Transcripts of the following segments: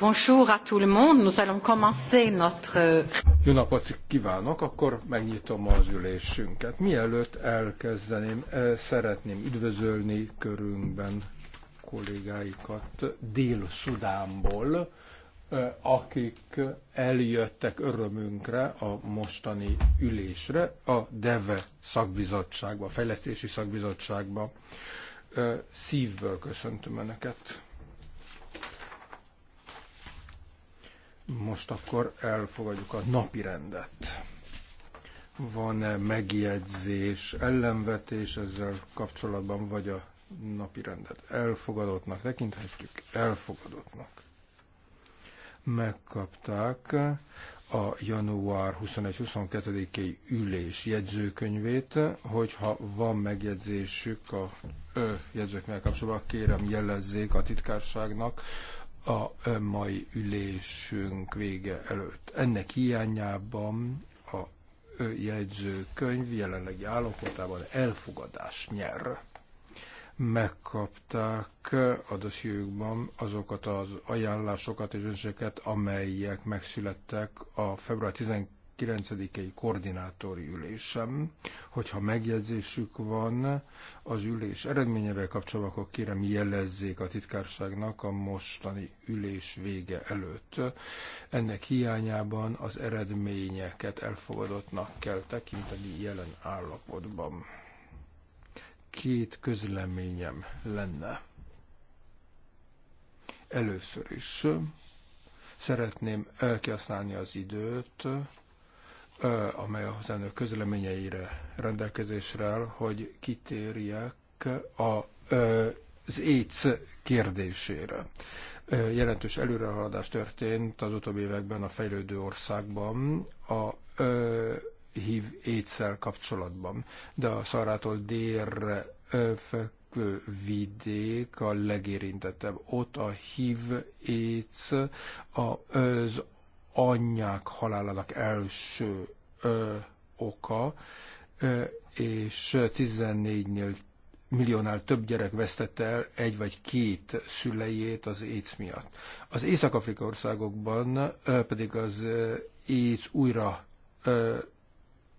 Bonjour à tout le monde. Nous allons commencer notre... Euh, Jó napot kívánok, akkor megnyitom az ülésünket. Mielőtt elkezdeném, eh, szeretném üdvözölni körünkben kollégáikat Dél-Szudánból, eh, akik eljöttek örömünkre a mostani ülésre, a DEVE szakbizottságba, a fejlesztési szakbizottságba. Eh, szívből köszöntöm Önöket. Most akkor elfogadjuk a napi rendet. Van-e megjegyzés, ellenvetés ezzel kapcsolatban, vagy a napi rendet elfogadottnak tekinthetjük? Elfogadottnak. Megkapták a január 21-22-i ülés jegyzőkönyvét, hogyha van megjegyzésük a ö, jegyzőkönyvvel kapcsolatban, kérem jelezzék a titkárságnak, a mai ülésünk vége előtt. Ennek hiányában a jegyzőkönyv jelenlegi állapotában elfogadás nyer. Megkapták a dossziókban azokat az ajánlásokat és önseket, amelyek megszülettek a február 12 9-i koordinátori ülésem. Hogyha megjegyzésük van az ülés eredményevel kapcsolatban, akkor kérem jelezzék a titkárságnak a mostani ülés vége előtt. Ennek hiányában az eredményeket elfogadottnak kell tekinteni jelen állapotban. Két közleményem lenne. Először is szeretném elkihasználni az időt, amely az elnök közleményeire rendelkezésre áll, hogy kitérjek a az AIDS kérdésére. Jelentős előrehaladás történt az utóbbi években a fejlődő országban a HIV aids kapcsolatban, de a szarától délre fekvő vidék a legérintettebb. Ott a HIV AIDS az anyák halálának első ö, oka, ö, és 14-nél milliónál több gyerek vesztette el egy vagy két szülejét az AIDS miatt. Az Észak-Afrika országokban ö, pedig az ö, AIDS újra ö,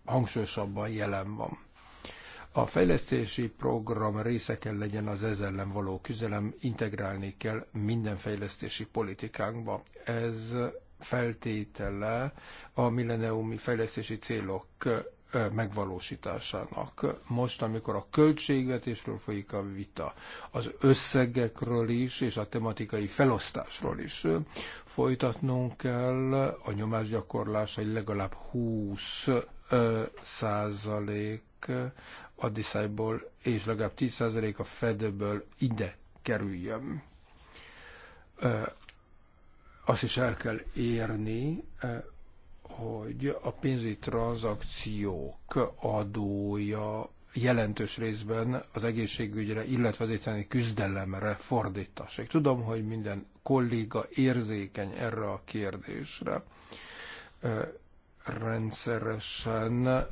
hangsúlyosabban jelen van. A fejlesztési program része kell legyen az ez ellen való küzelem, integrálni kell minden fejlesztési politikánkba. Ez feltétele a milleniumi fejlesztési célok megvalósításának. Most, amikor a költségvetésről folyik a vita, az összegekről is, és a tematikai felosztásról is folytatnunk kell a nyomásgyakorlás, hogy legalább 20 százalék a diszájból, és legalább 10 százalék a fedőből ide kerüljön azt is el kell érni, eh, hogy a pénzügyi tranzakciók adója jelentős részben az egészségügyre, illetve az egyszerűen küzdelemre fordítassék. Tudom, hogy minden kolléga érzékeny erre a kérdésre eh, rendszeresen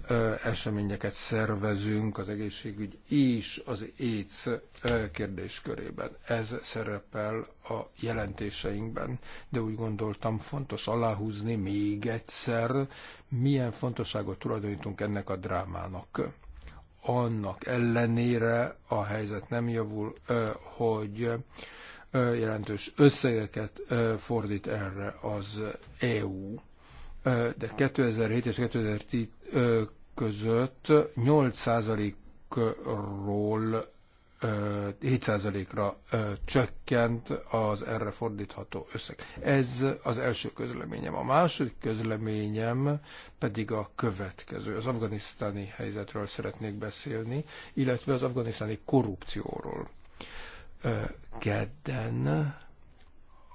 eseményeket szervezünk az egészségügy és az AIDS kérdéskörében. Ez szerepel a jelentéseinkben, de úgy gondoltam fontos aláhúzni még egyszer, milyen fontosságot tulajdonítunk ennek a drámának. Annak ellenére a helyzet nem javul, hogy jelentős összegeket fordít erre az EU de 2007 és 2010 között 8%-ról 7%-ra csökkent az erre fordítható összeg. Ez az első közleményem. A második közleményem pedig a következő. Az afganisztáni helyzetről szeretnék beszélni, illetve az afganisztáni korrupcióról. Kedden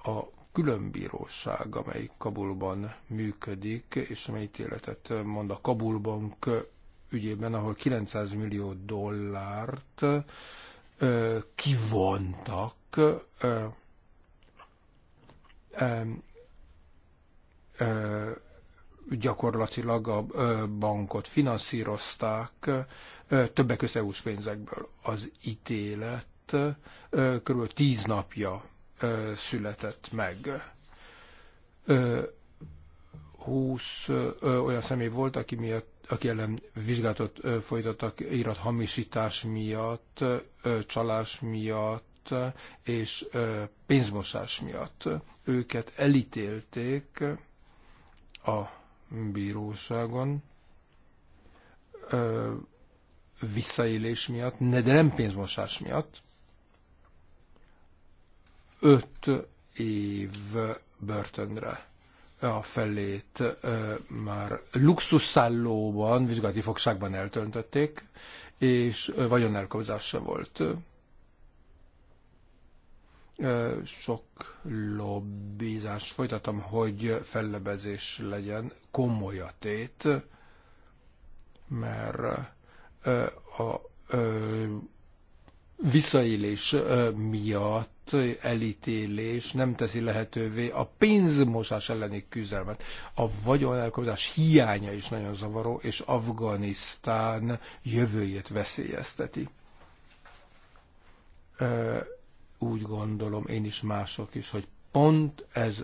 a különbíróság, amely Kabulban működik, és amely ítéletet mond a Kabulban ügyében, ahol 900 millió dollárt ö, kivontak ö, ö, ö, gyakorlatilag a bankot finanszírozták többek között EU-s pénzekből. Az ítélet körülbelül tíz napja született meg. 20 olyan személy volt, aki, miatt, aki ellen vizsgálatot folytattak irat hamisítás miatt, csalás miatt és pénzmosás miatt. Őket elítélték a bíróságon visszaélés miatt, de nem pénzmosás miatt, öt év börtönre. A felét már luxusszállóban, vizsgálati fogságban eltöntötték, és vagyonelkobzása volt sok lobbizás folytatom, hogy fellebezés legyen, komoly a tét, mert a, a, a visszaélés miatt elítélés nem teszi lehetővé a pénzmosás elleni küzdelmet. A vagyonelkobzás hiánya is nagyon zavaró, és Afganisztán jövőjét veszélyezteti. Úgy gondolom én is mások is, hogy pont ez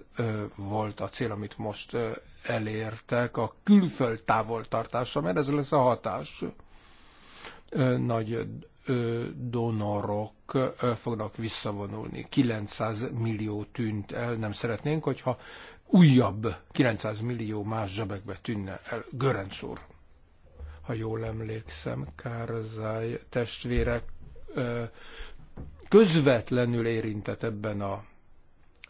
volt a cél, amit most elértek, a külföld távoltartása, mert ez lesz a hatás. nagy donorok fognak visszavonulni. 900 millió tűnt el, nem szeretnénk, hogyha újabb 900 millió más zsebekbe tűnne el. Görenc úr, ha jól emlékszem, Kárzáj testvérek közvetlenül érintett ebben a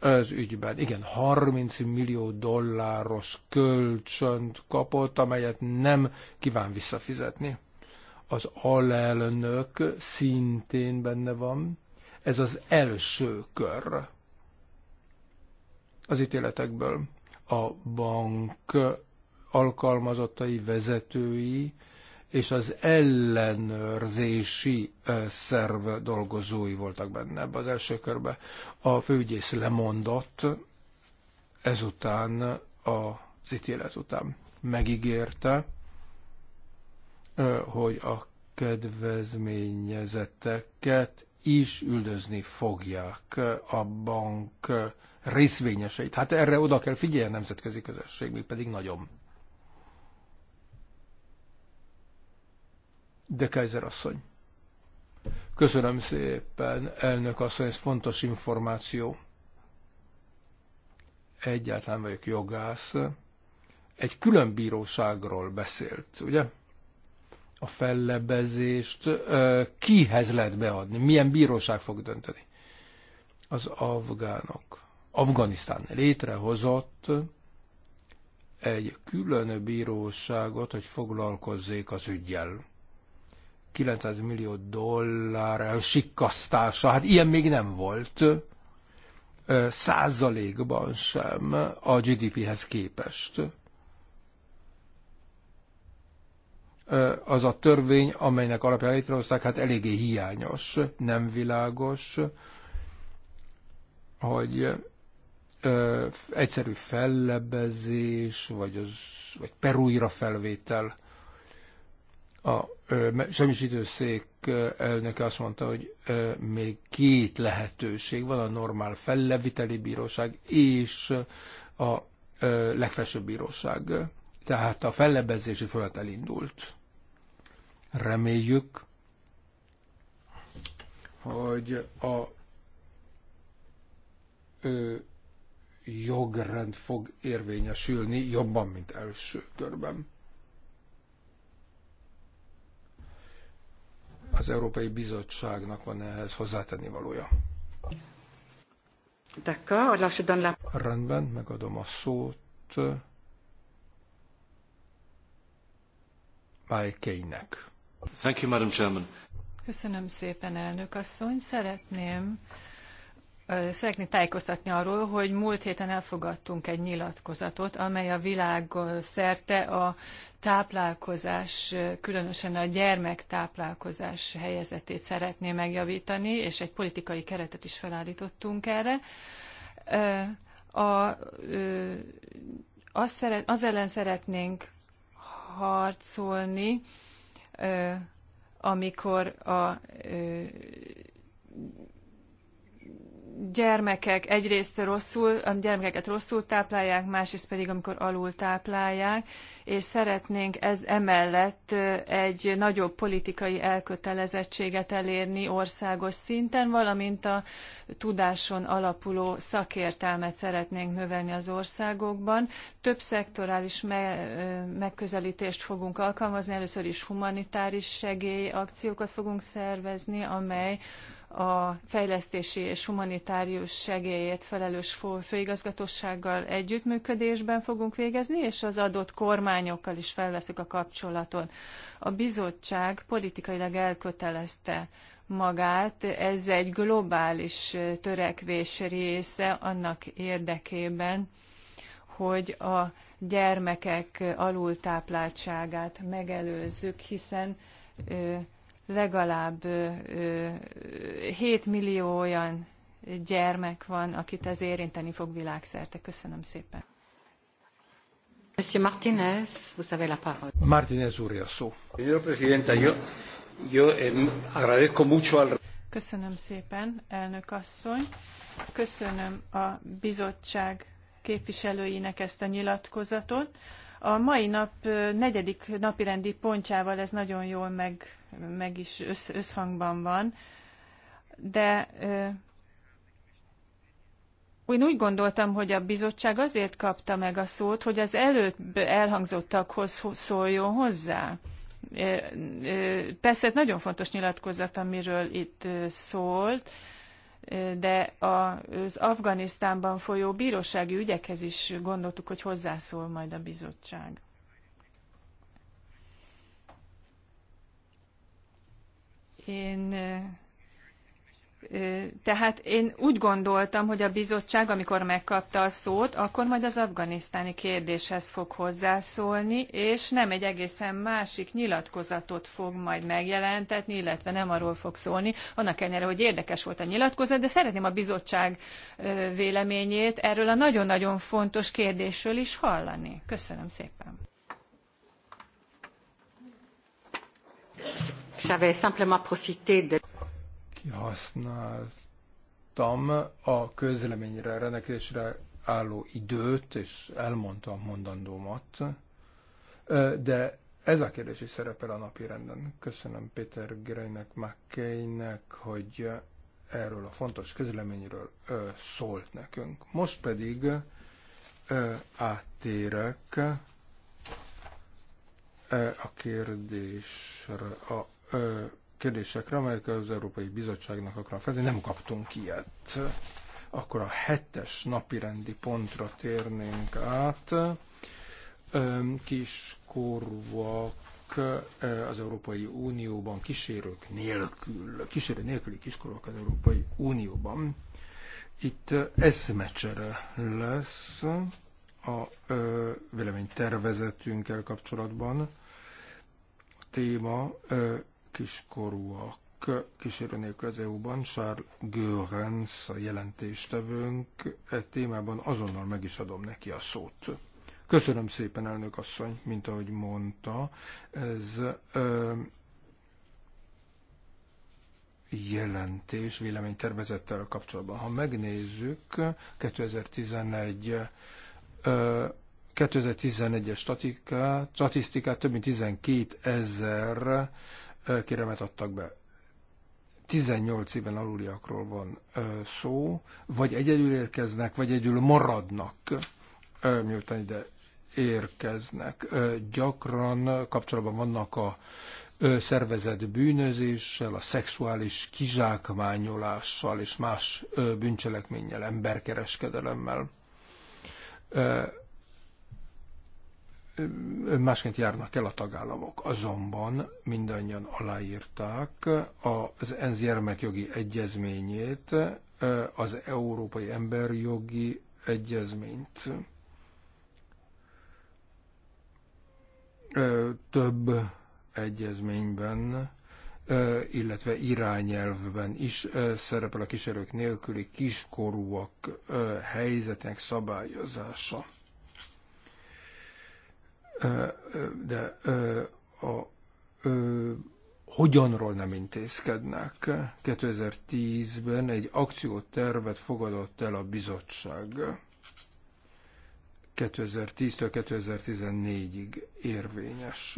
az ügyben. Igen, 30 millió dolláros kölcsönt kapott, amelyet nem kíván visszafizetni az alelnök szintén benne van. Ez az első kör az ítéletekből. A bank alkalmazottai, vezetői és az ellenőrzési szerv dolgozói voltak benne ebbe az első körbe. A főügyész lemondott ezután, az ítélet után megígérte, hogy a kedvezményezetteket is üldözni fogják a bank részvényeseit. Hát erre oda kell figyelni a nemzetközi közösség, még pedig nagyon. De Kaiser asszony. Köszönöm szépen, elnök asszony, ez fontos információ. Egyáltalán vagyok jogász. Egy külön bíróságról beszélt, ugye? a fellebezést kihez lehet beadni, milyen bíróság fog dönteni. Az afgánok. Afganisztán létrehozott egy külön bíróságot, hogy foglalkozzék az ügyjel. 900 millió dollár elsikasztása, hát ilyen még nem volt százalékban sem a GDP-hez képest. az a törvény, amelynek alapján létrehozták, hát eléggé hiányos, nem világos, hogy ö, egyszerű fellebezés, vagy, az, vagy perújra felvétel. A ö, semmisítőszék elnöke azt mondta, hogy ö, még két lehetőség van, a normál felleviteli bíróság és a ö, legfelsőbb bíróság. Tehát a fellebezési folyamat elindult. Reméljük, hogy a ő jogrend fog érvényesülni jobban, mint első körben. Az Európai Bizottságnak van ehhez hozzátenni valója. Rendben, megadom a szót. Májkeinek. Thank you, Madam Chairman. Köszönöm szépen, elnök asszony. Szeretném Szeretnék tájékoztatni arról, hogy múlt héten elfogadtunk egy nyilatkozatot, amely a világ szerte a táplálkozás, különösen a gyermektáplálkozás helyzetét szeretné megjavítani, és egy politikai keretet is felállítottunk erre. A, az, szeret, az ellen szeretnénk harcolni, amikor a gyermekek egyrészt rosszul, a gyermekeket rosszul táplálják, másrészt pedig amikor alul táplálják, és szeretnénk ez emellett egy nagyobb politikai elkötelezettséget elérni országos szinten, valamint a tudáson alapuló szakértelmet szeretnénk növelni az országokban. Több szektorális me- megközelítést fogunk alkalmazni, először is humanitáris segélyakciókat fogunk szervezni, amely a fejlesztési és humanitárius segélyért felelős főigazgatósággal együttműködésben fogunk végezni, és az adott kormányokkal is felveszük a kapcsolatot. A bizottság politikailag elkötelezte magát, ez egy globális törekvés része annak érdekében, hogy a gyermekek alultápláltságát megelőzzük, hiszen legalább 7 millió olyan gyermek van, akit ez érinteni fog világszerte. Köszönöm szépen. Martínez, vous avez la parole. Martínez úr, a szó. Eh, Köszönöm szépen, elnök asszony. Köszönöm a bizottság képviselőinek ezt a nyilatkozatot. A mai nap negyedik napirendi pontjával ez nagyon jól meg meg is össz, összhangban van, de én úgy gondoltam, hogy a bizottság azért kapta meg a szót, hogy az előbb elhangzottakhoz szóljon hozzá. Persze ez nagyon fontos nyilatkozat, amiről itt szólt, de az Afganisztánban folyó bírósági ügyekhez is gondoltuk, hogy hozzászól majd a bizottság. Én tehát én úgy gondoltam, hogy a bizottság, amikor megkapta a szót, akkor majd az afganisztáni kérdéshez fog hozzászólni, és nem egy egészen másik nyilatkozatot fog majd megjelentetni, illetve nem arról fog szólni. Annak ellenére, hogy érdekes volt a nyilatkozat, de szeretném a bizottság véleményét erről a nagyon-nagyon fontos kérdésről is hallani. Köszönöm szépen. J'avais simplement profité de... Kihasználtam a közleményre, rendelkezésre álló időt, és elmondtam a mondandómat, de ez a kérdés is szerepel a napi renden. Köszönöm Péter Greinek, McKay-nek, hogy erről a fontos közleményről ö, szólt nekünk. Most pedig ö, áttérek ö, a kérdésre a kérdésekre, amelyek az Európai Bizottságnak akarnak feltenni, nem kaptunk ilyet. Akkor a hetes napi rendi pontra térnénk át. Kiskorúak az Európai Unióban kísérők nélkül, kísérő nélküli kiskorúak az Európai Unióban. Itt eszmecsere lesz a ö, véleménytervezetünkkel kapcsolatban. A téma ö, kiskorúak kísérő nélkül az EU-ban, Charles Görens a jelentéstevőnk e témában azonnal meg is adom neki a szót. Köszönöm szépen, elnök asszony, mint ahogy mondta, ez ö, jelentés véleménytervezettel kapcsolatban. Ha megnézzük 2011 ö, 2011-es statisztikát, több mint 12 ezer kéremet adtak be. 18 éven aluliakról van szó, vagy egyedül érkeznek, vagy egyedül maradnak, miután ide érkeznek. Gyakran kapcsolatban vannak a szervezett bűnözéssel, a szexuális kizsákmányolással és más bűncselekménnyel, emberkereskedelemmel másként járnak el a tagállamok. Azonban mindannyian aláírták az ENSZ gyermekjogi egyezményét, az Európai Emberjogi Egyezményt. Több egyezményben, illetve irányelvben is szerepel a kísérők nélküli kiskorúak helyzetének szabályozása de a hogyanról nem intézkednek. 2010-ben egy akciótervet fogadott el a bizottság 2010-től 2014-ig érvényes.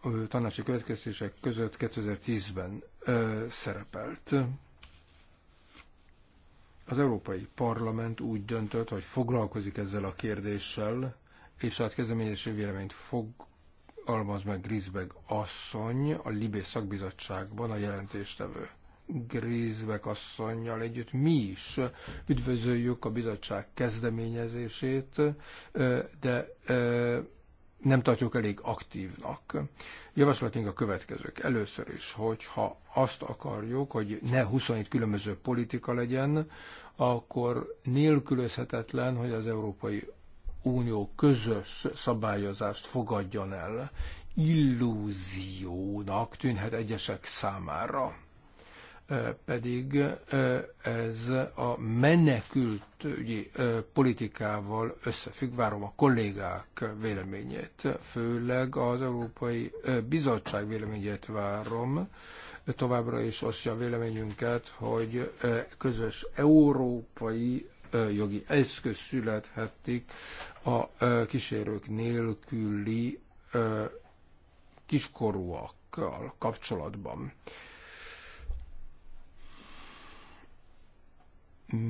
A tanácsi következtések között 2010-ben szerepelt. Az Európai Parlament úgy döntött, hogy foglalkozik ezzel a kérdéssel, és a kezdeményezésű véleményt fog almaz meg Grisbeg asszony, a Libé szakbizottságban a jelentéstevő. Grisbeg asszonynal együtt mi is üdvözöljük a bizottság kezdeményezését, de nem tartjuk elég aktívnak. Javaslatunk a következők. Először is, hogyha azt akarjuk, hogy ne 27 különböző politika legyen, akkor nélkülözhetetlen, hogy az Európai Unió közös szabályozást fogadjon el, illúziónak tűnhet egyesek számára. Pedig ez a menekült ügyi politikával összefügg, várom a kollégák véleményét, főleg az Európai Bizottság véleményét várom, továbbra is osztja a véleményünket, hogy közös európai jogi eszköz születhetik a kísérők nélküli kiskorúakkal kapcsolatban.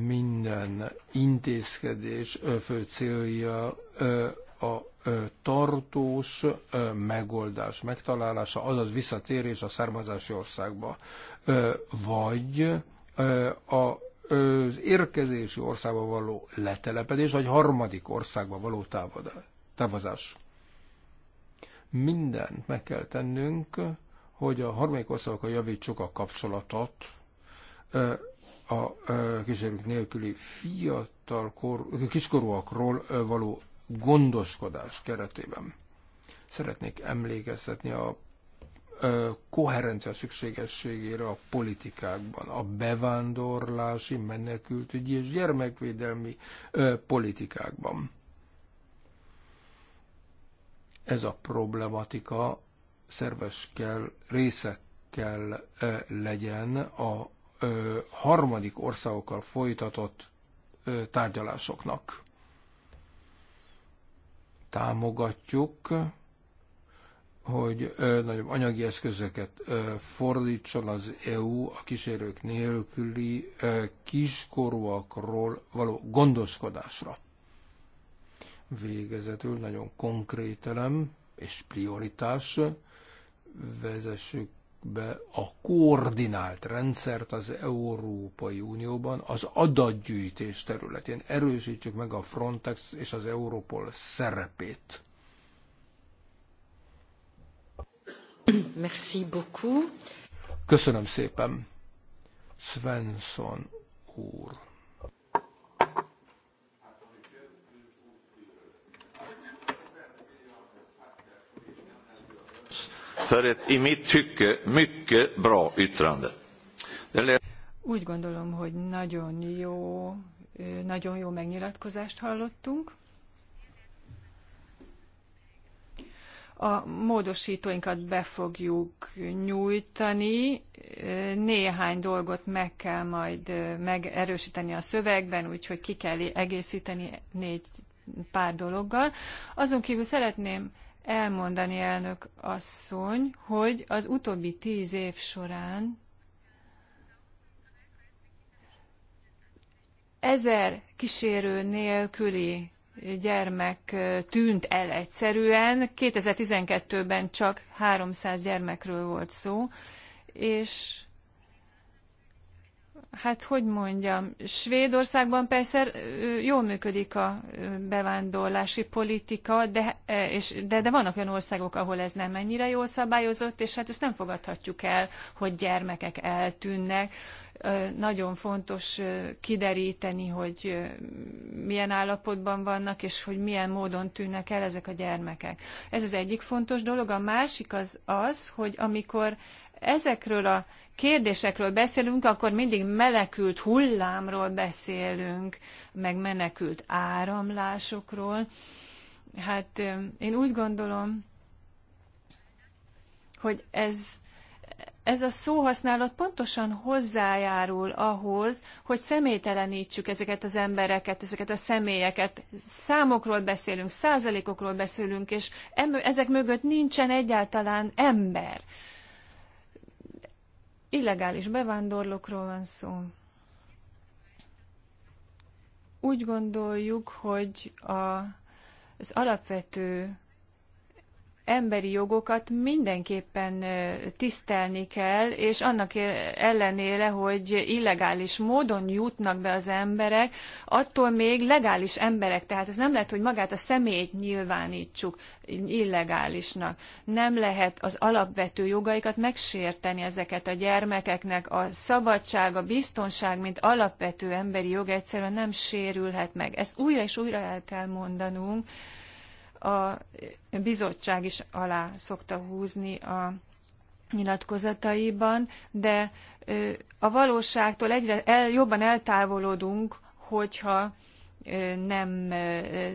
Minden intézkedés fő célja a tartós megoldás megtalálása, azaz visszatérés a származási országba, vagy a az érkezési országba való letelepedés, vagy harmadik országba való távozás. Mindent meg kell tennünk, hogy a harmadik országokkal javítsuk a kapcsolatot a kísérők nélküli fiatal kor, kiskorúakról való gondoskodás keretében. Szeretnék emlékeztetni a koherencia szükségességére a politikákban, a bevándorlási, menekültügyi és gyermekvédelmi politikákban. Ez a problematika szerves kell, része kell legyen a harmadik országokkal folytatott tárgyalásoknak. Támogatjuk hogy nagyobb anyagi eszközöket fordítson az EU a kísérők nélküli kiskorúakról való gondoskodásra. Végezetül nagyon konkrét elem és prioritás, vezessük be a koordinált rendszert az Európai Unióban az adatgyűjtés területén. Erősítsük meg a Frontex és az Europol szerepét Köszönöm szépen. Svensson úr. för ett i mitt tycke mycket bra yttrande. Úgy gondolom, hogy nagyon jó, nagyon jó megnyilatkozást hallottunk. A módosítóinkat be fogjuk nyújtani, néhány dolgot meg kell majd megerősíteni a szövegben, úgyhogy ki kell egészíteni négy pár dologgal. Azon kívül szeretném elmondani, elnök asszony, hogy az utóbbi tíz év során ezer kísérő nélküli gyermek tűnt el egyszerűen. 2012-ben csak 300 gyermekről volt szó, és hát hogy mondjam, Svédországban persze jól működik a bevándorlási politika, de, és, de, de vannak olyan országok, ahol ez nem ennyire jól szabályozott, és hát ezt nem fogadhatjuk el, hogy gyermekek eltűnnek nagyon fontos kideríteni, hogy milyen állapotban vannak, és hogy milyen módon tűnnek el ezek a gyermekek. Ez az egyik fontos dolog. A másik az az, hogy amikor ezekről a kérdésekről beszélünk, akkor mindig melekült hullámról beszélünk, meg menekült áramlásokról. Hát én úgy gondolom, hogy ez ez a szóhasználat pontosan hozzájárul ahhoz, hogy személytelenítsük ezeket az embereket, ezeket a személyeket. Számokról beszélünk, százalékokról beszélünk, és ezek mögött nincsen egyáltalán ember. Illegális bevándorlókról van szó. Úgy gondoljuk, hogy a, az alapvető emberi jogokat mindenképpen tisztelni kell, és annak ellenére, hogy illegális módon jutnak be az emberek, attól még legális emberek. Tehát ez nem lehet, hogy magát a személyt nyilvánítsuk illegálisnak. Nem lehet az alapvető jogaikat megsérteni ezeket a gyermekeknek. A szabadság, a biztonság, mint alapvető emberi jog egyszerűen nem sérülhet meg. Ezt újra és újra el kell mondanunk a bizottság is alá szokta húzni a nyilatkozataiban, de a valóságtól egyre el, jobban eltávolodunk, hogyha nem,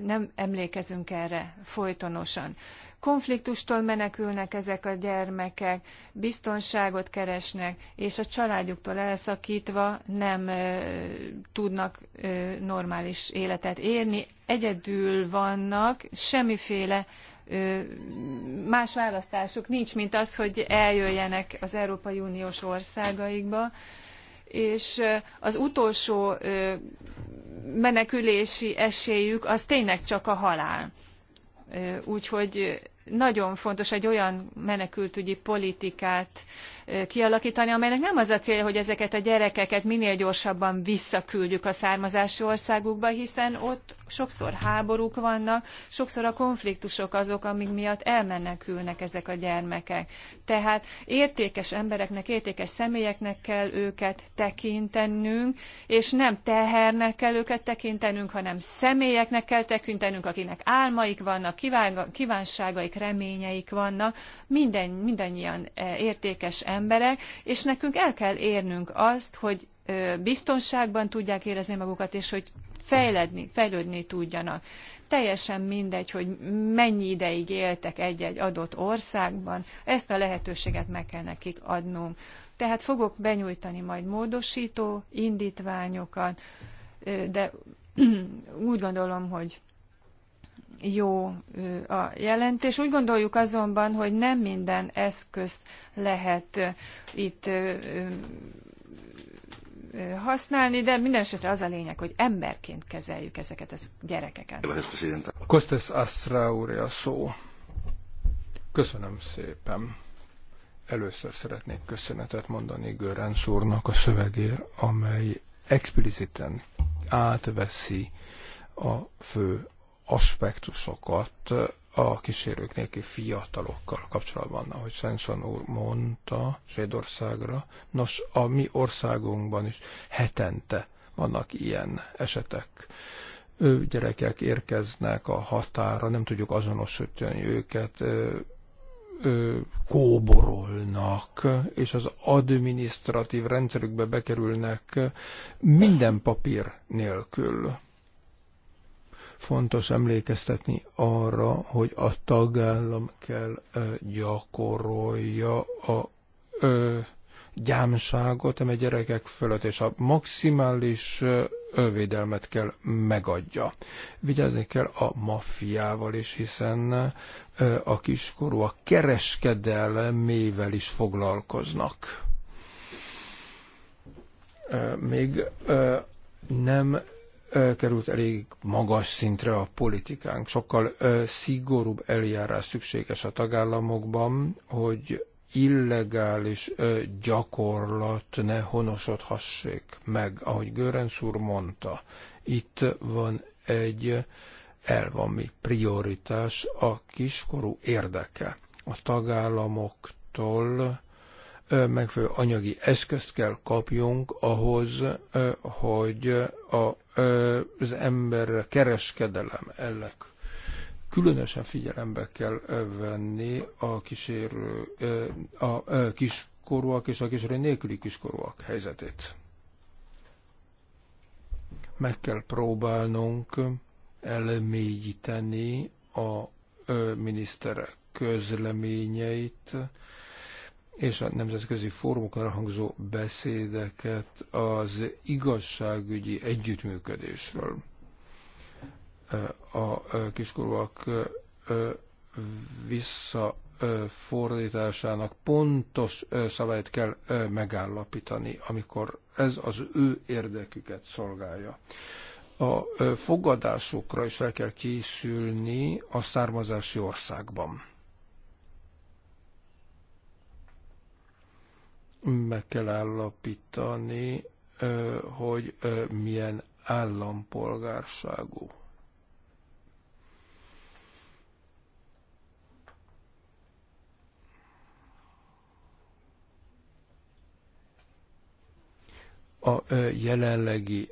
nem emlékezünk erre folytonosan konfliktustól menekülnek ezek a gyermekek, biztonságot keresnek, és a családjuktól elszakítva nem tudnak normális életet érni, egyedül vannak, semmiféle más választásuk nincs, mint az, hogy eljöjjenek az Európai Uniós országaikba, és az utolsó menekülési esélyük az tényleg csak a halál. Úgyhogy nagyon fontos egy olyan menekültügyi politikát kialakítani, amelynek nem az a célja, hogy ezeket a gyerekeket minél gyorsabban visszaküldjük a származási országukba, hiszen ott sokszor háborúk vannak, sokszor a konfliktusok azok, amik miatt elmenekülnek ezek a gyermekek. Tehát értékes embereknek, értékes személyeknek kell őket tekintenünk, és nem tehernek kell őket tekintenünk, hanem személyeknek kell tekintenünk, akinek álmaik vannak, kívánságaik, terveik, reményeik vannak, minden, mindannyian e, értékes emberek, és nekünk el kell érnünk azt, hogy biztonságban tudják érezni magukat, és hogy fejledni, fejlődni tudjanak. Teljesen mindegy, hogy mennyi ideig éltek egy-egy adott országban, ezt a lehetőséget meg kell nekik adnunk. Tehát fogok benyújtani majd módosító indítványokat, de úgy gondolom, hogy jó a jelentés. Úgy gondoljuk azonban, hogy nem minden eszközt lehet itt használni, de minden esetre az a lényeg, hogy emberként kezeljük ezeket a gyerekeket. Kostas Astra úr a szó. Köszönöm szépen. Először szeretnék köszönetet mondani Görenc úrnak a szövegér, amely expliciten átveszi a fő aspektusokat a kísérők nélkül fiatalokkal kapcsolatban, ahogy Svensson úr mondta, Svédországra. Nos, a mi országunkban is hetente vannak ilyen esetek. Ő gyerekek érkeznek a határa, nem tudjuk azonosítani őket, kóborolnak, és az adminisztratív rendszerükbe bekerülnek minden papír nélkül Fontos emlékeztetni arra, hogy a tagállam kell gyakorolja a ö, gyámságot, amely gyerekek fölött, és a maximális ővédelmet kell megadja. Vigyázni kell a maffiával is, hiszen a kiskorú a kereskedelmével is foglalkoznak. Még nem került elég magas szintre a politikánk. Sokkal szigorúbb eljárás szükséges a tagállamokban, hogy illegális gyakorlat ne honosodhassék meg, ahogy Görenc úr mondta. Itt van egy elvami prioritás a kiskorú érdeke. A tagállamoktól megfelelő anyagi eszközt kell kapjunk ahhoz, hogy a, az ember kereskedelem ellen különösen figyelembe kell venni a kísérő, a kiskorúak és a kísérő nélküli kiskorúak helyzetét. Meg kell próbálnunk elmélyíteni a miniszterek közleményeit, és a nemzetközi fórumokon hangzó beszédeket az igazságügyi együttműködésről. A kiskorúak visszafordításának pontos szabályt kell megállapítani, amikor ez az ő érdeküket szolgálja. A fogadásokra is fel kell készülni a származási országban Meg kell állapítani, hogy milyen állampolgárságú. a jelenlegi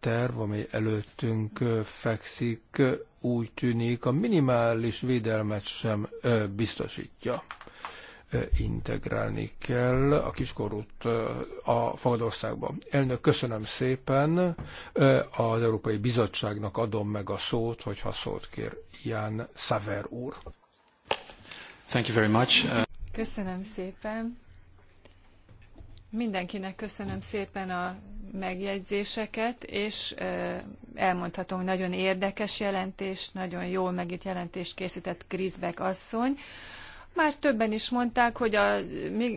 terv, amely előttünk fekszik, úgy tűnik a minimális védelmet sem biztosítja integrálni kell a kiskorút a Fogadországba. Elnök, köszönöm szépen. Az Európai Bizottságnak adom meg a szót, hogyha szót kér Ján Szaver úr. Thank you very much. Uh, köszönöm szépen. Mindenkinek köszönöm szépen a megjegyzéseket, és elmondhatom, hogy nagyon érdekes jelentés, nagyon jól megírt jelentést készített Krisbek asszony. Már többen is mondták, hogy a,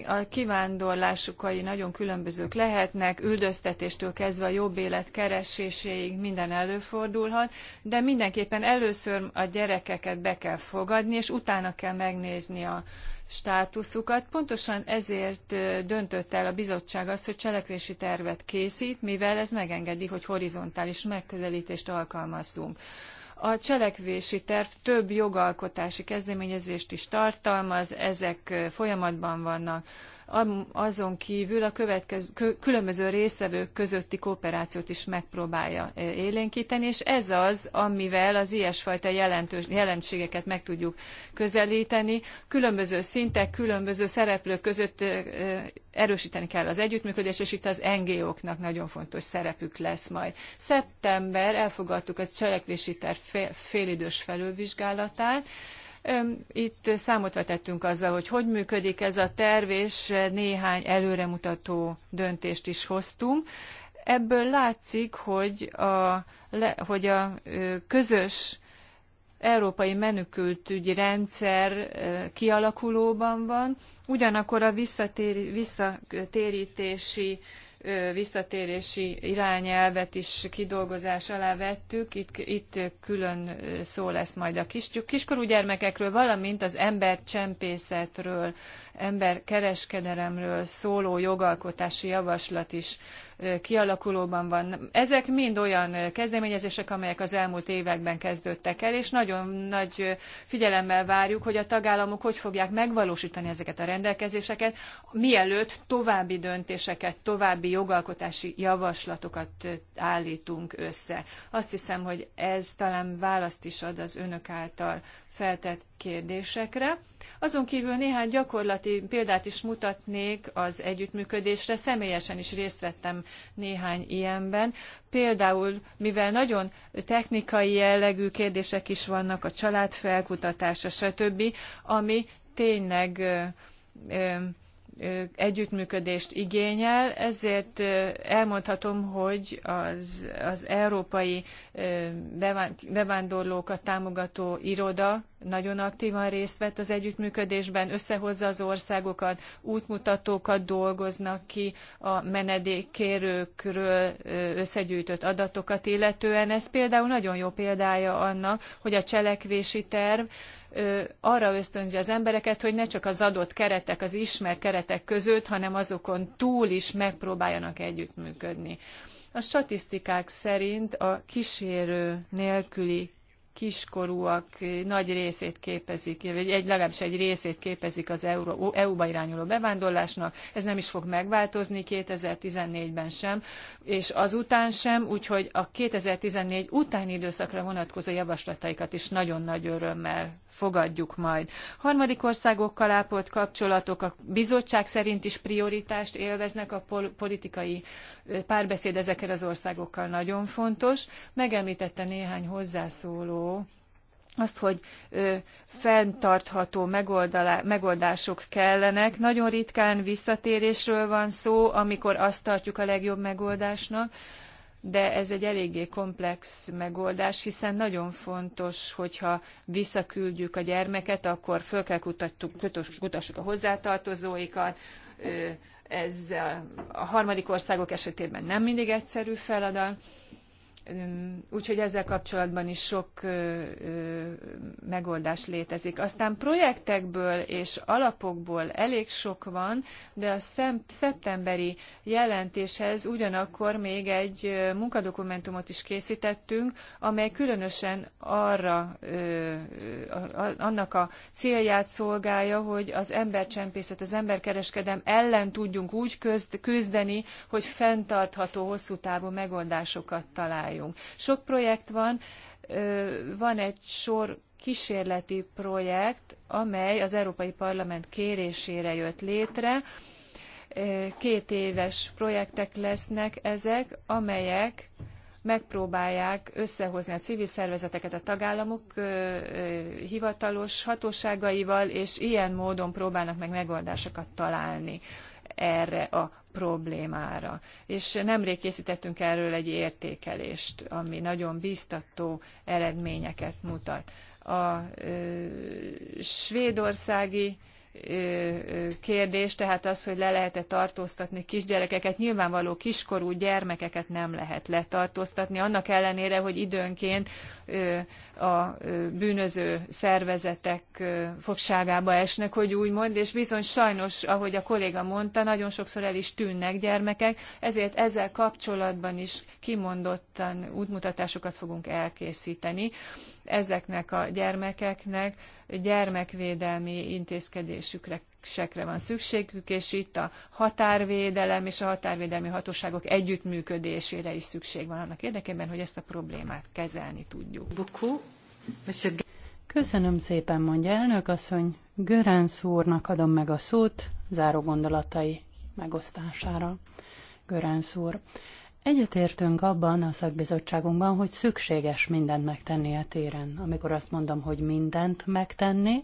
a kivándorlásukai nagyon különbözők lehetnek, üldöztetéstől kezdve a jobb élet kereséséig minden előfordulhat, de mindenképpen először a gyerekeket be kell fogadni, és utána kell megnézni a státuszukat. Pontosan ezért döntött el a bizottság az, hogy cselekvési tervet készít, mivel ez megengedi, hogy horizontális megközelítést alkalmazzunk. A cselekvési terv több jogalkotási kezdeményezést is tartalmaz, ezek folyamatban vannak azon kívül a következő, különböző résztvevők közötti kooperációt is megpróbálja e, élénkíteni, és ez az, amivel az ilyesfajta jelentős, jelentségeket meg tudjuk közelíteni. Különböző szintek, különböző szereplők között e, e, erősíteni kell az együttműködést, és itt az NGO-knak nagyon fontos szerepük lesz majd. Szeptember elfogadtuk a cselekvési terv félidős felülvizsgálatát, itt számot vetettünk azzal, hogy hogy működik ez a terv, és néhány előremutató döntést is hoztunk. Ebből látszik, hogy a, hogy a közös európai menekültügyi rendszer kialakulóban van, ugyanakkor a visszatérítési visszatérési irányelvet is kidolgozás alá vettük. Itt, itt külön szó lesz majd a kis, kiskorú gyermekekről, valamint az embercsempészetről emberkereskedelemről szóló jogalkotási javaslat is kialakulóban van. Ezek mind olyan kezdeményezések, amelyek az elmúlt években kezdődtek el, és nagyon nagy figyelemmel várjuk, hogy a tagállamok hogy fogják megvalósítani ezeket a rendelkezéseket, mielőtt további döntéseket, további jogalkotási javaslatokat állítunk össze. Azt hiszem, hogy ez talán választ is ad az önök által feltett kérdésekre. Azon kívül néhány gyakorlati példát is mutatnék az együttműködésre. Személyesen is részt vettem néhány ilyenben. Például, mivel nagyon technikai jellegű kérdések is vannak, a család felkutatása, stb., ami tényleg ö, ö, együttműködést igényel, ezért elmondhatom, hogy az, az európai bevándorlókat támogató iroda nagyon aktívan részt vett az együttműködésben, összehozza az országokat, útmutatókat dolgoznak ki a menedékkérőkről összegyűjtött adatokat illetően. Ez például nagyon jó példája annak, hogy a cselekvési terv arra ösztönzi az embereket, hogy ne csak az adott keretek, az ismert keretek között, hanem azokon túl is megpróbáljanak együttműködni. A statisztikák szerint a kísérő nélküli kiskorúak nagy részét képezik, vagy egy, legalábbis egy részét képezik az EU-ba irányuló bevándorlásnak. Ez nem is fog megváltozni 2014-ben sem, és azután sem, úgyhogy a 2014 utáni időszakra vonatkozó javaslataikat is nagyon nagy örömmel fogadjuk majd. Harmadik országokkal ápolt kapcsolatok a bizottság szerint is prioritást élveznek, a politikai párbeszéd ezekkel az országokkal nagyon fontos. Megemlítette néhány hozzászóló azt, hogy ö, fenntartható megoldások kellenek. Nagyon ritkán visszatérésről van szó, amikor azt tartjuk a legjobb megoldásnak, de ez egy eléggé komplex megoldás, hiszen nagyon fontos, hogyha visszaküldjük a gyermeket, akkor föl kell kutassuk a hozzátartozóikat, ö, ez a harmadik országok esetében nem mindig egyszerű feladat, Úgyhogy ezzel kapcsolatban is sok megoldás létezik. Aztán projektekből és alapokból elég sok van, de a szeptemberi jelentéshez ugyanakkor még egy munkadokumentumot is készítettünk, amely különösen arra, annak a célját szolgálja, hogy az embercsempészet, az emberkereskedem ellen tudjunk úgy küzdeni, hogy fenntartható hosszú távú megoldásokat találjunk csináljunk. Sok projekt van, van egy sor kísérleti projekt, amely az Európai Parlament kérésére jött létre. Két éves projektek lesznek ezek, amelyek megpróbálják összehozni a civil szervezeteket a tagállamok hivatalos hatóságaival, és ilyen módon próbálnak meg megoldásokat találni erre a problémára. És nemrég készítettünk erről egy értékelést, ami nagyon biztató eredményeket mutat. A ö, svédországi kérdés, tehát az, hogy le lehet-e tartóztatni kisgyerekeket, nyilvánvaló kiskorú gyermekeket nem lehet letartóztatni, annak ellenére, hogy időnként a bűnöző szervezetek fogságába esnek, hogy úgy mond, és bizony sajnos, ahogy a kolléga mondta, nagyon sokszor el is tűnnek gyermekek, ezért ezzel kapcsolatban is kimondottan útmutatásokat fogunk elkészíteni ezeknek a gyermekeknek gyermekvédelmi intézkedésükre sekre van szükségük, és itt a határvédelem és a határvédelmi hatóságok együttműködésére is szükség van annak érdekében, hogy ezt a problémát kezelni tudjuk. Köszönöm szépen, mondja elnök asszony. Göránsz úrnak adom meg a szót záró gondolatai megosztására. Göránsz úr. Egyetértünk abban a szakbizottságunkban, hogy szükséges mindent megtenni a téren. Amikor azt mondom, hogy mindent megtenni,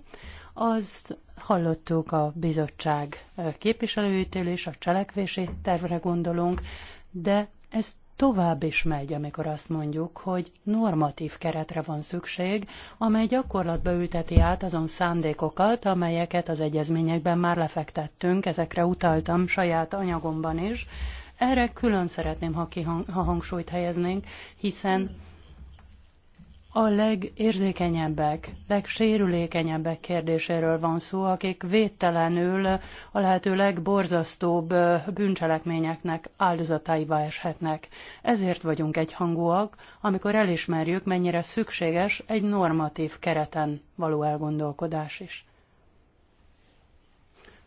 az hallottuk a bizottság képviselőjétől és a cselekvési tervre gondolunk, de ez tovább is megy, amikor azt mondjuk, hogy normatív keretre van szükség, amely gyakorlatba ülteti át azon szándékokat, amelyeket az egyezményekben már lefektettünk, ezekre utaltam saját anyagomban is, erre külön szeretném, ha, kihang, ha hangsúlyt helyeznénk, hiszen a legérzékenyebbek, legsérülékenyebbek kérdéséről van szó, akik védtelenül a lehető legborzasztóbb bűncselekményeknek áldozataiba eshetnek. Ezért vagyunk egyhangúak, amikor elismerjük, mennyire szükséges egy normatív kereten való elgondolkodás is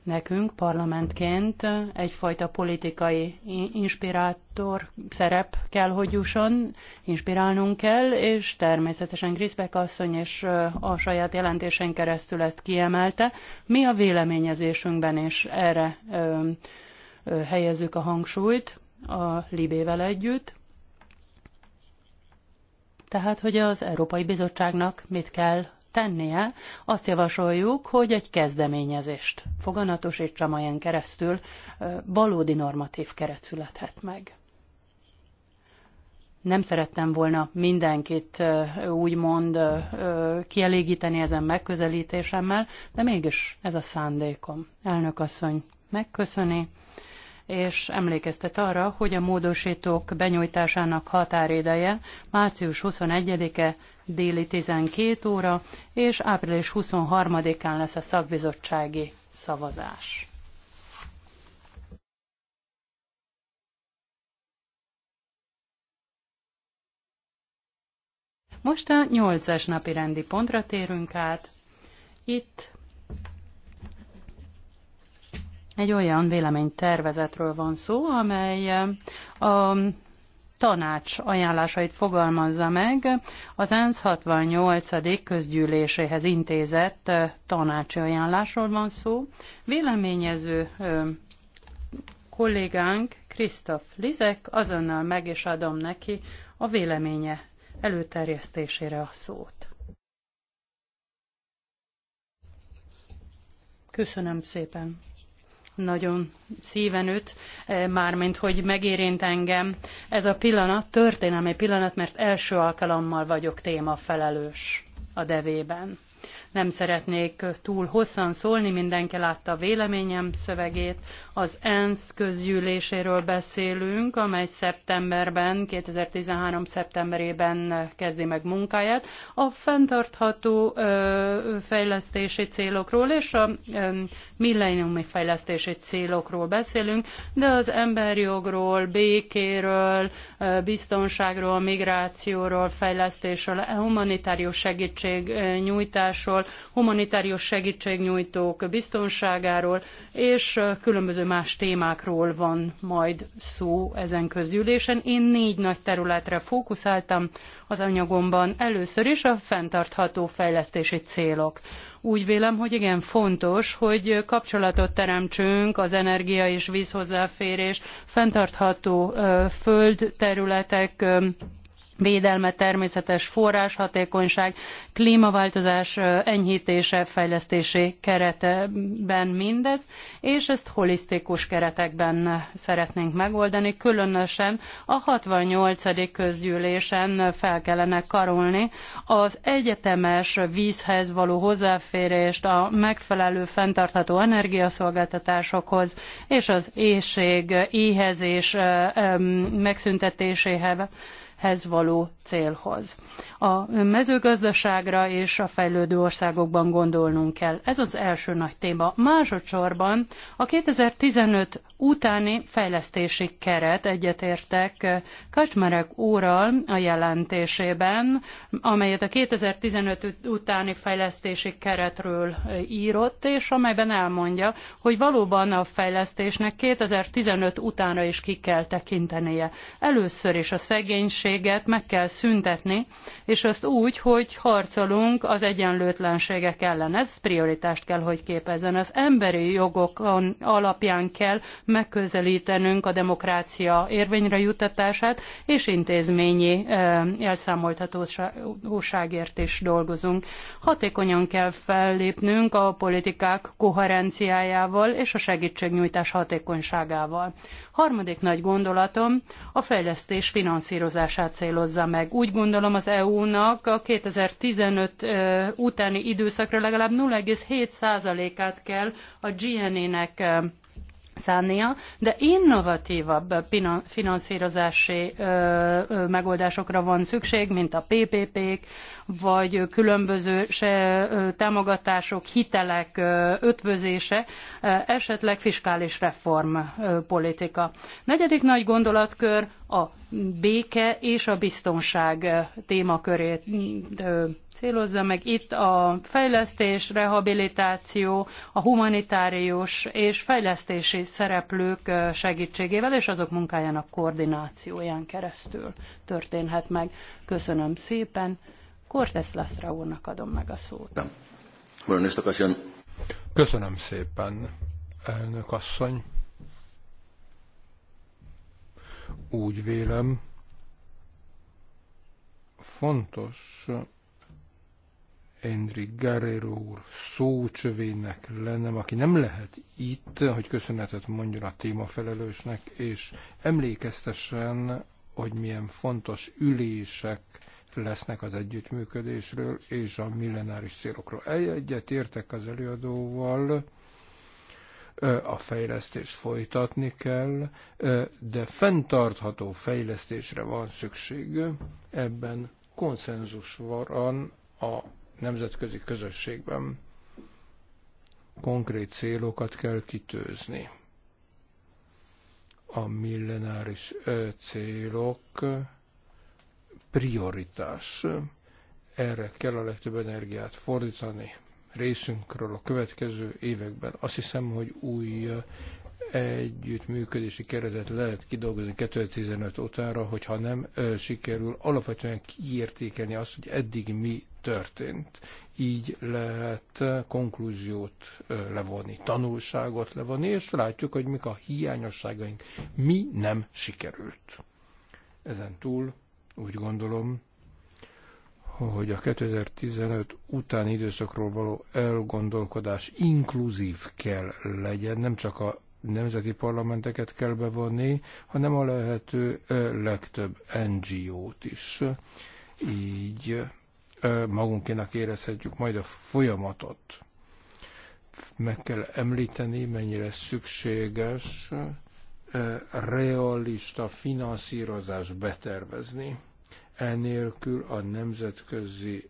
nekünk parlamentként egyfajta politikai inspirátor szerep kell, hogy jusson, inspirálnunk kell, és természetesen Griszbek asszony és a saját jelentésen keresztül ezt kiemelte. Mi a véleményezésünkben is erre ö, ö, helyezzük a hangsúlyt a Libével együtt. Tehát, hogy az Európai Bizottságnak mit kell tennie, azt javasoljuk, hogy egy kezdeményezést foganatosítsa, amelyen keresztül valódi normatív keret születhet meg nem szerettem volna mindenkit úgymond kielégíteni ezen megközelítésemmel, de mégis ez a szándékom. Elnök asszony megköszöni, és emlékeztet arra, hogy a módosítók benyújtásának határideje március 21-e déli 12 óra, és április 23-án lesz a szakbizottsági szavazás. Most a 8-es napi rendi pontra térünk át. Itt egy olyan véleménytervezetről van szó, amely a tanács ajánlásait fogalmazza meg az ENSZ 68. közgyűléséhez intézett tanácsi ajánlásról van szó. Véleményező kollégánk Krisztof Lizek, azonnal meg is adom neki a véleménye előterjesztésére a szót. Köszönöm szépen nagyon szíven üt, e, mármint hogy megérint engem. Ez a pillanat történelmi pillanat, mert első alkalommal vagyok témafelelős a devében. Nem szeretnék túl hosszan szólni, mindenki látta véleményem szövegét. Az ENSZ közgyűléséről beszélünk, amely szeptemberben, 2013. szeptemberében kezdi meg munkáját. A fenntartható fejlesztési célokról és a milleniumi fejlesztési célokról beszélünk, de az emberjogról, békéről, biztonságról, migrációról, fejlesztésről, humanitárius nyújtásról, humanitárius segítségnyújtók biztonságáról, és különböző más témákról van majd szó ezen közgyűlésen. Én négy nagy területre fókuszáltam, az anyagomban. Először is a fenntartható fejlesztési célok. Úgy vélem, hogy igen fontos, hogy kapcsolatot teremtsünk az energia és hozzáférés, fenntartható földterületek védelme, természetes forráshatékonyság, klímaváltozás enyhítése, fejlesztésé keretben mindez, és ezt holisztikus keretekben szeretnénk megoldani, különösen a 68. közgyűlésen fel kellene karolni az egyetemes vízhez való hozzáférést, a megfelelő fenntartható energiaszolgáltatásokhoz és az éjség, éhezés megszüntetéséhez hez való célhoz. A mezőgazdaságra és a fejlődő országokban gondolnunk kell. Ez az első nagy téma. Másodszorban a 2015 utáni fejlesztési keret egyetértek Kacsmerek úrral a jelentésében, amelyet a 2015 utáni fejlesztési keretről írott, és amelyben elmondja, hogy valóban a fejlesztésnek 2015 utána is ki kell tekintenie. Először is a szegénység, különbséget meg kell szüntetni, és azt úgy, hogy harcolunk az egyenlőtlenségek ellen. Ez prioritást kell, hogy képezzen. Az emberi jogok alapján kell megközelítenünk a demokrácia érvényre juttatását, és intézményi elszámoltatóságért is dolgozunk. Hatékonyan kell fellépnünk a politikák koherenciájával és a segítségnyújtás hatékonyságával. Harmadik nagy gondolatom a fejlesztés finanszírozása javítását célozza meg. Úgy gondolom az EU-nak a 2015 utáni időszakra legalább 0,7%-át kell a GNI-nek szánnia, de innovatívabb finanszírozási megoldásokra van szükség, mint a PPP-k, vagy különböző támogatások, hitelek ötvözése, esetleg fiskális reformpolitika. Negyedik nagy gondolatkör a béke és a biztonság témakörét célozza meg itt a fejlesztés, rehabilitáció, a humanitárius és fejlesztési szereplők segítségével és azok munkájának koordinációján keresztül történhet meg. Köszönöm szépen. Cortes Lastra úrnak adom meg a szót. Köszönöm szépen, elnök asszony. Úgy vélem, fontos Enri Guerrero úr szócsövének lennem, aki nem lehet itt, hogy köszönetet mondjon a témafelelősnek, és emlékeztessen, hogy milyen fontos ülések lesznek az együttműködésről és a millenáris célokról. Egyet értek az előadóval, a fejlesztés folytatni kell, de fenntartható fejlesztésre van szükség. Ebben konszenzus van a nemzetközi közösségben konkrét célokat kell kitőzni. A millenáris célok prioritás. Erre kell a legtöbb energiát fordítani részünkről a következő években. Azt hiszem, hogy új együttműködési keretet lehet kidolgozni 2015 utánra, hogyha nem sikerül alapvetően kiértékelni azt, hogy eddig mi történt. Így lehet konklúziót levonni, tanulságot levonni, és látjuk, hogy mik a hiányosságaink, mi nem sikerült. Ezen túl úgy gondolom, hogy a 2015 utáni időszakról való elgondolkodás inkluzív kell legyen, nem csak a nemzeti parlamenteket kell bevonni, hanem a lehető legtöbb NGO-t is. Így magunkénak érezhetjük majd a folyamatot. Meg kell említeni, mennyire szükséges realista finanszírozás betervezni. Enélkül a nemzetközi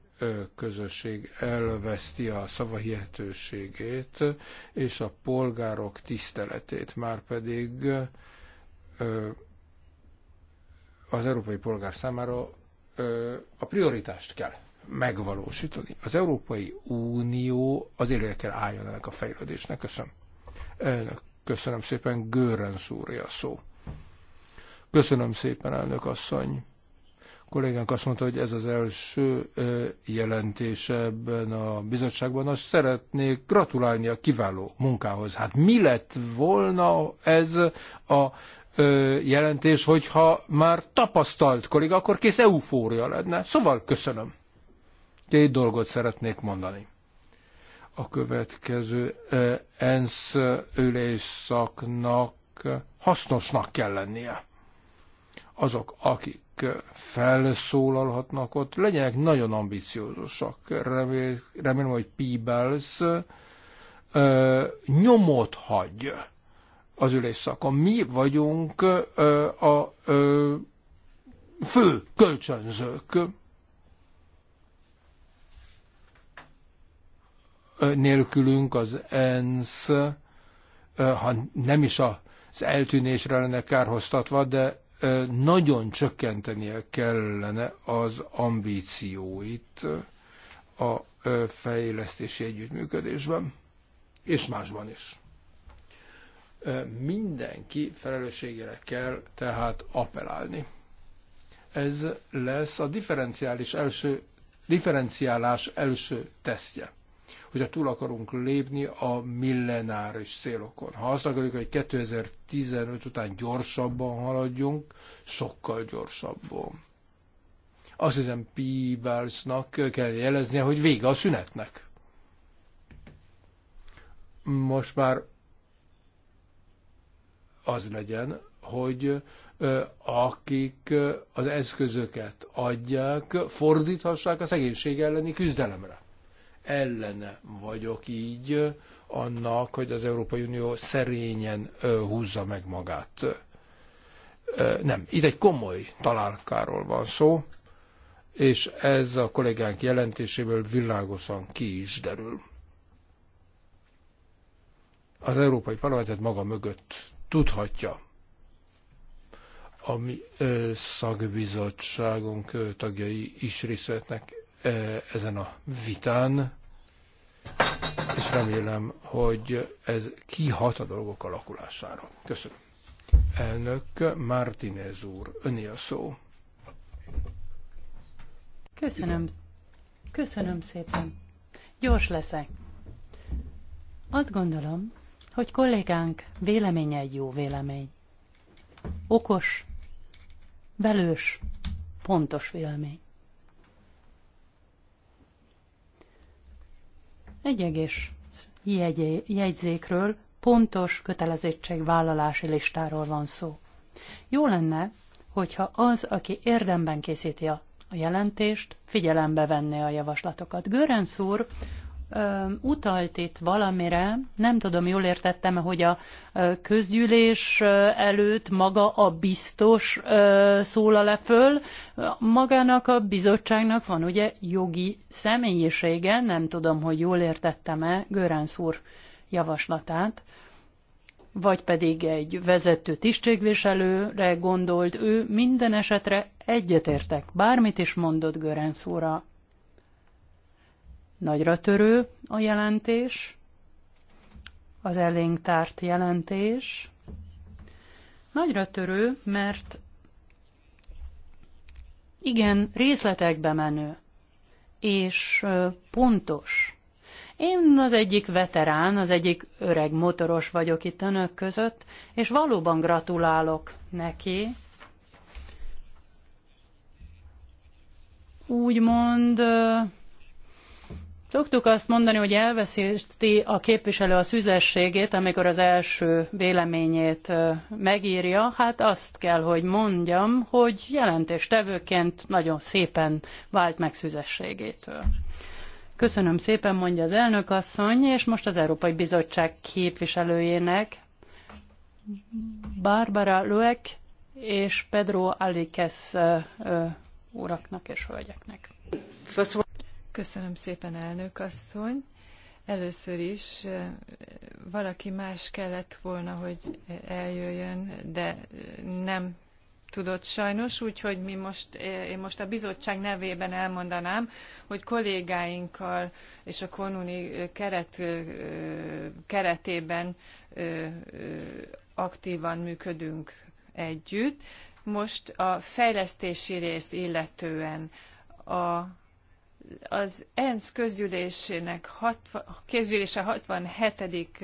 közösség elveszti a szavahihetőségét és a polgárok tiszteletét, már pedig az európai polgár számára a prioritást kell megvalósítani. Az Európai Unió az élére kell álljon ennek a fejlődésnek. Köszönöm. Elnök, köszönöm szépen, szúrja a szó. Köszönöm szépen, elnök asszony. A kollégánk azt mondta, hogy ez az első jelentés ebben a bizottságban. Azt szeretnék gratulálni a kiváló munkához. Hát mi lett volna ez a jelentés, hogyha már tapasztalt kolléga, akkor kész eufória lenne. Szóval köszönöm. Két dolgot szeretnék mondani. A következő ENSZ ülésszaknak hasznosnak kell lennie. Azok, akik felszólalhatnak ott, legyenek nagyon ambiciózusak. remélem, hogy Peebles nyomot hagy az ülésszakon. Mi vagyunk a fő kölcsönzők. nélkülünk az ENSZ, ha nem is az eltűnésre lenne kárhoztatva, de nagyon csökkentenie kellene az ambícióit a fejlesztési együttműködésben, és másban is. Mindenki felelősségére kell tehát apelálni. Ez lesz a differenciális első, differenciálás első tesztje hogyha túl akarunk lépni a millenáris célokon. Ha azt akarjuk, hogy 2015 után gyorsabban haladjunk, sokkal gyorsabban. Azt hiszem, Peeblesnak kell jeleznie, hogy vége a szünetnek. Most már az legyen, hogy akik az eszközöket adják, fordíthassák a szegénység elleni küzdelemre ellene vagyok így annak, hogy az Európai Unió szerényen húzza meg magát. Nem, itt egy komoly találkáról van szó, és ez a kollégánk jelentéséből világosan ki is derül. Az Európai Parlamentet maga mögött tudhatja, ami mi szakbizottságunk tagjai is részt vetnek ezen a vitán és remélem, hogy ez kihat a dolgok alakulására. Köszönöm. Elnök Martinez úr, öné a szó. Köszönöm. Köszönöm szépen. Gyors leszek. Azt gondolom, hogy kollégánk véleménye egy jó vélemény. Okos, velős, pontos vélemény. egy egész jegyé, jegyzékről, pontos kötelezettségvállalási listáról van szó. Jó lenne, hogyha az, aki érdemben készíti a jelentést, figyelembe venné a javaslatokat. Görenszúr ö, utalt itt valamire, nem tudom, jól értettem, hogy a ö, közgyűlés előtt maga a biztos ö, szólal le föl, magának a bizottságnak van ugye jogi személyisége, nem tudom, hogy jól értettem-e Göránsz úr javaslatát, vagy pedig egy vezető tisztségviselőre gondolt, ő minden esetre egyetértek, bármit is mondott úr a Nagyra törő a jelentés, az elénk tárt jelentés. Nagyra törő, mert igen, részletekbe menő, és pontos. Én az egyik veterán, az egyik öreg motoros vagyok itt önök között, és valóban gratulálok neki. Úgymond Szoktuk azt mondani, hogy elveszíti a képviselő a szüzességét, amikor az első véleményét megírja. Hát azt kell, hogy mondjam, hogy jelentéstevőként nagyon szépen vált meg szüzességétől. Köszönöm szépen, mondja az elnök asszony, és most az Európai Bizottság képviselőjének, Barbara Luek és Pedro Alikes uraknak és hölgyeknek. Köszönöm. Köszönöm szépen, elnök asszony. Először is eh, valaki más kellett volna, hogy eljöjjön, de eh, nem tudott sajnos, úgyhogy mi most, eh, én most a bizottság nevében elmondanám, hogy kollégáinkkal és a konuni keret, keretében aktívan működünk együtt. Most a fejlesztési részt illetően a az ENSZ közgyűlésének 60, közgyűlése 67.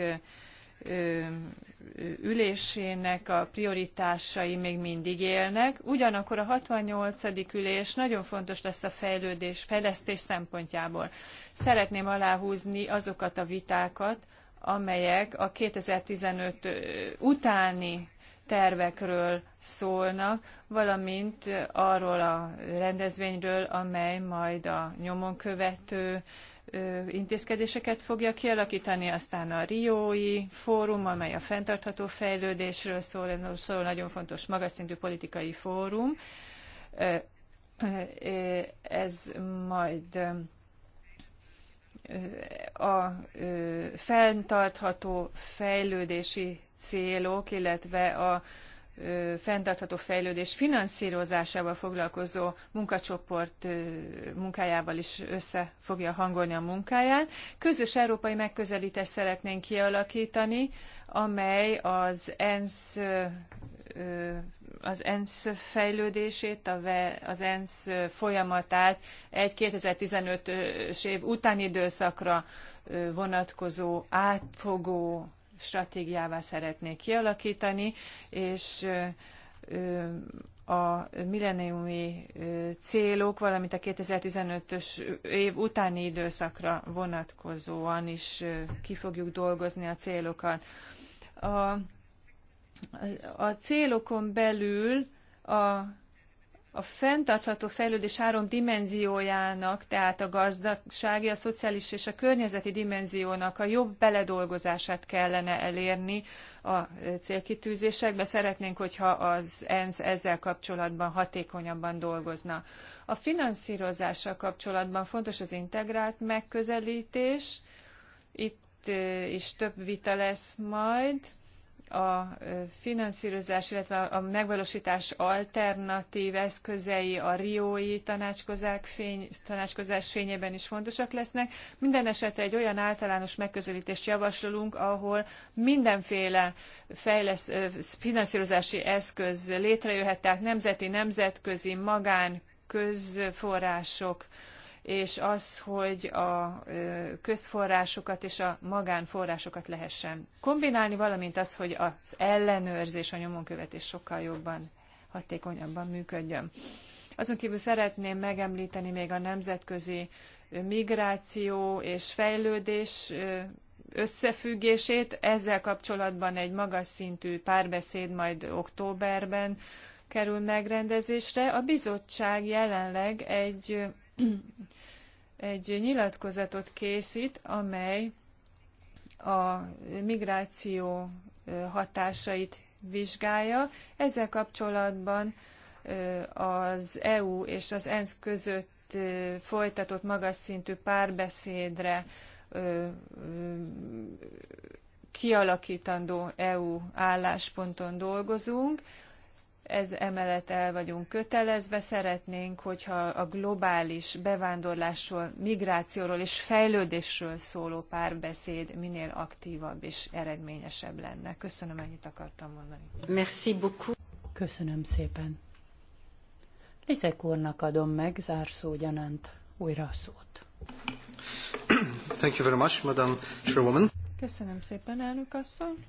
ülésének a prioritásai még mindig élnek, ugyanakkor a 68. ülés nagyon fontos lesz a fejlődés, fejlesztés szempontjából. Szeretném aláhúzni azokat a vitákat, amelyek a 2015 utáni tervekről szólnak, valamint arról a rendezvényről, amely majd a nyomon követő intézkedéseket fogja kialakítani, aztán a Riói fórum, amely a fenntartható fejlődésről szól, szól nagyon fontos magas szintű politikai fórum. Ez majd a fenntartható fejlődési célok, illetve a fenntartható fejlődés finanszírozásával foglalkozó munkacsoport munkájával is össze fogja hangolni a munkáját. Közös európai megközelítést szeretnénk kialakítani, amely az ENSZ az ENSZ fejlődését, az ENSZ folyamatát egy 2015-ös év utáni időszakra vonatkozó átfogó stratégiává szeretnék kialakítani, és a milleniumi célok, valamint a 2015-ös év utáni időszakra vonatkozóan is ki fogjuk dolgozni a célokat. A, a célokon belül a a fenntartható fejlődés három dimenziójának, tehát a gazdasági, a szociális és a környezeti dimenziónak a jobb beledolgozását kellene elérni a célkitűzésekbe. Szeretnénk, hogyha az ENSZ ezzel kapcsolatban hatékonyabban dolgozna. A finanszírozással kapcsolatban fontos az integrált megközelítés. Itt is több vita lesz majd a finanszírozás, illetve a megvalósítás alternatív eszközei a riói fény, tanácskozás fényében is fontosak lesznek. Minden esetre egy olyan általános megközelítést javasolunk, ahol mindenféle fejlesz, finanszírozási eszköz létrejöhet, tehát nemzeti, nemzetközi, magán, közforrások, és az, hogy a közforrásokat és a magánforrásokat lehessen kombinálni, valamint az, hogy az ellenőrzés, a nyomonkövetés sokkal jobban, hatékonyabban működjön. Azon kívül szeretném megemlíteni még a nemzetközi migráció és fejlődés összefüggését. Ezzel kapcsolatban egy magas szintű párbeszéd majd októberben kerül megrendezésre. A bizottság jelenleg egy egy nyilatkozatot készít, amely a migráció hatásait vizsgálja. Ezzel kapcsolatban az EU és az ENSZ között folytatott magas szintű párbeszédre kialakítandó EU állásponton dolgozunk ez emellett el vagyunk kötelezve, szeretnénk, hogyha a globális bevándorlásról, migrációról és fejlődésről szóló párbeszéd minél aktívabb és eredményesebb lenne. Köszönöm, ennyit akartam mondani. Merci beaucoup. Köszönöm szépen. Lizek úrnak adom meg zárszó gyanánt újra a szót. Thank you very much, Madam Chairwoman. Köszönöm szépen, elnök asszony.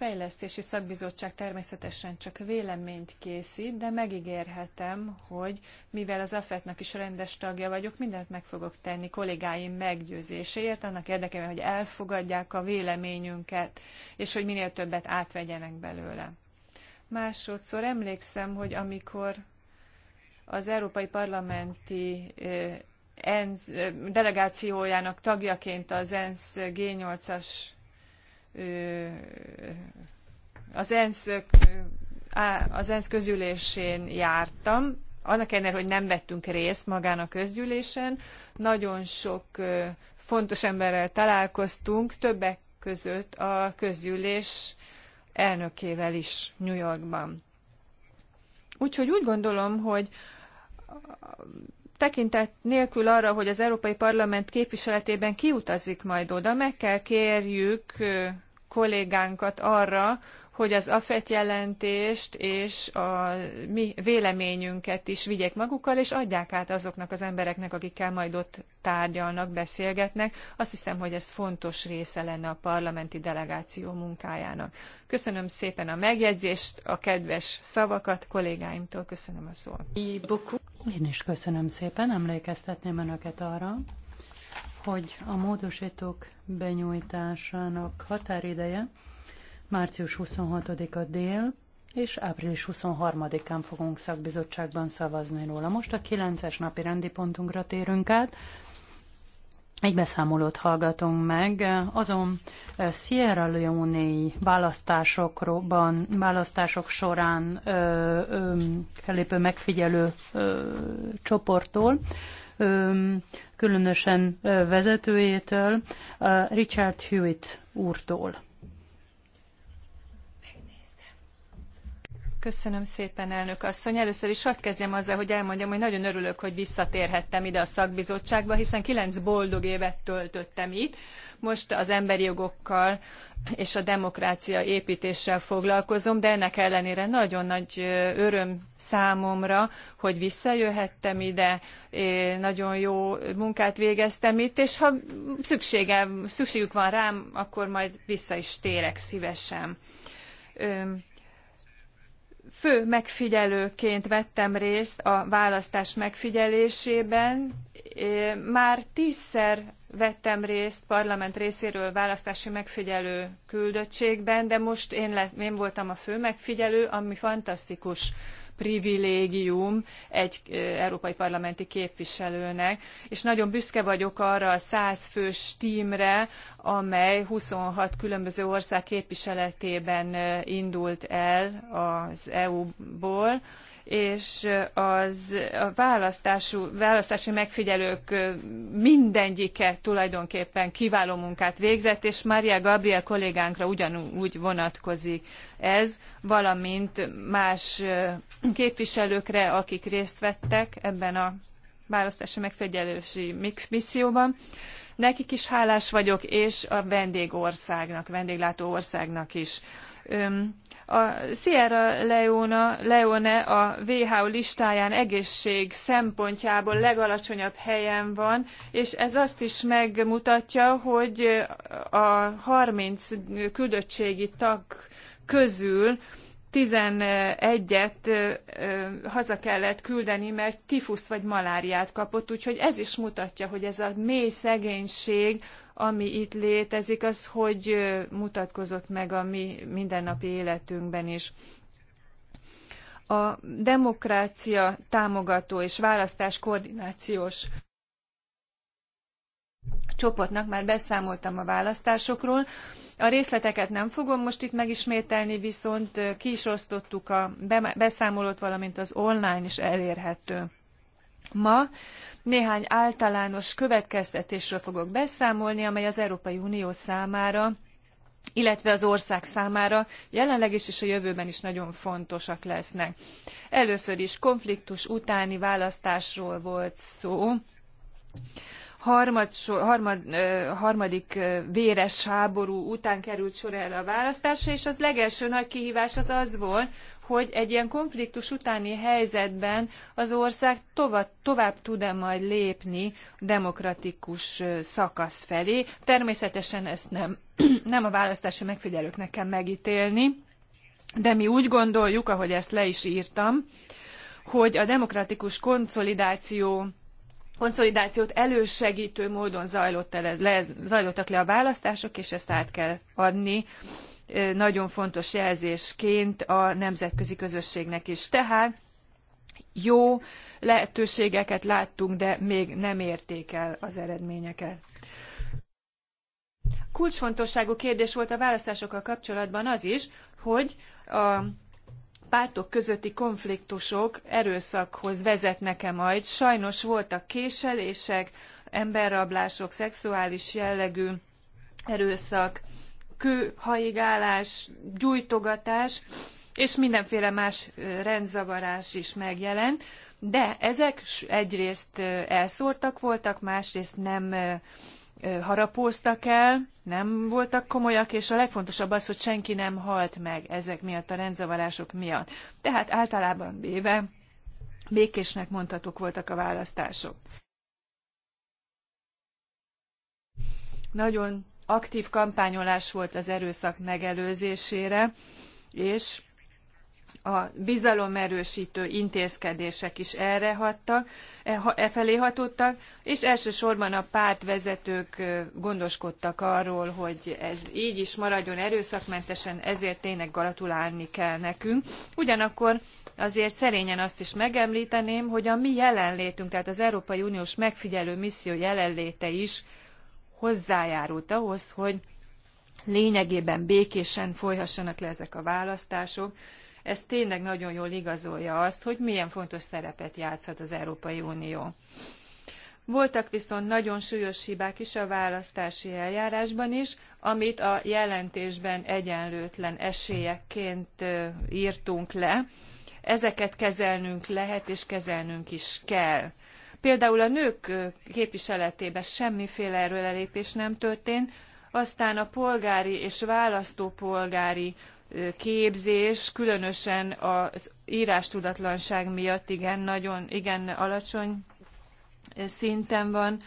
fejlesztési szakbizottság természetesen csak véleményt készít, de megígérhetem, hogy mivel az AFET-nak is rendes tagja vagyok, mindent meg fogok tenni kollégáim meggyőzéséért, annak érdekében, hogy elfogadják a véleményünket, és hogy minél többet átvegyenek belőle. Másodszor emlékszem, hogy amikor az Európai Parlamenti ENSZ delegációjának tagjaként az ENSZ G8-as az ENSZ, az ENSZ közülésén jártam, annak ellenére, hogy nem vettünk részt magán a közgyűlésen, nagyon sok fontos emberrel találkoztunk, többek között a közgyűlés elnökével is New Yorkban. Úgyhogy úgy gondolom, hogy tekintet nélkül arra, hogy az Európai Parlament képviseletében kiutazik majd oda, meg kell kérjük kollégánkat arra, hogy az AFET jelentést és a mi véleményünket is vigyék magukkal, és adják át azoknak az embereknek, akikkel majd ott tárgyalnak, beszélgetnek. Azt hiszem, hogy ez fontos része lenne a parlamenti delegáció munkájának. Köszönöm szépen a megjegyzést, a kedves szavakat kollégáimtól. Köszönöm a szót. Én is köszönöm szépen, emlékeztetném Önöket arra, hogy a módosítók benyújtásának határideje március 26-a dél, és április 23-án fogunk szakbizottságban szavazni róla. Most a 9-es napi rendi pontunkra térünk át. Egy beszámolót hallgatunk meg. Azon eh, Sierra leone választásokban, választások során ö, eh, ö, felépő megfigyelő ö, eh, csoporttól, ö, különösen vezetőjétől, Richard Hewitt úrtól Köszönöm szépen, elnök asszony. Először is hadd kezdjem azzal, hogy elmondjam, hogy nagyon örülök, hogy visszatérhettem ide a szakbizottságba, hiszen kilenc boldog évet töltöttem itt. Most az emberi jogokkal és a demokrácia építéssel foglalkozom, de ennek ellenére nagyon nagy öröm számomra, hogy visszajöhettem ide, nagyon jó munkát végeztem itt, és ha szüksége szükségük van rám, akkor majd vissza is térek szívesen fő megfigyelőként vettem részt a választás megfigyelésében. Már tízszer vettem részt parlament részéről választási megfigyelő küldöttségben, de most én, le, én voltam a fő megfigyelő, ami fantasztikus privilégium egy európai parlamenti képviselőnek, és nagyon büszke vagyok arra a fős tímre, amely 26 különböző ország képviseletében indult el az EU-ból, és az a választású, választási megfigyelők mindegyike tulajdonképpen kiváló munkát végzett, és Mária Gabriel kollégánkra ugyanúgy vonatkozik ez, valamint más képviselőkre, akik részt vettek ebben a választási megfigyelősi misszióban. Nekik is hálás vagyok, és a vendégországnak, vendéglátó országnak is a Sierra Leona, Leone a WHO listáján egészség szempontjából legalacsonyabb helyen van, és ez azt is megmutatja, hogy a 30 küldöttségi tag közül 11-et haza kellett küldeni, mert tifuszt vagy maláriát kapott, úgyhogy ez is mutatja, hogy ez a mély szegénység, ami itt létezik, az hogy mutatkozott meg a mi mindennapi életünkben is a demokrácia támogató és választás koordinációs csoportnak már beszámoltam a választásokról. A részleteket nem fogom most itt megismételni, viszont ki is osztottuk a beszámolót, valamint az online is elérhető. Ma néhány általános következtetésről fogok beszámolni, amely az Európai Unió számára illetve az ország számára jelenleg is és a jövőben is nagyon fontosak lesznek. Először is konfliktus utáni választásról volt szó harmad, harmad, harmadik véres háború után került sor erre a választásra, és az legelső nagy kihívás az az volt, hogy egy ilyen konfliktus utáni helyzetben az ország tovább, tovább tud-e majd lépni demokratikus szakasz felé. Természetesen ezt nem, nem a választási megfigyelőknek kell megítélni, de mi úgy gondoljuk, ahogy ezt le is írtam, hogy a demokratikus konszolidáció konszolidációt elősegítő módon zajlott el ez, le, zajlottak le a választások, és ezt át kell adni nagyon fontos jelzésként a nemzetközi közösségnek is. Tehát jó lehetőségeket láttunk, de még nem érték el az eredményeket. Kulcsfontosságú kérdés volt a választásokkal kapcsolatban az is, hogy a pártok közötti konfliktusok erőszakhoz vezetnek-e majd. Sajnos voltak késelések, emberrablások, szexuális jellegű erőszak, kőhaigálás, gyújtogatás, és mindenféle más rendzavarás is megjelent. De ezek egyrészt elszórtak voltak, másrészt nem harapóztak el, nem voltak komolyak, és a legfontosabb az, hogy senki nem halt meg ezek miatt, a rendzavarások miatt. Tehát általában véve békésnek mondhatók voltak a választások. Nagyon aktív kampányolás volt az erőszak megelőzésére, és a bizalomerősítő intézkedések is erre hattak, e, e felé hatottak, és elsősorban a pártvezetők gondoskodtak arról, hogy ez így is maradjon erőszakmentesen, ezért tényleg gratulálni kell nekünk. Ugyanakkor azért szerényen azt is megemlíteném, hogy a mi jelenlétünk, tehát az Európai Uniós megfigyelő misszió jelenléte is hozzájárult ahhoz, hogy lényegében békésen folyhassanak le ezek a választások, ez tényleg nagyon jól igazolja azt, hogy milyen fontos szerepet játszhat az Európai Unió. Voltak viszont nagyon súlyos hibák is a választási eljárásban is, amit a jelentésben egyenlőtlen esélyekként írtunk le. Ezeket kezelnünk lehet, és kezelnünk is kell. Például a nők képviseletében semmiféle erőlelépés nem történt, aztán a polgári és választópolgári képzés különösen az írástudatlanság miatt igen nagyon, igen alacsony szinten van.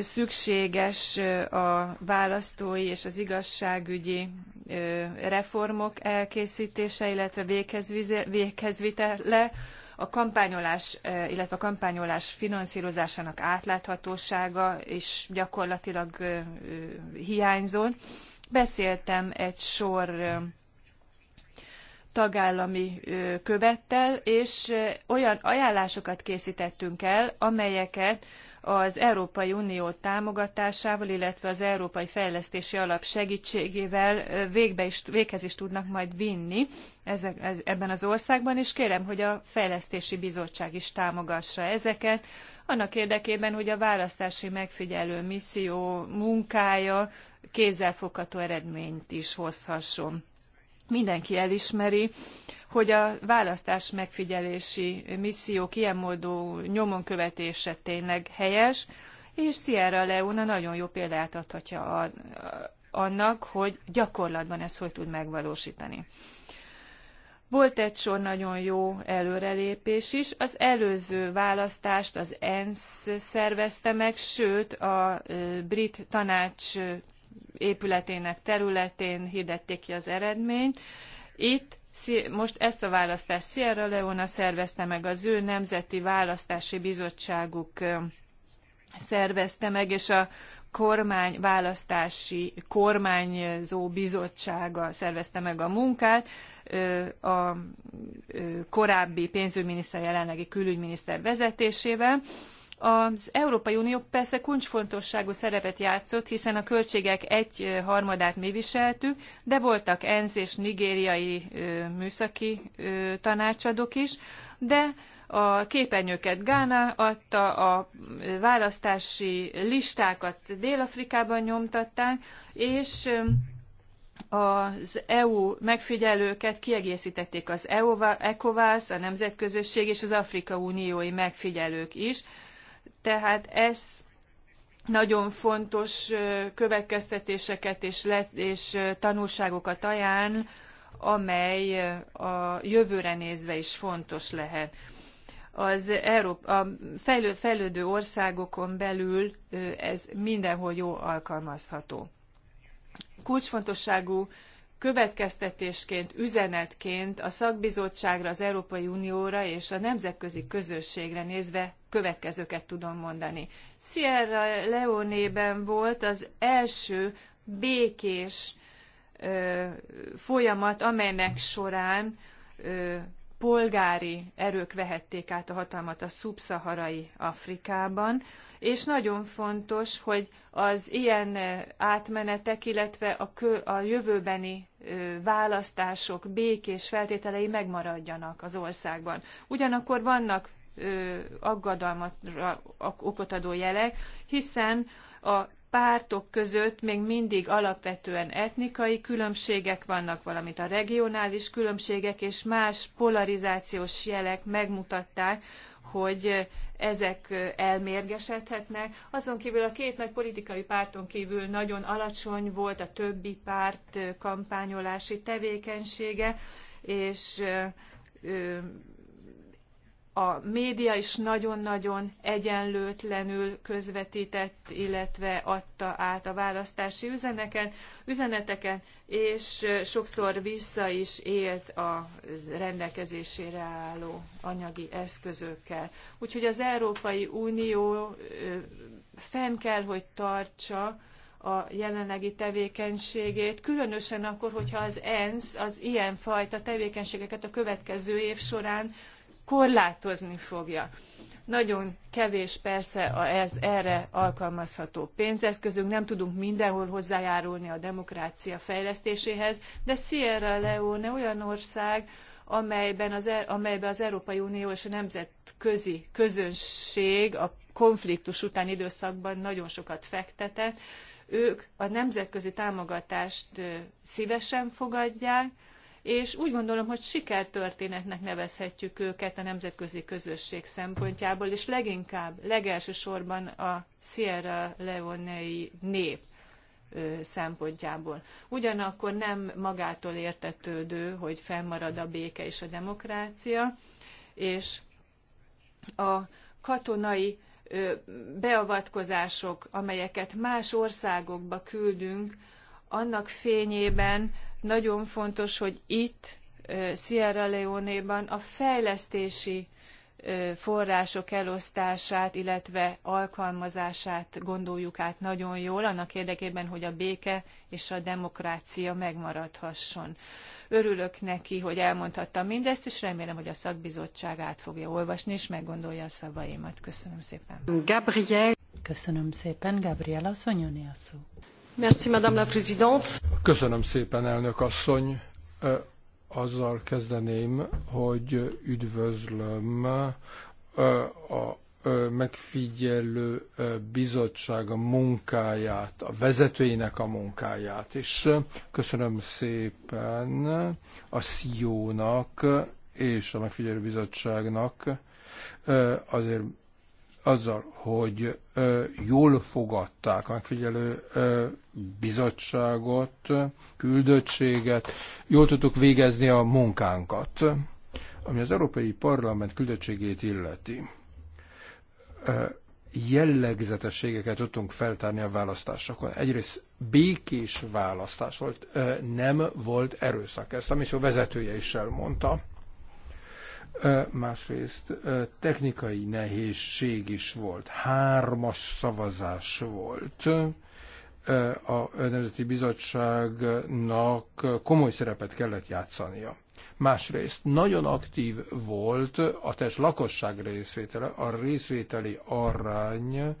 Szükséges a választói és az igazságügyi reformok elkészítése, illetve véghezvitele, a kampányolás, illetve a kampányolás finanszírozásának átláthatósága is gyakorlatilag hiányzott. Beszéltem egy sor tagállami követtel, és olyan ajánlásokat készítettünk el, amelyeket az Európai Unió támogatásával, illetve az Európai Fejlesztési Alap segítségével végbe is, véghez is tudnak majd vinni ezek, ez, ebben az országban, és kérem, hogy a Fejlesztési Bizottság is támogassa ezeket, annak érdekében, hogy a választási megfigyelő misszió munkája kézzelfogható eredményt is hozhasson mindenki elismeri, hogy a választás megfigyelési missziók ilyen módon nyomon követése tényleg helyes, és Sierra Leone nagyon jó példát adhatja a, a, annak, hogy gyakorlatban ezt hogy tud megvalósítani. Volt egy sor nagyon jó előrelépés is. Az előző választást az ENSZ szervezte meg, sőt a brit tanács épületének területén hirdették ki az eredményt. Itt most ezt a választást Sierra Leona szervezte meg, az ő Nemzeti Választási Bizottságuk szervezte meg, és a kormány választási kormányzó bizottsága szervezte meg a munkát. A korábbi pénzügyminiszter, jelenlegi külügyminiszter vezetésével az Európai Unió persze kulcsfontosságú szerepet játszott, hiszen a költségek egy harmadát mi viseltük, de voltak ENSZ és nigériai műszaki tanácsadók is, de a képernyőket Gána adta, a választási listákat Dél-Afrikában nyomtatták, és az EU megfigyelőket kiegészítették az ECOWAS, e a Nemzetközösség és az Afrika Uniói megfigyelők is, tehát ez nagyon fontos következtetéseket és, le, és tanulságokat ajánl, amely a jövőre nézve is fontos lehet. Az Európa, a fejlő, fejlődő országokon belül ez mindenhol jó alkalmazható. Kulcsfontosságú következtetésként, üzenetként a szakbizottságra, az Európai Unióra és a nemzetközi közösségre nézve következőket tudom mondani. Sierra Leone-ben volt az első békés ö, folyamat, amelynek során ö, polgári erők vehették át a hatalmat a szubszaharai Afrikában, és nagyon fontos, hogy az ilyen átmenetek, illetve a, kö, a jövőbeni választások békés feltételei megmaradjanak az országban. Ugyanakkor vannak aggadalmat, okot adó jelek, hiszen a pártok között még mindig alapvetően etnikai különbségek vannak, valamint a regionális különbségek és más polarizációs jelek megmutatták, hogy ezek elmérgesedhetnek. Azon kívül a két nagy politikai párton kívül nagyon alacsony volt a többi párt kampányolási tevékenysége, és a média is nagyon-nagyon egyenlőtlenül közvetített, illetve adta át a választási üzeneken, üzeneteken, és sokszor vissza is élt a rendelkezésére álló anyagi eszközökkel. Úgyhogy az Európai Unió fenn kell, hogy tartsa a jelenlegi tevékenységét, különösen akkor, hogyha az ENSZ az ilyen fajta tevékenységeket a következő év során korlátozni fogja. Nagyon kevés persze az erre alkalmazható pénzeszközünk, nem tudunk mindenhol hozzájárulni a demokrácia fejlesztéséhez, de Sierra Leone olyan ország, amelyben az, e- az Európai Unió és a nemzetközi közönség a konfliktus utáni időszakban nagyon sokat fektetett. Ők a nemzetközi támogatást szívesen fogadják, és úgy gondolom, hogy sikertörténetnek nevezhetjük őket a nemzetközi közösség szempontjából, és leginkább, legelsősorban a Sierra Leonei nép szempontjából. Ugyanakkor nem magától értetődő, hogy fennmarad a béke és a demokrácia, és a katonai beavatkozások, amelyeket más országokba küldünk, annak fényében nagyon fontos, hogy itt, Sierra Leone-ban a fejlesztési források elosztását, illetve alkalmazását gondoljuk át nagyon jól, annak érdekében, hogy a béke és a demokrácia megmaradhasson. Örülök neki, hogy elmondhattam mindezt, és remélem, hogy a szakbizottság át fogja olvasni, és meggondolja a szavaimat. Köszönöm szépen. Gabriel. Köszönöm szépen. Gabriel asszony, a szó. Köszönöm szépen, elnök asszony. Azzal kezdeném, hogy üdvözlöm a megfigyelő bizottság a munkáját, a vezetőinek a munkáját, és köszönöm szépen a CEO-nak és a megfigyelő bizottságnak azért azzal, hogy jól fogadták a megfigyelő bizottságot, küldöttséget, jól tudtuk végezni a munkánkat, ami az Európai Parlament küldöttségét illeti. Jellegzetességeket tudtunk feltárni a választásokon. Egyrészt békés választás volt, nem volt erőszak. Ezt a vezetője is elmondta Másrészt technikai nehézség is volt, hármas szavazás volt. A Nemzeti Bizottságnak komoly szerepet kellett játszania. Másrészt nagyon aktív volt a test lakosság részvétele, a részvételi arány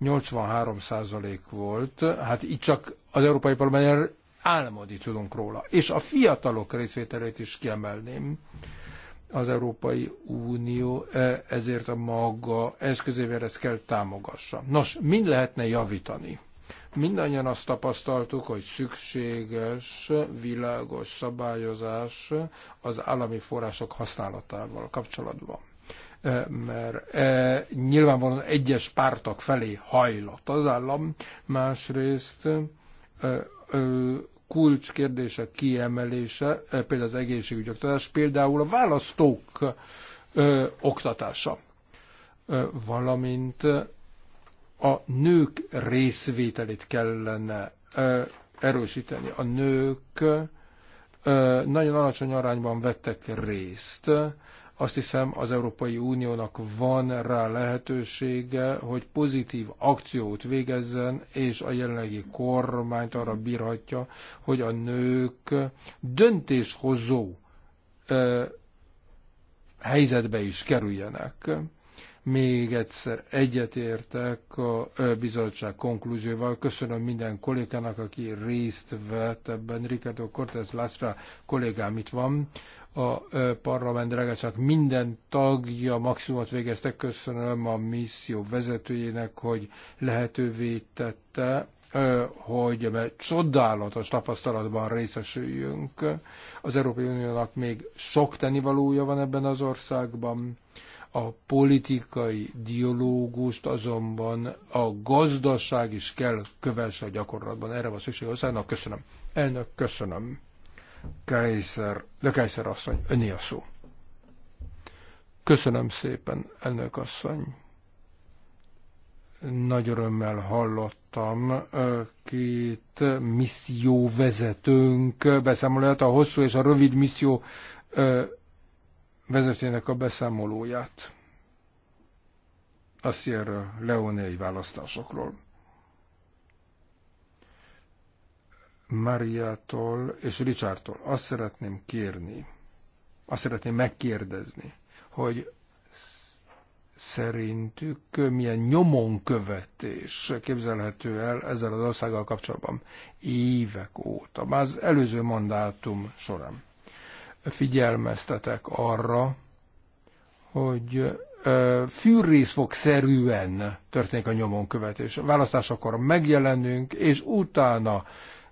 83% volt, hát itt csak az Európai Parlamentben álmodni tudunk róla. És a fiatalok részvételét is kiemelném. Az Európai Unió e, ezért a maga eszközével ezt kell támogassa. Nos, mind lehetne javítani? Mindannyian azt tapasztaltuk, hogy szükséges, világos szabályozás az állami források használatával kapcsolatban e, mert e, nyilvánvalóan egyes pártak felé hajlott az állam, másrészt e, e, kulcskérdések kiemelése, eh, például az egészségügy oktatás, például a választók ö, eh, oktatása, ö, eh, valamint a nők részvételét kellene ö, erősíteni. A nők ö, nagyon alacsony arányban vettek részt azt hiszem, az Európai Uniónak van rá lehetősége, hogy pozitív akciót végezzen, és a jelenlegi kormányt arra bírhatja, hogy a nők döntéshozó helyzetbe is kerüljenek. Még egyszer egyetértek a bizottság konklúzióval. Köszönöm minden kollégának, aki részt vett ebben. Ricardo Cortez Lastra kollégám itt van a parlament csak minden tagja maximumot végeztek. Köszönöm a misszió vezetőjének, hogy lehetővé tette, hogy csodálatos tapasztalatban részesüljünk. Az Európai Uniónak még sok tennivalója van ebben az országban. A politikai dialógust azonban a gazdaság is kell kövesse a gyakorlatban. Erre van szükség a Köszönöm. Elnök, köszönöm. Kaiser, de Kaiser asszony, öné a szó. Köszönöm szépen, elnök asszony. Nagy örömmel hallottam két misszióvezetőnk beszámolóját, a hosszú és a rövid misszió vezetőjének a beszámolóját a Sierra Leone-i választásokról. Mariától és Richardtól azt szeretném kérni, azt szeretném megkérdezni, hogy szerintük milyen nyomonkövetés képzelhető el ezzel az országgal kapcsolatban évek óta, már az előző mandátum során. Figyelmeztetek arra, hogy fűrészfogszerűen történik a nyomonkövetés. választásakor megjelenünk, és utána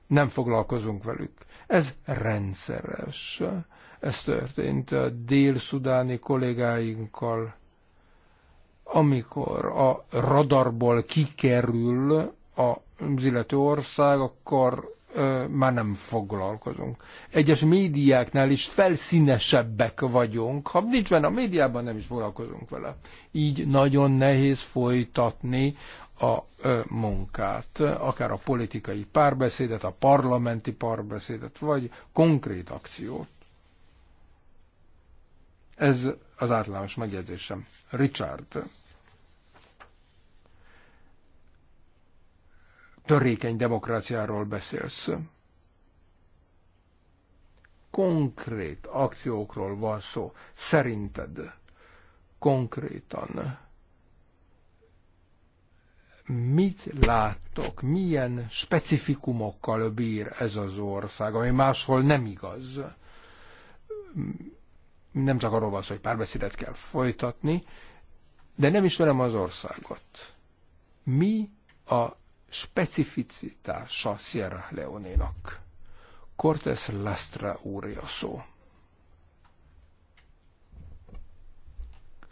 nem foglalkozunk velük. Ez rendszeres. Ez történt a dél-szudáni kollégáinkkal, amikor a radarból kikerül az illető ország, akkor már nem foglalkozunk. Egyes médiáknál is felszínesebbek vagyunk. Ha nincs benne a médiában, nem is foglalkozunk vele. Így nagyon nehéz folytatni a munkát, akár a politikai párbeszédet, a parlamenti párbeszédet, vagy konkrét akciót. Ez az általános megjegyzésem. Richard. Törékeny demokráciáról beszélsz. Konkrét akciókról van szó. Szerinted konkrétan mit láttok, milyen specifikumokkal bír ez az ország, ami máshol nem igaz. Nem csak arról van szó, hogy párbeszédet kell folytatni, de nem ismerem az országot. Mi a specificitása Sierra Leone-nak? Cortes Lastra úrja szó.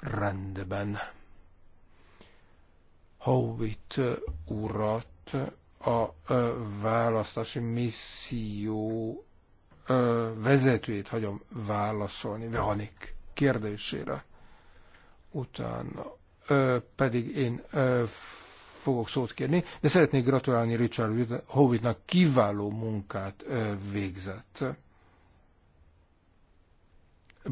Rendben. Howitt urat a választási misszió vezetőjét hagyom válaszolni Vehanik kérdésére. Utána pedig én fogok szót kérni, de szeretnék gratulálni Richard Howittnak kiváló munkát végzett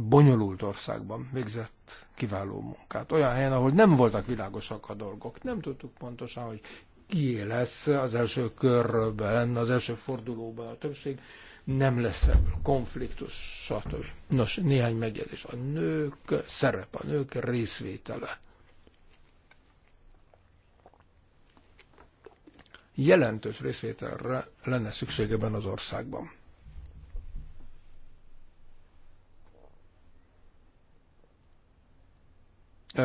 bonyolult országban végzett kiváló munkát. Olyan helyen, ahol nem voltak világosak a dolgok. Nem tudtuk pontosan, hogy ki lesz az első körben, az első fordulóban a többség, nem lesz ebből konfliktus, stb. Nos, néhány megjegyzés. A nők szerep, a nők részvétele. Jelentős részvételre lenne szükségeben az országban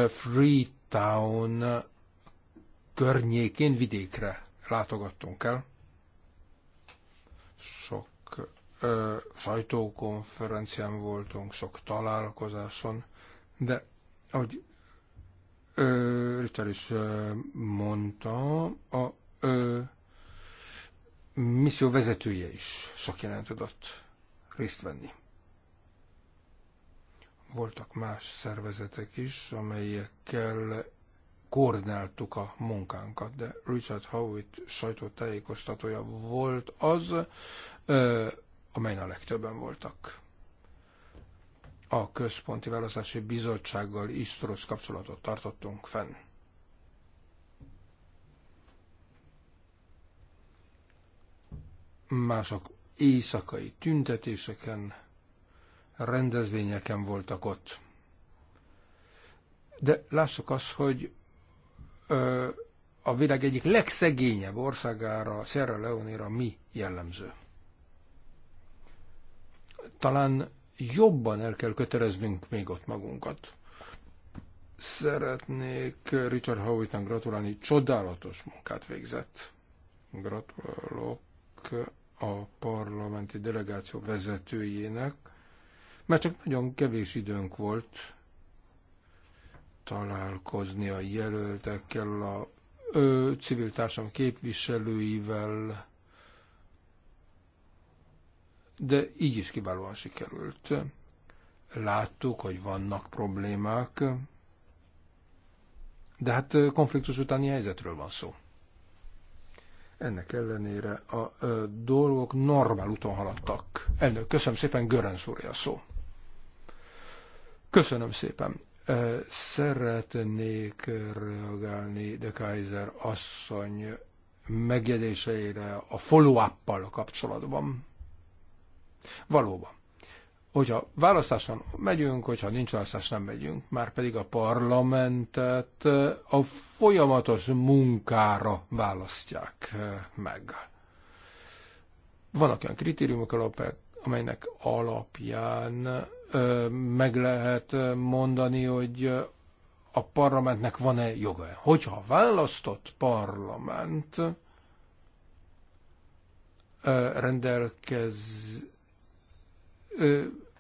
Freetown környékén vidékre látogattunk el. Sok ö, sajtókonferencián voltunk, sok találkozáson, de ahogy ö, Richard is ö, mondta, a ö, misszió vezetője is sok jelent tudott részt venni voltak más szervezetek is, amelyekkel koordináltuk a munkánkat, de Richard Howitt sajtótájékoztatója volt az, amelyen a legtöbben voltak. A Központi Választási Bizottsággal is szoros kapcsolatot tartottunk fenn. Mások éjszakai tüntetéseken rendezvényeken voltak ott. De lássuk azt, hogy ö, a világ egyik legszegényebb országára, Sierra Leone-ra mi jellemző? Talán jobban el kell köteleznünk még ott magunkat. Szeretnék Richard Howitt-nak gratulálni, csodálatos munkát végzett. Gratulálok a parlamenti delegáció vezetőjének, mert csak nagyon kevés időnk volt találkozni a jelöltekkel, a ö, civil társam képviselőivel, de így is kiválóan sikerült. Láttuk, hogy vannak problémák, de hát konfliktus utáni helyzetről van szó. Ennek ellenére a ö, dolgok normál úton haladtak. Elnök, köszönöm szépen, Görönsz úr a szó. Köszönöm szépen. Szeretnék reagálni de Kaiser asszony megjegyzéseire a follow-up-pal kapcsolatban. Valóban. Hogyha választáson megyünk, hogyha nincs választás, nem megyünk, már pedig a parlamentet a folyamatos munkára választják meg. Vannak olyan kritériumok, amelynek alapján meg lehet mondani, hogy a parlamentnek van-e joga. Hogyha választott parlament rendelkez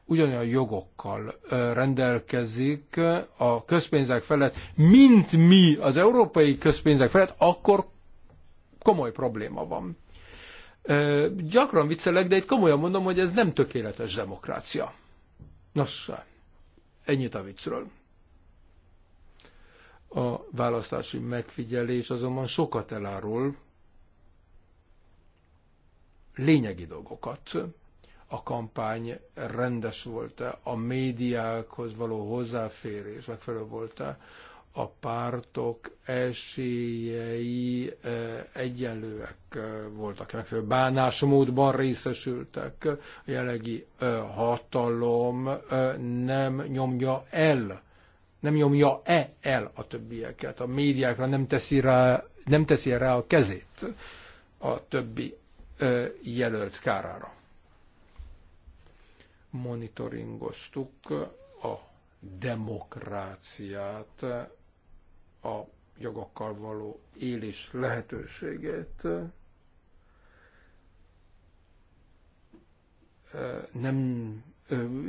ugyanolyan jogokkal rendelkezik a közpénzek felett, mint mi az európai közpénzek felett, akkor komoly probléma van. Gyakran viccelek, de itt komolyan mondom, hogy ez nem tökéletes demokrácia. Nos, ennyit a viccről. A választási megfigyelés azonban sokat elárul, lényegi dolgokat. A kampány rendes volt-e, a médiákhoz való hozzáférés megfelelő volt-e, a pártok esélyei eh, egyenlőek eh, voltak, megfelelő bánásmódban részesültek. A jelenlegi eh, hatalom nem nyomja el, nem nyomja-e el a többieket, a médiákra nem teszi rá, nem teszi rá a kezét a többi jelölt kárára. Monitoringoztuk a demokráciát a jogokkal való élés lehetőségét. Nem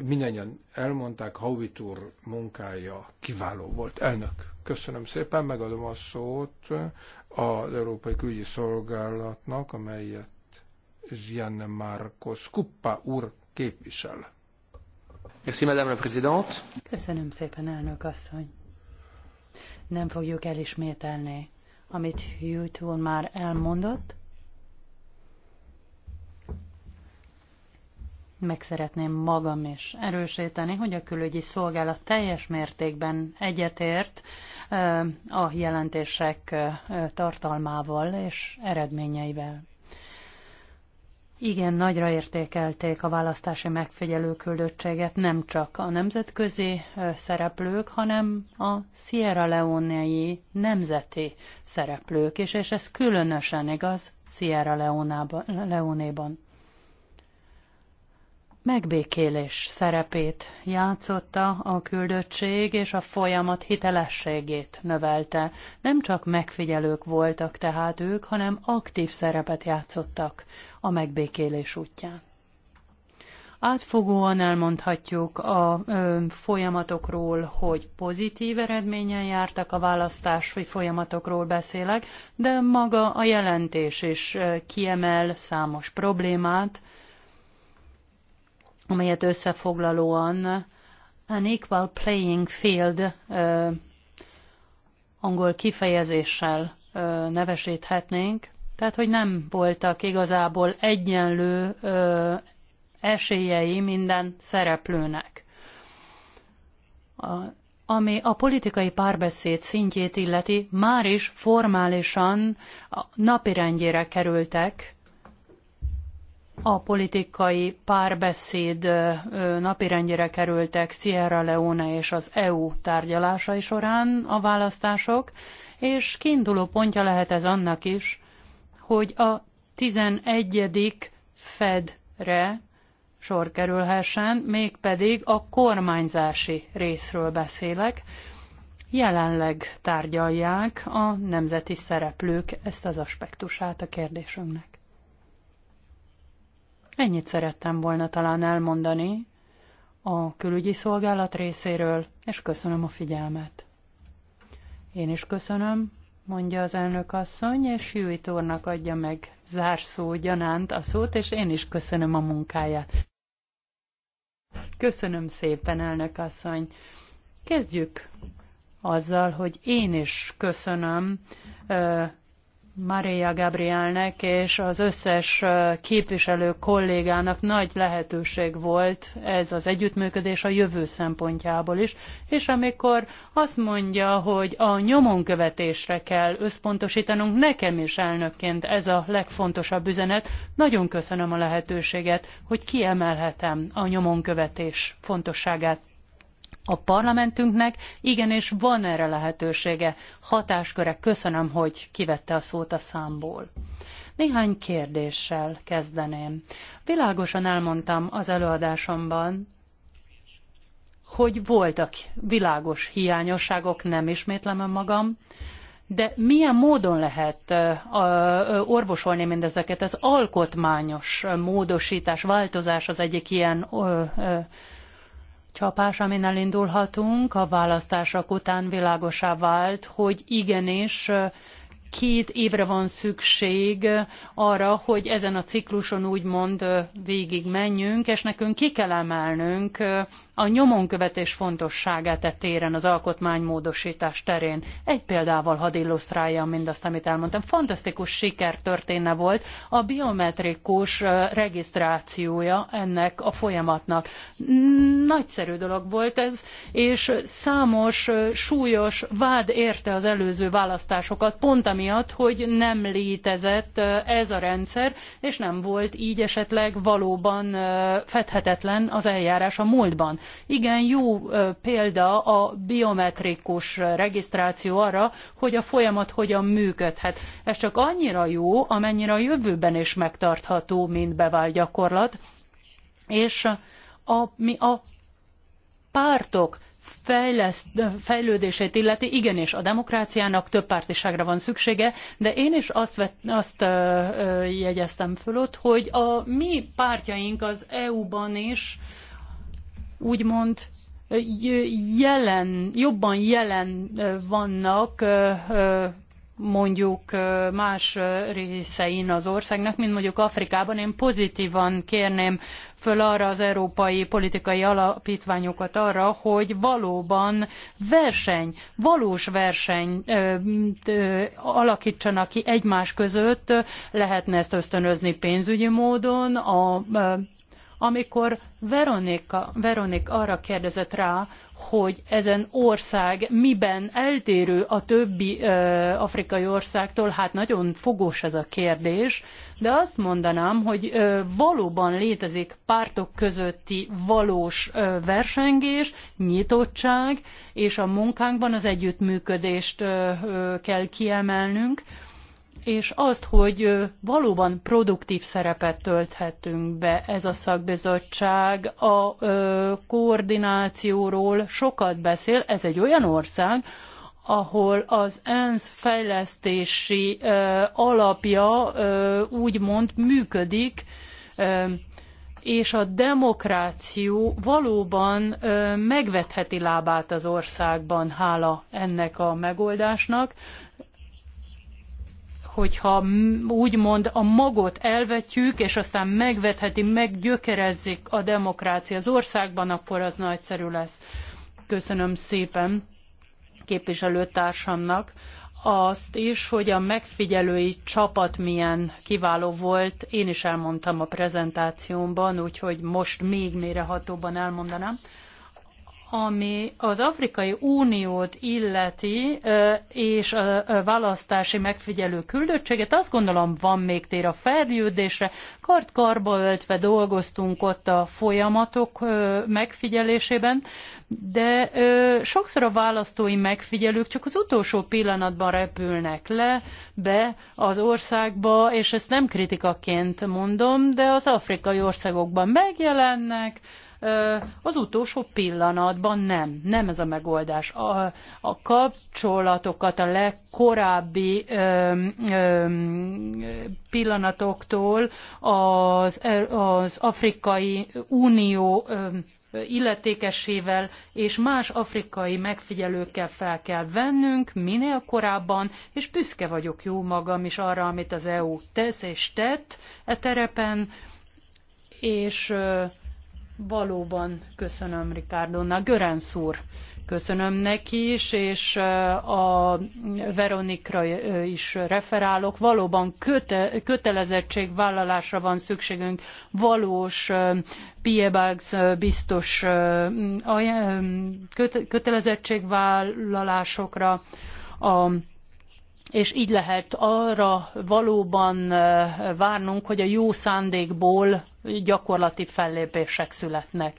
mindannyian elmondták, Hauvit úr munkája kiváló volt. Elnök, köszönöm szépen, megadom a szót az Európai Külügyi Szolgálatnak, amelyet Gianne Marco Scuppa úr képvisel. Köszönöm szépen, elnök asszony. Nem fogjuk elismételni, amit Hugh már elmondott. Meg szeretném magam is erősíteni, hogy a külügyi szolgálat teljes mértékben egyetért a jelentések tartalmával és eredményeivel. Igen, nagyra értékelték a választási megfigyelő küldöttséget nem csak a nemzetközi szereplők, hanem a Sierra Leonei nemzeti szereplők is, és ez különösen igaz Sierra Leone-ban megbékélés szerepét játszotta a küldöttség, és a folyamat hitelességét növelte. Nem csak megfigyelők voltak tehát ők, hanem aktív szerepet játszottak a megbékélés útján. Átfogóan elmondhatjuk a ö, folyamatokról, hogy pozitív eredményen jártak a választás vagy folyamatokról beszélek, de maga a jelentés is ö, kiemel számos problémát, amelyet összefoglalóan an equal playing field angol kifejezéssel ö, nevesíthetnénk. Tehát, hogy nem voltak igazából egyenlő ö, esélyei minden szereplőnek. A, ami a politikai párbeszéd szintjét illeti, már is formálisan napirendjére kerültek a politikai párbeszéd napirendjére kerültek Sierra Leone és az EU tárgyalásai során a választások, és kiinduló pontja lehet ez annak is, hogy a 11. Fedre sor kerülhessen, mégpedig a kormányzási részről beszélek. Jelenleg tárgyalják a nemzeti szereplők ezt az aspektusát a kérdésünknek. Ennyit szerettem volna talán elmondani a külügyi szolgálat részéről, és köszönöm a figyelmet. Én is köszönöm, mondja az elnök asszony, és Jújt úrnak adja meg zárszó gyanánt a szót, és én is köszönöm a munkáját. Köszönöm szépen, elnök asszony. Kezdjük azzal, hogy én is köszönöm Maria Gabrielnek és az összes képviselő kollégának nagy lehetőség volt ez az együttműködés a jövő szempontjából is, és amikor azt mondja, hogy a nyomonkövetésre kell összpontosítanunk, nekem is elnökként ez a legfontosabb üzenet. Nagyon köszönöm a lehetőséget, hogy kiemelhetem a nyomonkövetés fontosságát a parlamentünknek igenis van erre lehetősége, hatásköre. Köszönöm, hogy kivette a szót a számból. Néhány kérdéssel kezdeném. Világosan elmondtam az előadásomban, hogy voltak világos hiányosságok, nem ismétlem magam, de milyen módon lehet orvosolni mindezeket? Ez alkotmányos módosítás, változás az egyik ilyen csapás, amin elindulhatunk. A választások után világosá vált, hogy igenis két évre van szükség arra, hogy ezen a cikluson úgymond végig menjünk, és nekünk ki kell emelnünk a nyomonkövetés fontosságát e téren, az alkotmánymódosítás terén. Egy példával hadd illusztráljam mindazt, amit elmondtam. Fantasztikus sikertörténe volt a biometrikus regisztrációja ennek a folyamatnak. Nagyszerű dolog volt ez, és számos súlyos vád érte az előző választásokat, pont amiatt, hogy nem létezett ez a rendszer, és nem volt így esetleg valóban fedhetetlen az eljárás a múltban. Igen, jó példa a biometrikus regisztráció arra, hogy a folyamat hogyan működhet. Ez csak annyira jó, amennyire a jövőben is megtartható, mint bevált gyakorlat, és a, mi a pártok fejleszt, fejlődését illeti, igenis a demokráciának több pártiságra van szüksége, de én is azt, vett, azt ö, ö, jegyeztem föl ott, hogy a mi pártjaink az EU-ban is úgymond jelen, jobban jelen vannak mondjuk más részein az országnak, mint mondjuk Afrikában. Én pozitívan kérném föl arra az európai politikai alapítványokat arra, hogy valóban verseny, valós verseny ö, ö, alakítsanak ki egymás között, lehetne ezt ösztönözni pénzügyi módon, a ö, amikor Veronika, Veronik arra kérdezett rá, hogy ezen ország miben eltérő a többi ö, afrikai országtól, hát nagyon fogós ez a kérdés, de azt mondanám, hogy ö, valóban létezik pártok közötti valós ö, versengés, nyitottság, és a munkánkban az együttműködést ö, ö, kell kiemelnünk. Ö, és azt, hogy valóban produktív szerepet tölthetünk be ez a szakbizottság. A koordinációról sokat beszél, ez egy olyan ország, ahol az ENSZ fejlesztési alapja úgymond működik, és a demokráció valóban megvetheti lábát az országban, hála ennek a megoldásnak, hogyha úgymond a magot elvetjük, és aztán megvetheti, meggyökerezik a demokrácia az országban, akkor az nagyszerű lesz. Köszönöm szépen képviselőtársamnak azt is, hogy a megfigyelői csapat milyen kiváló volt. Én is elmondtam a prezentációmban, úgyhogy most még mélyrehatóban elmondanám ami az Afrikai Uniót illeti, és a választási megfigyelő küldöttséget, azt gondolom van még tér a fejlődésre. Kart-karba öltve dolgoztunk ott a folyamatok megfigyelésében, de sokszor a választói megfigyelők csak az utolsó pillanatban repülnek le, be az országba, és ezt nem kritikaként mondom, de az afrikai országokban megjelennek, az utolsó pillanatban nem. Nem ez a megoldás. A, a kapcsolatokat a legkorábbi ö, ö, pillanatoktól az, az Afrikai Unió ö, illetékesével és más afrikai megfigyelőkkel fel kell vennünk minél korábban, és büszke vagyok jó magam is arra, amit az EU tesz és tett e terepen, és Valóban köszönöm Rikárdónak. Görenc úr, köszönöm neki is, és eh, a Veronikra eh, is referálok. Valóban köte, kötelezettségvállalásra van szükségünk, valós eh, Piebalgs biztos kötelezettségvállalásokra. A és így lehet arra valóban várnunk, hogy a jó szándékból gyakorlati fellépések születnek.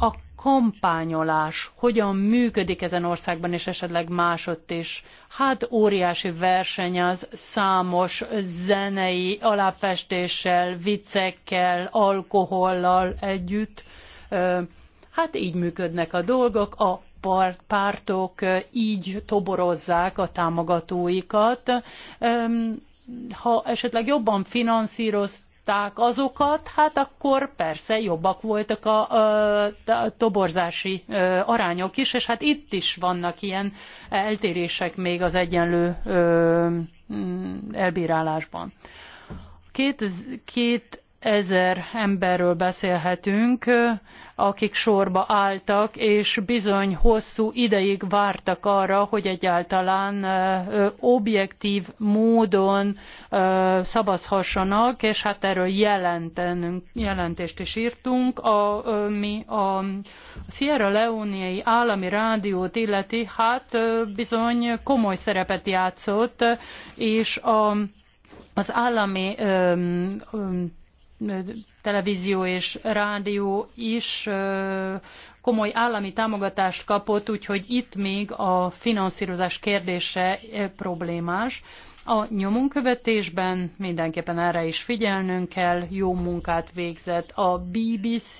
A kampányolás hogyan működik ezen országban, és esetleg másott is? Hát óriási verseny az számos zenei aláfestéssel, viccekkel, alkohollal együtt. Hát így működnek a dolgok. A pártok így toborozzák a támogatóikat. Ha esetleg jobban finanszíroz, azokat, hát akkor persze jobbak voltak a, toborzási arányok is, és hát itt is vannak ilyen eltérések még az egyenlő mm, elbírálásban. Két, két ezer emberről beszélhetünk, akik sorba álltak, és bizony hosszú ideig vártak arra, hogy egyáltalán objektív módon szavazhassanak, és hát erről jelentenünk, jelentést is írtunk. A, mi a Sierra Leone-i állami rádiót illeti, hát bizony komoly szerepet játszott, és a, az állami televízió és rádió is komoly állami támogatást kapott, úgyhogy itt még a finanszírozás kérdése problémás. A nyomonkövetésben mindenképpen erre is figyelnünk kell, jó munkát végzett a BBC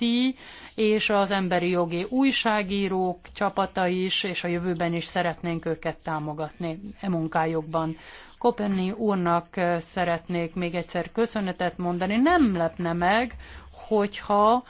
és az emberi jogi újságírók csapata is, és a jövőben is szeretnénk őket támogatni e munkájukban. Kopenni úrnak szeretnék még egyszer köszönetet mondani. Nem lepne meg, hogyha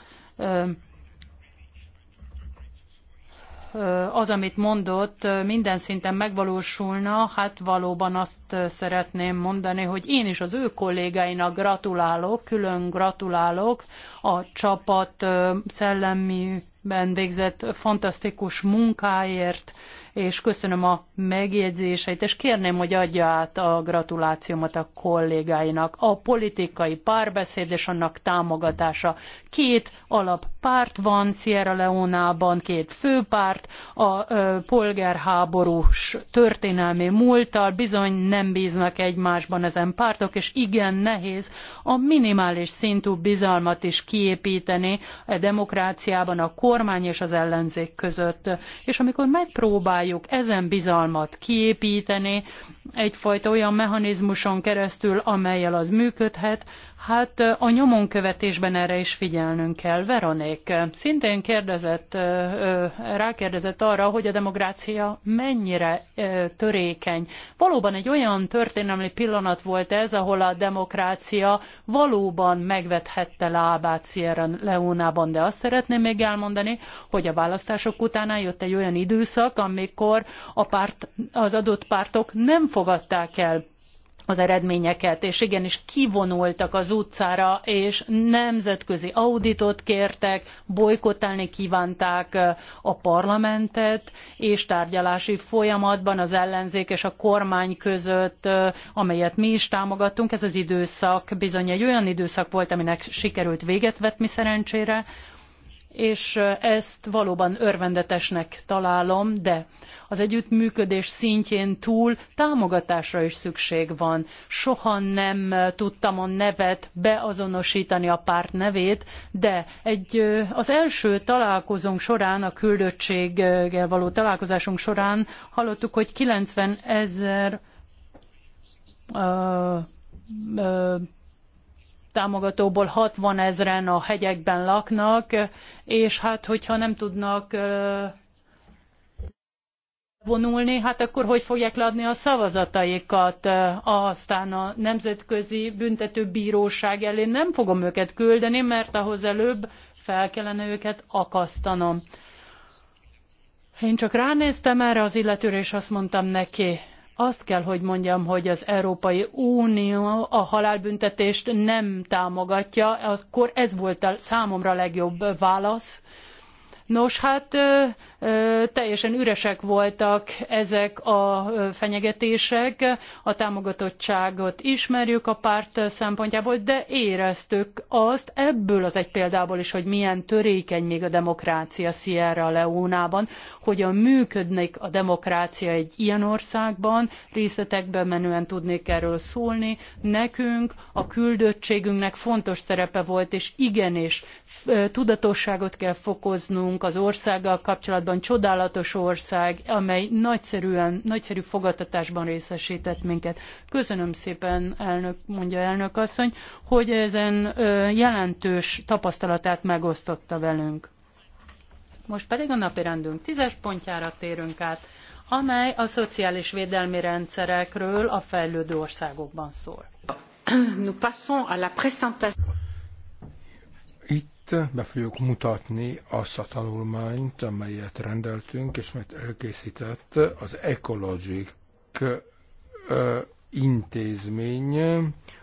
az, amit mondott, minden szinten megvalósulna, hát valóban azt szeretném mondani, hogy én is az ő kollégáinak gratulálok, külön gratulálok a csapat szellemi ben végzett fantasztikus munkáért, és köszönöm a megjegyzéseit, és kérném, hogy adja át a gratulációmat a kollégáinak. A politikai párbeszéd és annak támogatása. Két alappárt van Sierra leone két főpárt, a ö, polgárháborús történelmi múlttal bizony nem bíznak egymásban ezen pártok, és igen nehéz a minimális szintű bizalmat is kiépíteni a demokráciában, a kormány és az ellenzék között. És amikor megpróbáljuk ezen bizalmat kiépíteni, egyfajta olyan mechanizmuson keresztül, amelyel az működhet, Hát a követésben erre is figyelnünk kell. Veronék szintén kérdezett, rákérdezett arra, hogy a demokrácia mennyire törékeny. Valóban egy olyan történelmi pillanat volt ez, ahol a demokrácia valóban megvethette lábát Sierra Leónában, de azt szeretném még elmondani, hogy a választások után jött egy olyan időszak, amikor a párt, az adott pártok nem fogadták el az eredményeket, és igenis kivonultak az utcára, és nemzetközi auditot kértek, bolykottálni kívánták a parlamentet, és tárgyalási folyamatban az ellenzék és a kormány között, amelyet mi is támogattunk, ez az időszak bizony egy olyan időszak volt, aminek sikerült véget vetni szerencsére, és ezt valóban örvendetesnek találom, de az együttműködés szintjén túl támogatásra is szükség van. Soha nem tudtam a nevet beazonosítani a párt nevét, de egy, az első találkozónk során, a küldöttséggel való találkozásunk során hallottuk, hogy 90 ezer támogatóból 60 ezeren a hegyekben laknak, és hát hogyha nem tudnak vonulni, hát akkor hogy fogják leadni a szavazataikat? Aztán a Nemzetközi büntető bíróság elé nem fogom őket küldeni, mert ahhoz előbb fel kellene őket akasztanom. Én csak ránéztem erre az illetőre, és azt mondtam neki, azt kell, hogy mondjam, hogy az Európai Unió a halálbüntetést nem támogatja, akkor ez volt a számomra legjobb válasz. Nos, hát teljesen üresek voltak ezek a fenyegetések, a támogatottságot ismerjük a párt szempontjából, de éreztük azt ebből az egy példából is, hogy milyen törékeny még a demokrácia Sierra Leónában, hogyan működnek a demokrácia egy ilyen országban, részletekben menően tudnék erről szólni. Nekünk, a küldöttségünknek fontos szerepe volt, és igenis tudatosságot kell fokoznunk az országgal kapcsolatban, valójában csodálatos ország, amely nagyszerűen, nagyszerű fogadtatásban részesített minket. Köszönöm szépen, elnök, mondja elnök asszony, hogy ezen jelentős tapasztalatát megosztotta velünk. Most pedig a napirendünk tízes pontjára térünk át, amely a szociális védelmi rendszerekről a fejlődő országokban szól. Nous passons à la présentation be fogjuk mutatni azt a tanulmányt, amelyet rendeltünk, és majd elkészített az Ecologic intézmény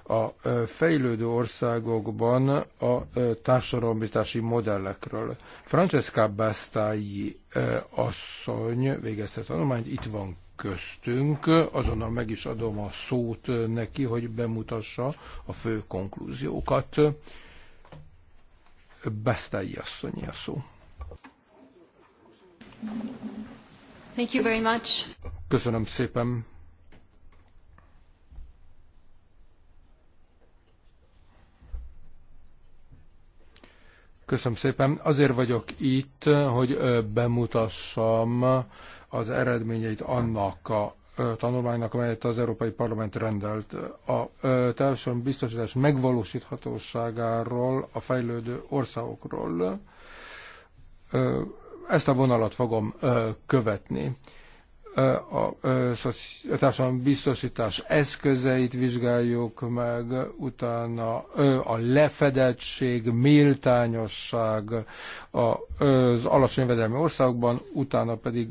a fejlődő országokban a társadalombiztási modellekről. Francesca Bastai asszony végezte tanulmányt, itt van köztünk, azonnal meg is adom a szót neki, hogy bemutassa a fő konklúziókat. Besztályi asszonyi a szó. Thank you very much. Köszönöm szépen. Köszönöm szépen. Azért vagyok itt, hogy bemutassam az eredményeit annak a tanulmánynak, amelyet az Európai Parlament rendelt. A társadalmi biztosítás megvalósíthatóságáról, a fejlődő országokról. Ezt a vonalat fogom követni. A társadalmi biztosítás eszközeit vizsgáljuk meg, utána a lefedettség, méltányosság az alacsony vedelmi országokban, utána pedig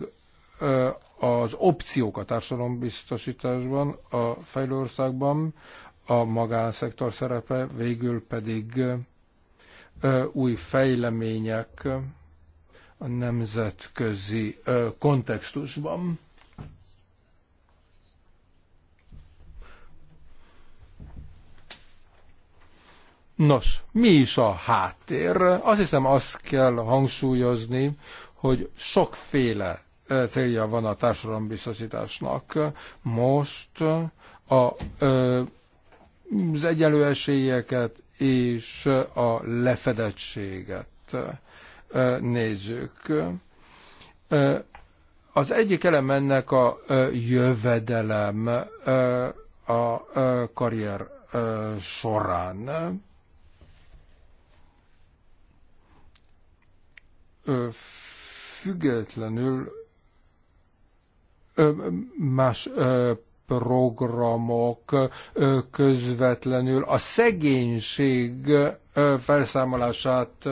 az opciók a társadalombiztosításban, a fejlő országban, a magánszektor szerepe, végül pedig új fejlemények a nemzetközi kontextusban. Nos, mi is a háttér? Azt hiszem azt kell hangsúlyozni, hogy sokféle E célja van a társadalombiztosításnak. Most a, e, az egyenlő esélyeket és a lefedettséget e, nézzük. Az egyik elem ennek a jövedelem a karrier során. Függetlenül más programok közvetlenül a szegénység felszámolását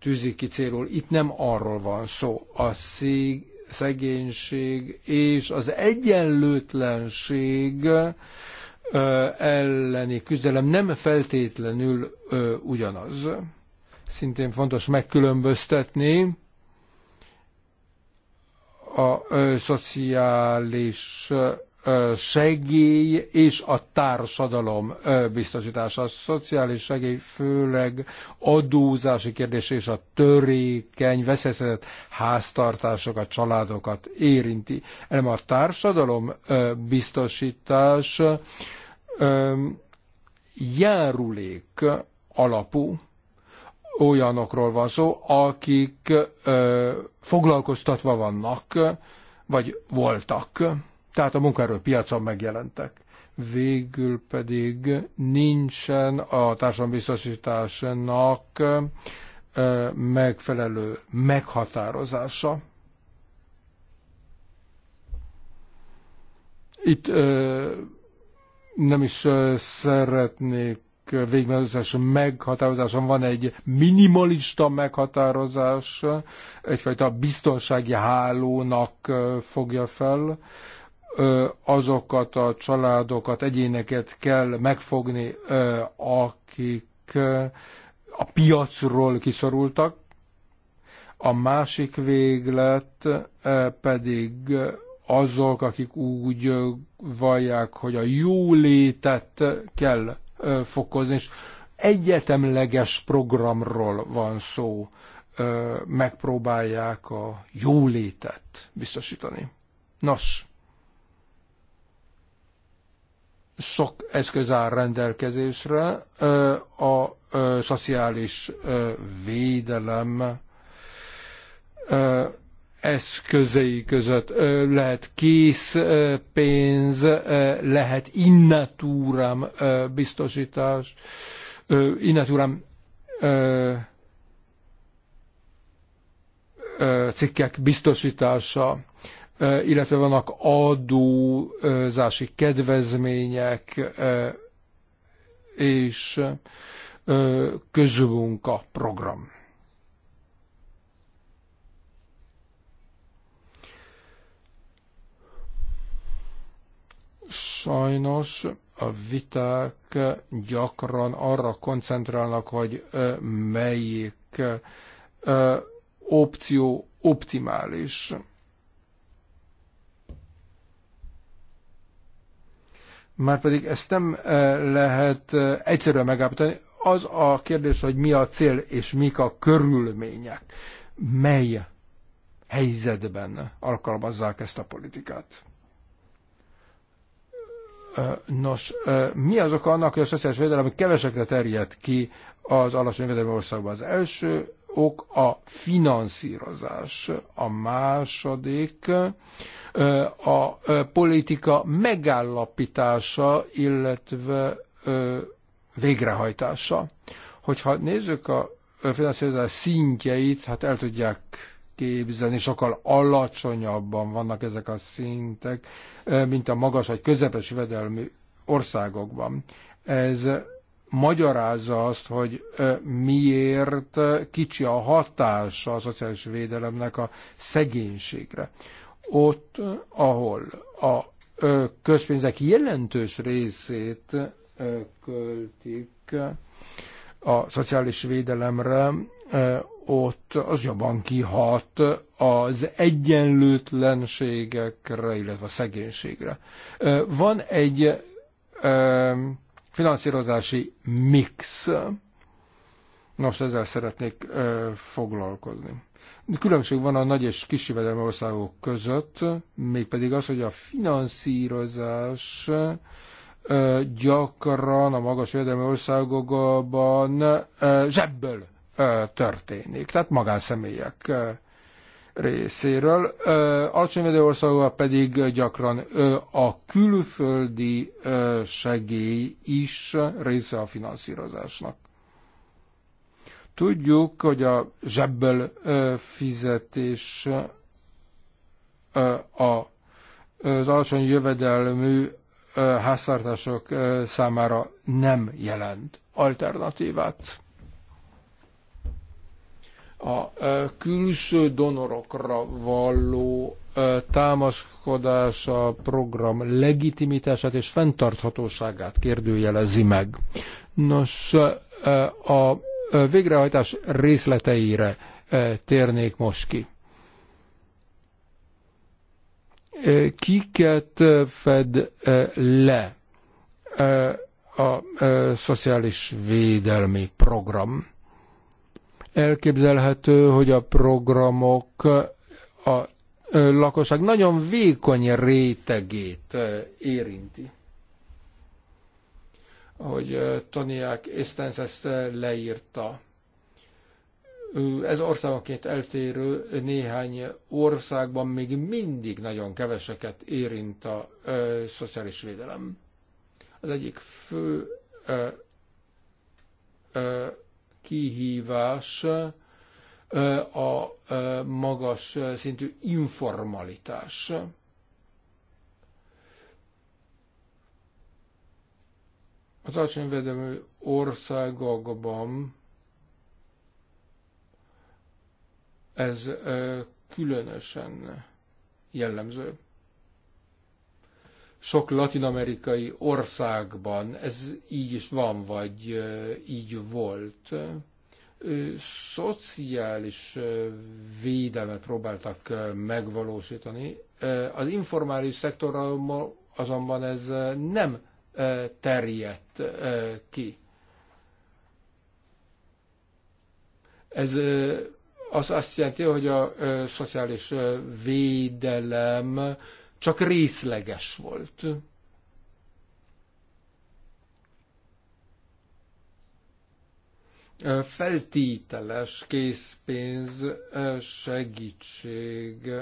tűzi ki célul. Itt nem arról van szó. A szég, szegénység és az egyenlőtlenség elleni küzdelem nem feltétlenül ugyanaz. Szintén fontos megkülönböztetni a szociális segély és a társadalom biztosítása. A szociális segély főleg adózási kérdés és a törékeny, veszélyeztetett háztartásokat, családokat érinti. Nem a társadalom biztosítás járulék alapú olyanokról van szó, akik foglalkoztatva vannak, vagy voltak. Tehát a munkaerőpiacon megjelentek. Végül pedig nincsen a társadalombiztosításnak megfelelő meghatározása. Itt nem is szeretnék végmeghatározáson meghatározáson van egy minimalista meghatározás, egyfajta biztonsági hálónak fogja fel, azokat a családokat, egyéneket kell megfogni, akik a piacról kiszorultak, a másik véglet pedig azok, akik úgy vallják, hogy a jólétet kell fokozni, és egyetemleges programról van szó, megpróbálják a jólétet biztosítani. Nos, sok eszköz áll rendelkezésre, a szociális védelem eszközei között lehet kész pénz, lehet innatúram biztosítás, innatúram cikkek biztosítása, illetve vannak adózási kedvezmények és közmunka program. Sajnos a viták gyakran arra koncentrálnak, hogy melyik opció optimális. Márpedig ezt nem lehet egyszerűen megállapítani. Az a kérdés, hogy mi a cél és mik a körülmények. Mely helyzetben alkalmazzák ezt a politikát. Nos, mi az oka annak, hogy a szociális védelem kevesekre terjed ki az alacsony védelmi országban? Az első ok a finanszírozás, a második a politika megállapítása, illetve végrehajtása. Hogyha nézzük a finanszírozás szintjeit, hát el tudják képzelni, sokkal alacsonyabban vannak ezek a szintek, mint a magas vagy közepes jövedelmű országokban. Ez magyarázza azt, hogy miért kicsi a hatása a szociális védelemnek a szegénységre. Ott, ahol a közpénzek jelentős részét költik a szociális védelemre, ott az jobban kihat az egyenlőtlenségekre, illetve a szegénységre. Van egy finanszírozási mix. Nos, ezzel szeretnék foglalkozni. Különbség van a nagy és kis országok között, mégpedig az, hogy a finanszírozás gyakran a magas jövedelmi országokban zsebből történik, tehát magánszemélyek részéről. Alacsony országokban pedig gyakran a külföldi segély is része a finanszírozásnak. Tudjuk, hogy a zsebből fizetés az alacsony jövedelmű háztartások számára nem jelent alternatívát a külső donorokra való támaszkodás a program legitimitását és fenntarthatóságát kérdőjelezi meg. Nos, a végrehajtás részleteire térnék most ki. Kiket fed le a szociális védelmi program? Elképzelhető, hogy a programok a lakosság nagyon vékony rétegét érinti. Ahogy Toniák Estens ezt leírta. Ez országonként eltérő néhány országban még mindig nagyon keveseket érint a ö, szociális védelem. Az egyik fő ö, ö, kihívás a magas szintű informalitás. Az alacsony vedelmű országokban ez különösen jellemző sok latinamerikai országban ez így is van, vagy így volt. Szociális védelmet próbáltak megvalósítani. Az informális szektorra azonban ez nem terjedt ki. Ez az azt jelenti, hogy a szociális védelem csak részleges volt. Feltételes készpénz segítség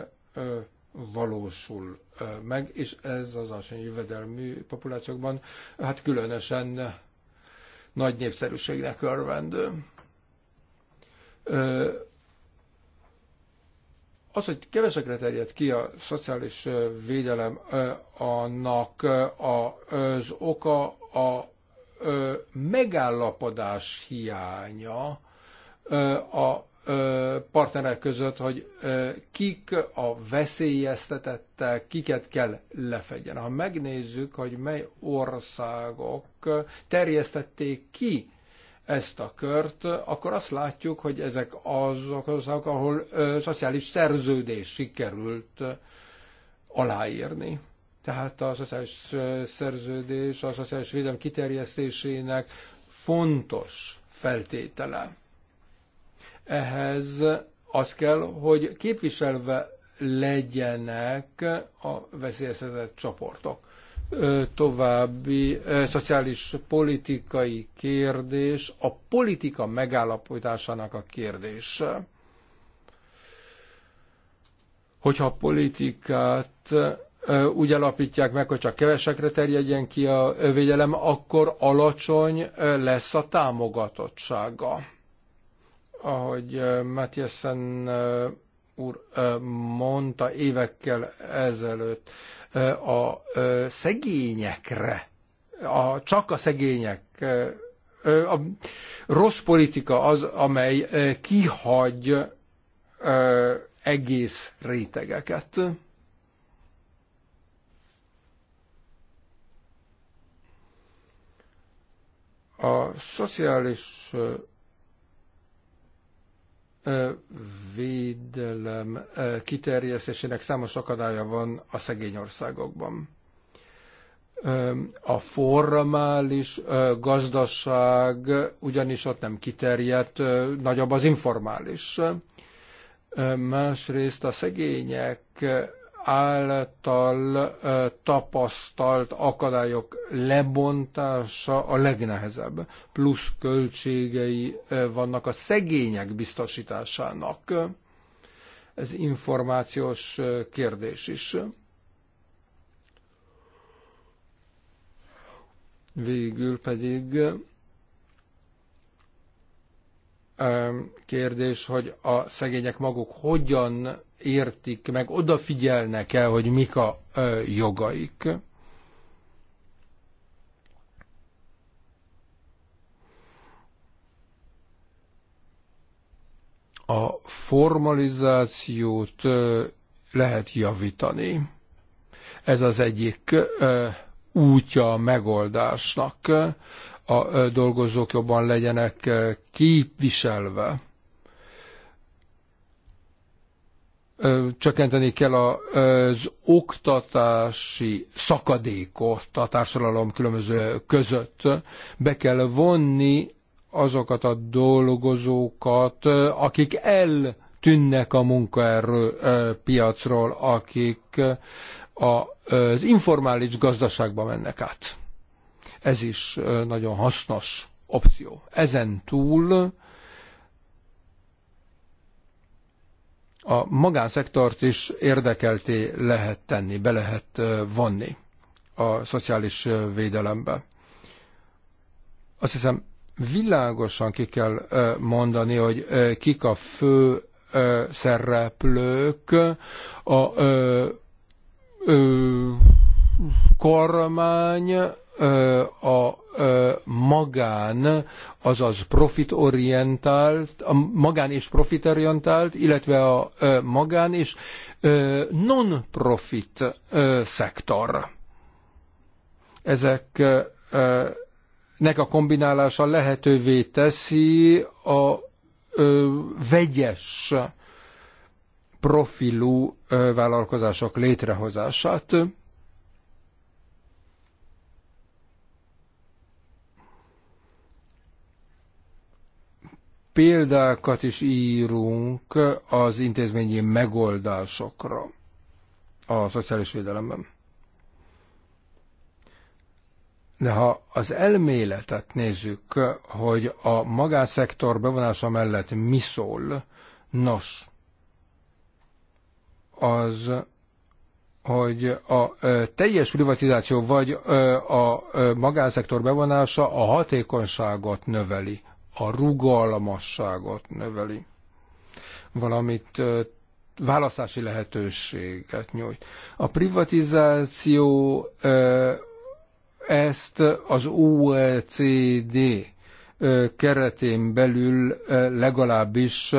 valósul meg, és ez az alacsony jövedelmű populációkban hát különösen nagy népszerűségnek örvendő az, hogy kevesekre terjed ki a szociális védelem, annak az oka a megállapodás hiánya a partnerek között, hogy kik a veszélyeztetettek, kiket kell lefedjen. Ha megnézzük, hogy mely országok terjesztették ki ezt a kört, akkor azt látjuk, hogy ezek azok, azok ahol ö, szociális szerződés sikerült ö, aláírni. Tehát a szociális ö, szerződés a szociális védelem kiterjesztésének fontos feltétele. Ehhez az kell, hogy képviselve legyenek a veszélyeztetett csoportok további szociális politikai kérdés, a politika megállapításának a kérdése. Hogyha a politikát úgy alapítják meg, hogy csak kevesekre terjedjen ki a védelem, akkor alacsony lesz a támogatottsága. Ahogy Matthiasen úr mondta évekkel ezelőtt, a szegényekre, a, csak a szegények, a rossz politika az, amely kihagy egész rétegeket. A szociális védelem kiterjesztésének számos akadálya van a szegény országokban. A formális gazdaság ugyanis ott nem kiterjedt, nagyobb az informális. Másrészt a szegények által tapasztalt akadályok lebontása a legnehezebb. Plusz költségei vannak a szegények biztosításának. Ez információs kérdés is. Végül pedig kérdés, hogy a szegények maguk hogyan értik meg, odafigyelnek el, hogy mik a jogaik. A formalizációt lehet javítani. Ez az egyik útja a megoldásnak a dolgozók jobban legyenek képviselve. Csökkenteni kell az oktatási szakadékot a társadalom különböző között. Be kell vonni azokat a dolgozókat, akik eltűnnek a munkaerő piacról, akik az informális gazdaságba mennek át. Ez is nagyon hasznos opció. Ezen túl a magánszektort is érdekelté lehet tenni, be lehet vonni a szociális védelembe. Azt hiszem, világosan ki kell mondani, hogy kik a fő szereplők, a kormány, a magán, azaz profitorientált, a magán és profitorientált, illetve a magán és non-profit szektor. Ezeknek a kombinálása lehetővé teszi a vegyes profilú vállalkozások létrehozását példákat is írunk az intézményi megoldásokra a szociális védelemben. De ha az elméletet nézzük, hogy a magánszektor bevonása mellett mi szól, nos, az, hogy a teljes privatizáció vagy a magánszektor bevonása a hatékonyságot növeli a rugalmasságot növeli, valamit választási lehetőséget nyújt. A privatizáció ezt az OECD keretén belül legalábbis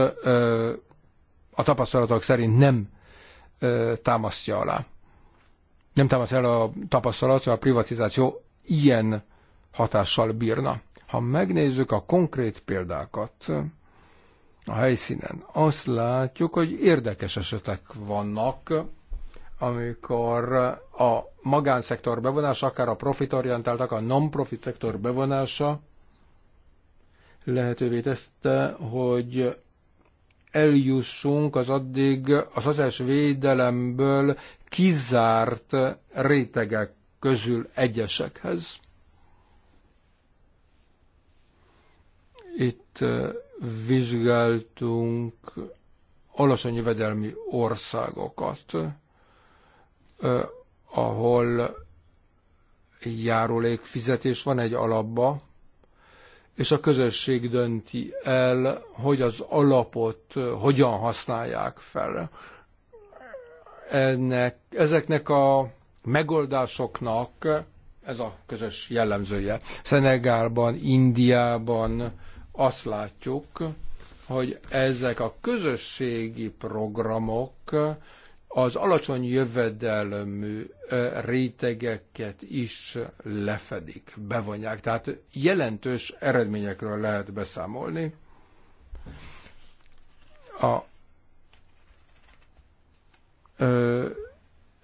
a tapasztalatok szerint nem támasztja alá. Nem támasztja el a tapasztalat, hogy a privatizáció ilyen hatással bírna. Ha megnézzük a konkrét példákat a helyszínen, azt látjuk, hogy érdekes esetek vannak, amikor a magánszektor bevonása, akár a profitorientáltak, a non-profit szektor bevonása lehetővé tette, hogy eljussunk az addig a szociális védelemből kizárt rétegek közül egyesekhez. vizsgáltunk alacsony jövedelmi országokat, ahol járulék fizetés van egy alapba, és a közösség dönti el, hogy az alapot hogyan használják fel. Ennek, ezeknek a megoldásoknak ez a közös jellemzője. Szenegálban, Indiában, azt látjuk, hogy ezek a közösségi programok az alacsony jövedelmű rétegeket is lefedik, bevonják. Tehát jelentős eredményekről lehet beszámolni. A ö,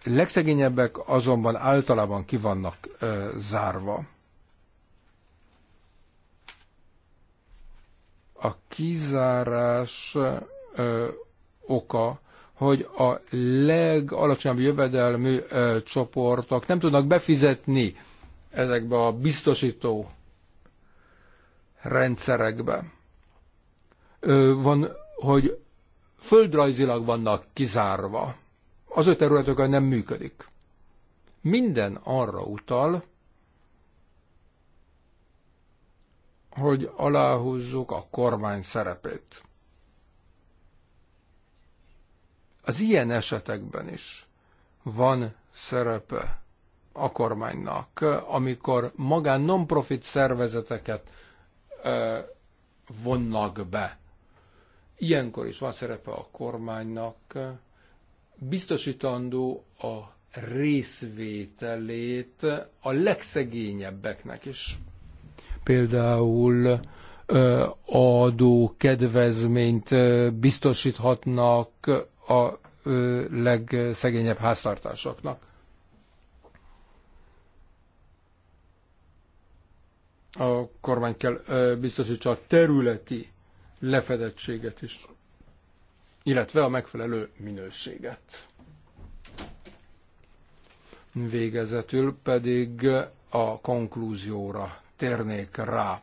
legszegényebbek azonban általában kivannak zárva. a kizárás ö, oka, hogy a legalacsonyabb jövedelmű ö, csoportok nem tudnak befizetni ezekbe a biztosító rendszerekbe. Ö, van, hogy földrajzilag vannak kizárva. Az ő területeken nem működik. Minden arra utal, hogy aláhúzzuk a kormány szerepét. Az ilyen esetekben is van szerepe a kormánynak, amikor magán non-profit szervezeteket vonnak be. Ilyenkor is van szerepe a kormánynak, biztosítandó a részvételét a legszegényebbeknek is. Például adó kedvezményt biztosíthatnak a legszegényebb háztartásoknak. A kormány kell biztosítsa a területi lefedettséget is, illetve a megfelelő minőséget. Végezetül pedig a konklúzióra térnék rá.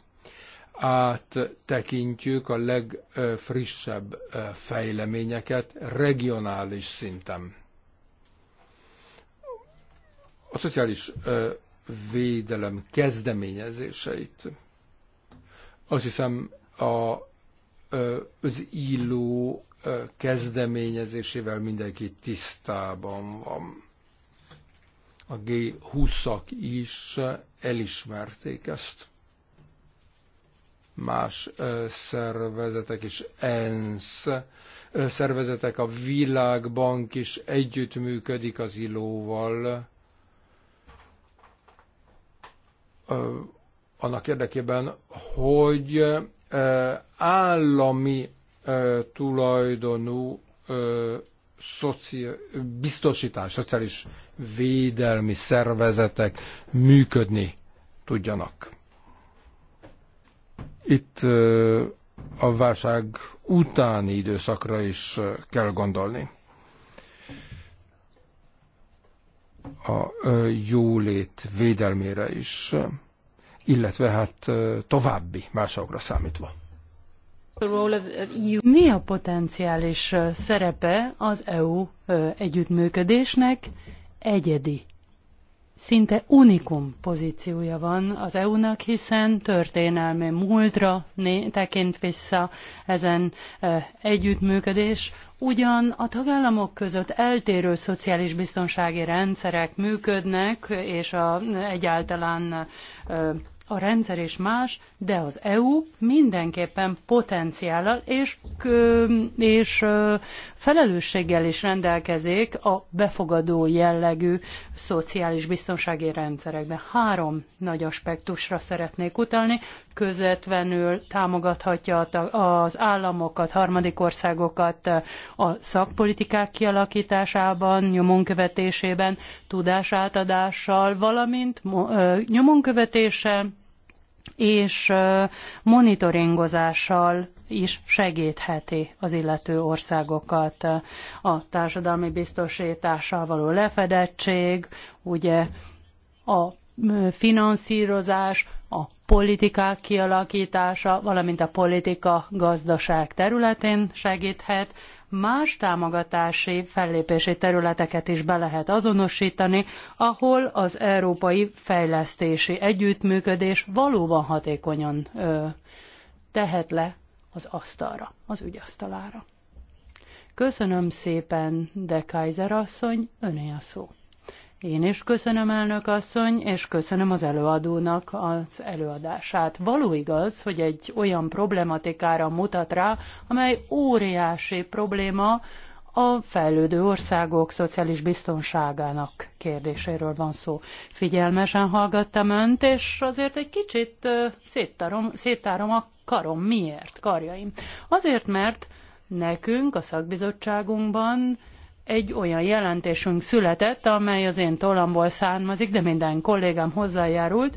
Áttekintjük a legfrissebb fejleményeket regionális szinten. A szociális védelem kezdeményezéseit. Azt hiszem, a, az illó kezdeményezésével mindenki tisztában van. A G20-ak is elismerték ezt. Más szervezetek is, ENSZ szervezetek, a Világbank is együttműködik az ilóval annak érdekében, hogy állami tulajdonú szoci, biztosítás, szociális védelmi szervezetek működni tudjanak. Itt a válság utáni időszakra is kell gondolni. A jólét védelmére is, illetve hát további másokra számítva. E Mi a potenciális szerepe az EU együttműködésnek? Egyedi, szinte unikum pozíciója van az EU-nak, hiszen történelmi múltra tekint vissza ezen együttműködés. Ugyan a tagállamok között eltérő szociális biztonsági rendszerek működnek, és a, egyáltalán a rendszer is más, de az EU mindenképpen potenciállal és, és felelősséggel is rendelkezik a befogadó jellegű szociális biztonsági rendszerekben. Három nagy aspektusra szeretnék utalni közvetlenül támogathatja az államokat, harmadik országokat a szakpolitikák kialakításában, tudás tudásátadással, valamint nyomonkövetéssel és monitoringozással is segítheti az illető országokat. A társadalmi biztosítással való lefedettség, ugye a finanszírozás, a politikák kialakítása, valamint a politika gazdaság területén segíthet, más támogatási fellépési területeket is be lehet azonosítani, ahol az európai fejlesztési együttműködés valóban hatékonyan ö, tehet le az asztalra, az ügyasztalára. Köszönöm szépen, de Kaiser asszony, öné a szó. Én is köszönöm, elnök asszony, és köszönöm az előadónak az előadását. Való igaz, hogy egy olyan problematikára mutat rá, amely óriási probléma a fejlődő országok szociális biztonságának kérdéséről van szó. Figyelmesen hallgattam önt, és azért egy kicsit széttárom, széttárom a karom. Miért? Karjaim. Azért, mert nekünk a szakbizottságunkban egy olyan jelentésünk született, amely az én tollamból származik, de minden kollégám hozzájárult,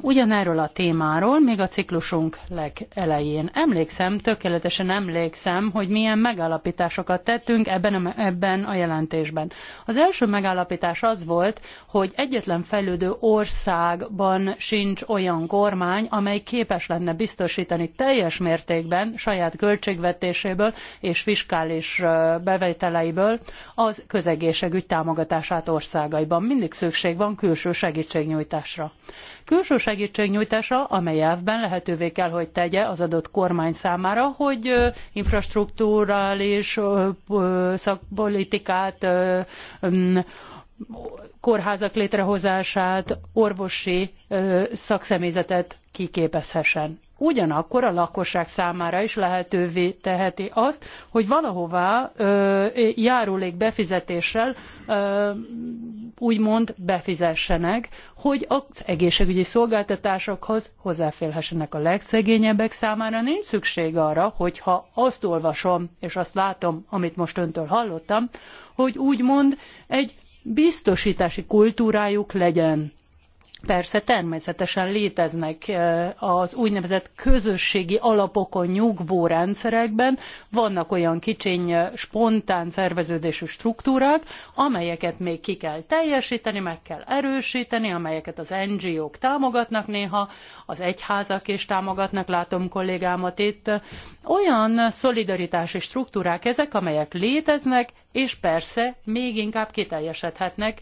ugyanerről a témáról, még a ciklusunk legelején. Emlékszem, tökéletesen emlékszem, hogy milyen megállapításokat tettünk ebben a, ebben a jelentésben. Az első megállapítás az volt, hogy egyetlen fejlődő országban sincs olyan kormány, amely képes lenne biztosítani teljes mértékben saját költségvetéséből és fiskális bevételeiből az közegészségügy támogatását országaiban. Mindig szükség van külső segítségnyújtásra. Külső segítségnyújtása, amely elvben lehetővé kell, hogy tegye az adott kormány számára, hogy infrastruktúrális szakpolitikát kórházak létrehozását, orvosi szakszemélyzetet kiképezhessen. Ugyanakkor a lakosság számára is lehetővé teheti azt, hogy valahová ö, járulék befizetéssel ö, úgymond befizessenek, hogy az egészségügyi szolgáltatásokhoz hozzáférhessenek a legszegényebbek számára. Nincs szükség arra, hogyha azt olvasom és azt látom, amit most öntől hallottam, hogy úgymond egy biztosítási kultúrájuk legyen. Persze, természetesen léteznek eh, az úgynevezett közösségi alapokon nyugvó rendszerekben, vannak olyan kicsiny, eh, spontán szerveződésű struktúrák, amelyeket még ki kell teljesíteni, meg kell erősíteni, amelyeket az NGO-k támogatnak néha, az egyházak is támogatnak, látom kollégámat itt. Olyan szolidaritási struktúrák ezek, amelyek léteznek, és persze még inkább kiteljesedhetnek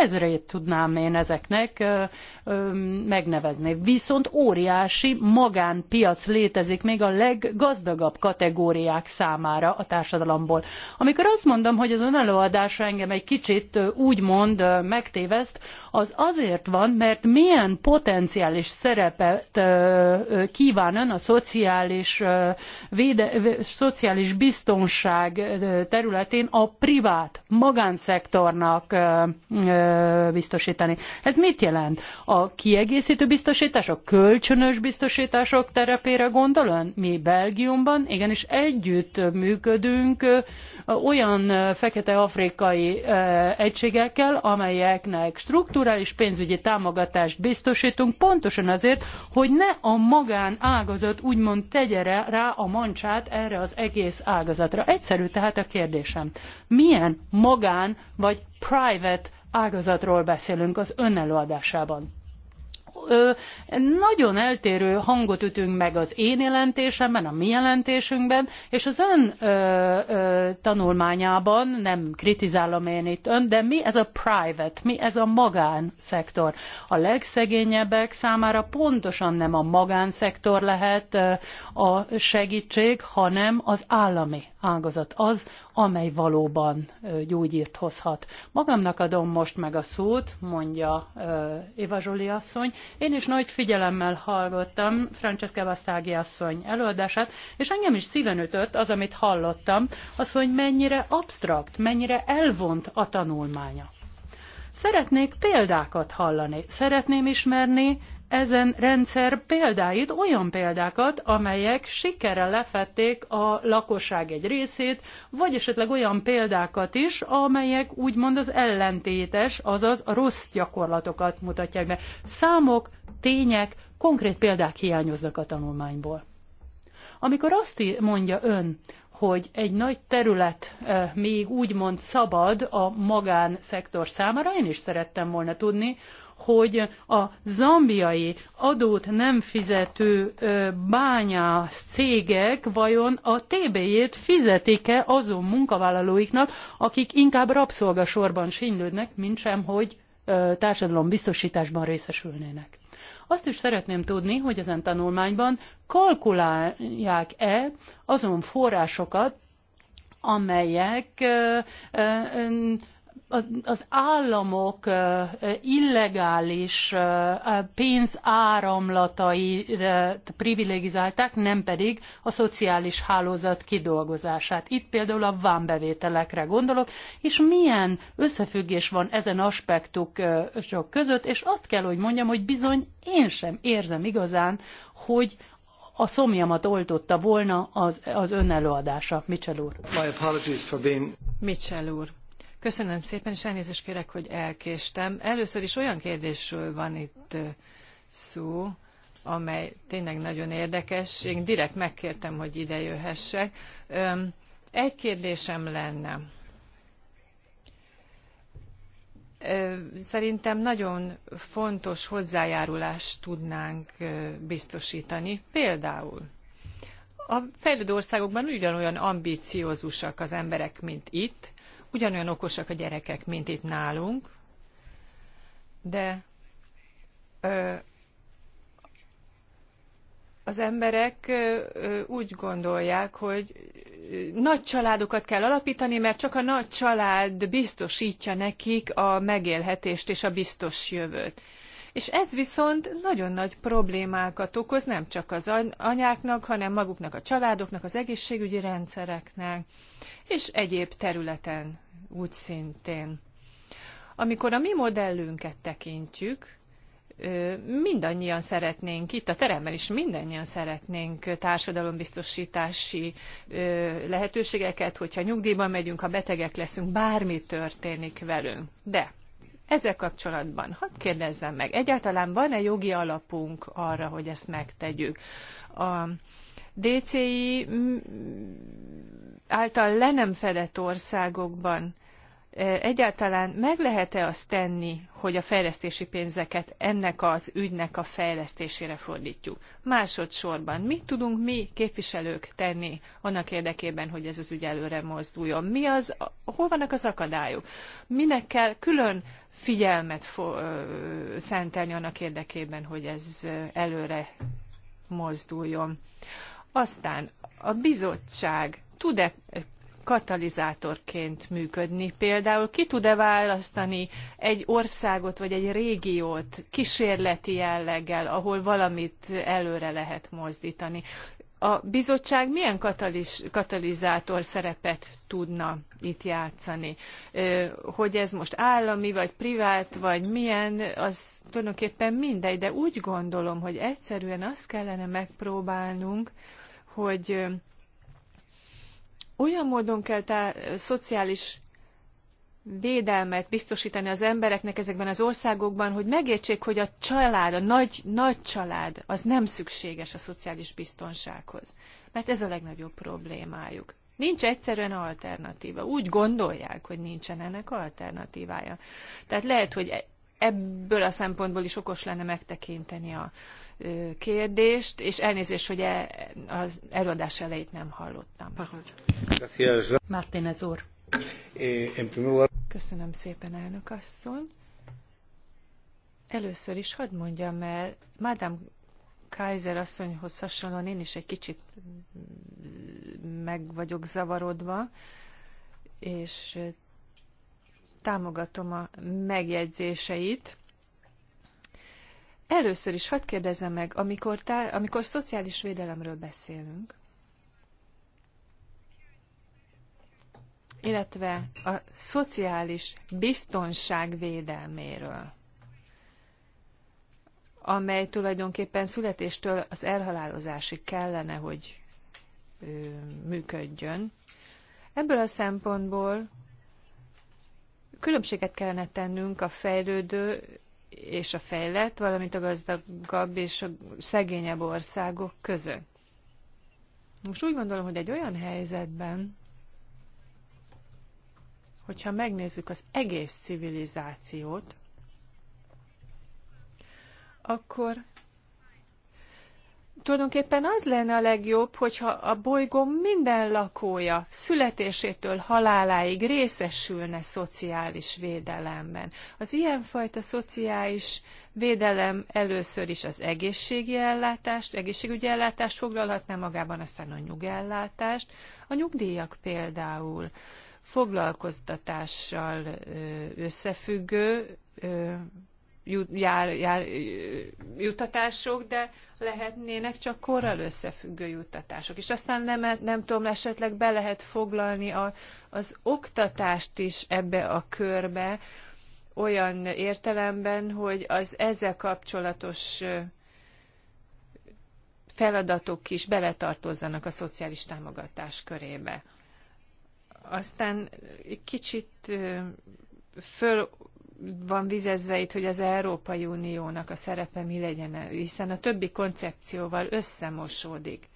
ezrét tudnám én ezeknek ö, ö, megnevezni. Viszont óriási magánpiac létezik még a leggazdagabb kategóriák számára a társadalomból. Amikor azt mondom, hogy az ön előadása engem egy kicsit úgymond megtéveszt, az azért van, mert milyen potenciális szerepet ö, kíván ön a szociális, véde, szociális biztonság területén a privát magánszektornak biztosítani. Ez mit jelent? A kiegészítő biztosítások, kölcsönös biztosítások terepére gondolóan? Mi Belgiumban igenis együtt működünk olyan fekete-afrikai egységekkel, amelyeknek strukturális pénzügyi támogatást biztosítunk, pontosan azért, hogy ne a magán ágazat úgymond tegye rá a mancsát erre az egész ágazatra. Egyszerű tehát a kérdésem. Milyen magán vagy private ágazatról beszélünk az önelőadásában. Ö, nagyon eltérő hangot ütünk meg az én jelentésemben, a mi jelentésünkben, és az ön ö, ö, tanulmányában, nem kritizálom én itt ön, de mi ez a private, mi ez a magánszektor? A legszegényebbek számára pontosan nem a magánszektor lehet a segítség, hanem az állami ágazat az, amely valóban gyógyírt hozhat. Magamnak adom most meg a szót, mondja Éva Zsoli asszony. Én is nagy figyelemmel hallgattam Francesca Bastági asszony előadását, és engem is szíven ütött az, amit hallottam, az, hogy mennyire absztrakt, mennyire elvont a tanulmánya. Szeretnék példákat hallani, szeretném ismerni ezen rendszer példáit, olyan példákat, amelyek sikerrel lefették a lakosság egy részét, vagy esetleg olyan példákat is, amelyek úgymond az ellentétes, azaz a rossz gyakorlatokat mutatják be. Számok, tények, konkrét példák hiányoznak a tanulmányból. Amikor azt mondja ön, hogy egy nagy terület még úgymond szabad a magánszektor számára, én is szerettem volna tudni, hogy a zambiai adót nem fizető bányász cégek vajon a TB-jét fizetik-e azon munkavállalóiknak, akik inkább rabszolgasorban sínylődnek, mint sem, hogy társadalombiztosításban részesülnének. Azt is szeretném tudni, hogy ezen tanulmányban kalkulálják-e azon forrásokat, amelyek az, az államok illegális pénzáramlatait privilegizálták, nem pedig a szociális hálózat kidolgozását. Itt például a vámbevételekre gondolok, és milyen összefüggés van ezen aspektuk között, és azt kell, hogy mondjam, hogy bizony én sem érzem igazán, hogy a szomjamat oltotta volna az, az ön előadása, Mitchell úr. My apologies for being... Mitchell úr, Köszönöm szépen, és elnézést kérek, hogy elkéstem. Először is olyan kérdésről van itt szó, amely tényleg nagyon érdekes. Én direkt megkértem, hogy ide jöhessek. Egy kérdésem lenne. Szerintem nagyon fontos hozzájárulást tudnánk biztosítani. Például a fejlődő országokban ugyanolyan ambíciózusak az emberek, mint itt, ugyanolyan okosak a gyerekek, mint itt nálunk, de ö, az emberek úgy gondolják, hogy nagy családokat kell alapítani, mert csak a nagy család biztosítja nekik a megélhetést és a biztos jövőt. És ez viszont nagyon nagy problémákat okoz nem csak az anyáknak, hanem maguknak a családoknak, az egészségügyi rendszereknek, és egyéb területen úgy szintén. Amikor a mi modellünket tekintjük, mindannyian szeretnénk, itt a teremben is mindannyian szeretnénk társadalombiztosítási lehetőségeket, hogyha nyugdíjban megyünk, ha betegek leszünk, bármi történik velünk. De ezzel kapcsolatban hadd kérdezzem meg, egyáltalán van-e jogi alapunk arra, hogy ezt megtegyük? A DCI által le nem fedett országokban egyáltalán meg lehet-e azt tenni, hogy a fejlesztési pénzeket ennek az ügynek a fejlesztésére fordítjuk? Másodszorban, mit tudunk mi képviselők tenni annak érdekében, hogy ez az ügy előre mozduljon? Mi az, hol vannak az akadályok? Minek kell külön figyelmet fo- szentelni annak érdekében, hogy ez előre mozduljon? Aztán a bizottság tud-e katalizátorként működni. Például ki tud-e választani egy országot vagy egy régiót kísérleti jelleggel, ahol valamit előre lehet mozdítani. A bizottság milyen kataliz katalizátor szerepet tudna itt játszani? Hogy ez most állami, vagy privát, vagy milyen, az tulajdonképpen mindegy, de úgy gondolom, hogy egyszerűen azt kellene megpróbálnunk, hogy olyan módon kell tá- szociális védelmet biztosítani az embereknek ezekben az országokban, hogy megértsék, hogy a család, a nagy, nagy család, az nem szükséges a szociális biztonsághoz. Mert ez a legnagyobb problémájuk. Nincs egyszerűen alternatíva. Úgy gondolják, hogy nincsen ennek alternatívája. Tehát lehet, hogy e- ebből a szempontból is okos lenne megtekinteni a kérdést, és elnézést, hogy e, az előadás elejét nem hallottam. Martínez úr. Köszönöm szépen, elnök asszony. Először is hadd mondjam el, Madame Kaiser asszonyhoz hasonlóan én is egy kicsit meg vagyok zavarodva, és támogatom a megjegyzéseit. Először is hadd kérdezem meg, amikor, tá- amikor szociális védelemről beszélünk, illetve a szociális biztonság védelméről, amely tulajdonképpen születéstől az elhalálozásig kellene, hogy ö, működjön. Ebből a szempontból Különbséget kellene tennünk a fejlődő és a fejlett, valamint a gazdagabb és a szegényebb országok között. Most úgy gondolom, hogy egy olyan helyzetben, hogyha megnézzük az egész civilizációt, akkor tulajdonképpen az lenne a legjobb, hogyha a bolygó minden lakója születésétől haláláig részesülne szociális védelemben. Az ilyenfajta szociális védelem először is az egészségi ellátást, egészségügyi ellátást foglalhatná magában, aztán a nyugellátást, a nyugdíjak például foglalkoztatással összefüggő jár, jár, jutatások, de lehetnének csak korral összefüggő juttatások. És aztán nem, nem tudom, esetleg be lehet foglalni a, az oktatást is ebbe a körbe, olyan értelemben, hogy az ezzel kapcsolatos feladatok is beletartozzanak a szociális támogatás körébe. Aztán kicsit föl van vizezve itt, hogy az Európai Uniónak a szerepe mi legyen, hiszen a többi koncepcióval összemosódik.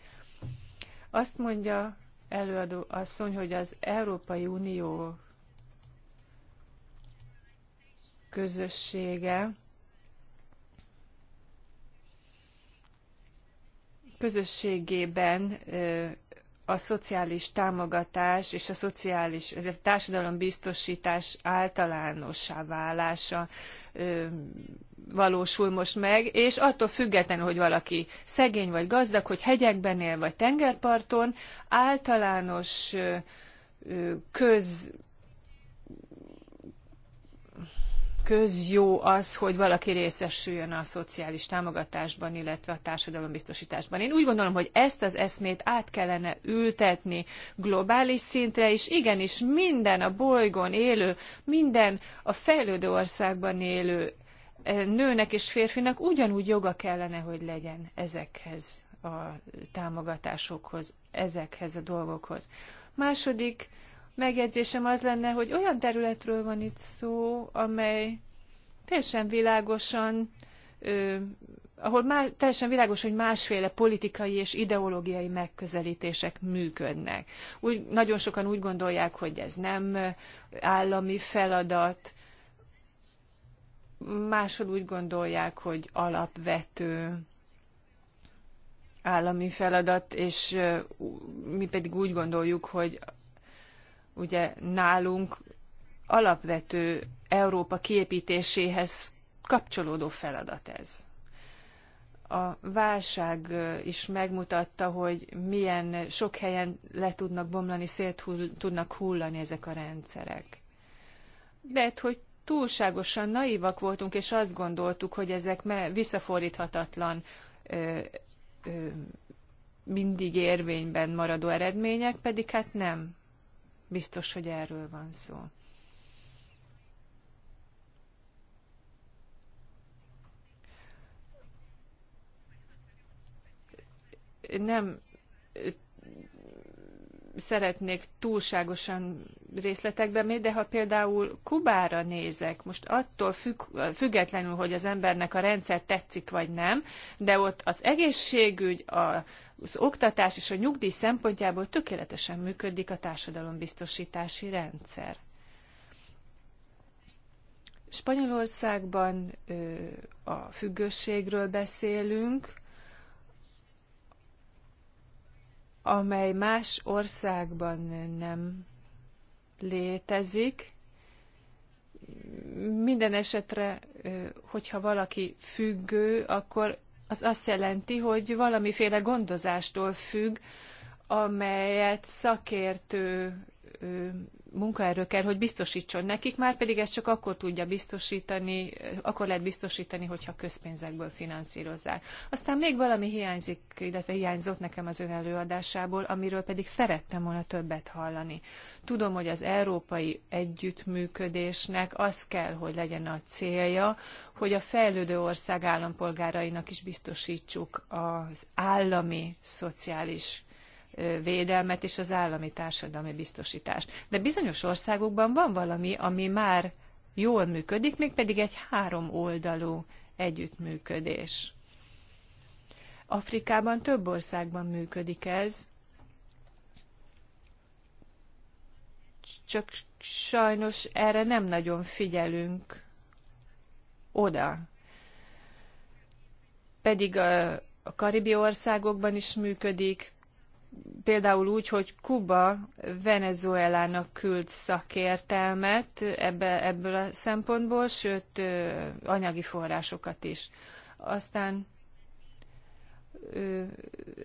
Azt mondja előadó asszony, hogy az Európai Unió közössége közösségében a szociális támogatás és a szociális a társadalombiztosítás általánossá válása ö, valósul most meg, és attól függetlenül, hogy valaki szegény vagy gazdag, hogy hegyekben él vagy tengerparton, általános ö, köz közjó az, hogy valaki részesüljön a szociális támogatásban, illetve a társadalombiztosításban. Én úgy gondolom, hogy ezt az eszmét át kellene ültetni globális szintre, és igenis minden a bolygón élő, minden a fejlődő országban élő eh, nőnek és férfinak ugyanúgy joga kellene, hogy legyen ezekhez a támogatásokhoz, ezekhez a dolgokhoz. Második megjegyzésem az lenne, hogy olyan területről van itt szó, amely teljesen világosan, ö, ahol má, teljesen világos, hogy másféle politikai és ideológiai megközelítések működnek. Úgy, nagyon sokan úgy gondolják, hogy ez nem állami feladat, máshol úgy gondolják, hogy alapvető állami feladat, és mi pedig úgy gondoljuk, hogy Ugye nálunk alapvető Európa kiépítéséhez kapcsolódó feladat ez. A válság is megmutatta, hogy milyen sok helyen le tudnak bomlani, szét tudnak hullani ezek a rendszerek. De hát, hogy túlságosan naivak voltunk, és azt gondoltuk, hogy ezek visszafordíthatatlan ö, ö, mindig érvényben maradó eredmények, pedig hát nem. Biztos, hogy erről van szó. Nem szeretnék túlságosan részletekbe menni, de ha például Kubára nézek, most attól függ, függetlenül, hogy az embernek a rendszer tetszik vagy nem, de ott az egészségügy, a, az oktatás és a nyugdíj szempontjából tökéletesen működik a társadalombiztosítási rendszer. Spanyolországban a függőségről beszélünk, amely más országban nem létezik. Minden esetre, hogyha valaki függő, akkor az azt jelenti, hogy valamiféle gondozástól függ, amelyet szakértő munkaerő kell, hogy biztosítson nekik, már pedig ezt csak akkor tudja biztosítani, akkor lehet biztosítani, hogyha közpénzekből finanszírozzák. Aztán még valami hiányzik, illetve hiányzott nekem az ön előadásából, amiről pedig szerettem volna többet hallani. Tudom, hogy az európai együttműködésnek az kell, hogy legyen a célja, hogy a fejlődő ország állampolgárainak is biztosítsuk az állami szociális védelmet és az állami társadalmi biztosítást. De bizonyos országokban van valami, ami már jól működik, mégpedig egy három oldalú együttműködés. Afrikában több országban működik ez, csak sajnos erre nem nagyon figyelünk oda. Pedig a, a karibi országokban is működik, például úgy, hogy Kuba Venezuelának küld szakértelmet ebbe, ebből a szempontból, sőt anyagi forrásokat is. Aztán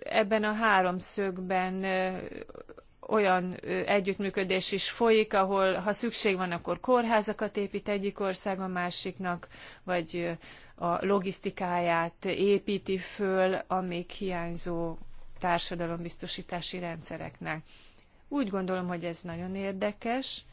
ebben a háromszögben olyan együttműködés is folyik, ahol ha szükség van, akkor kórházakat épít egyik ország a másiknak, vagy a logisztikáját építi föl a még hiányzó társadalombiztosítási rendszereknek. Úgy gondolom, hogy ez nagyon érdekes.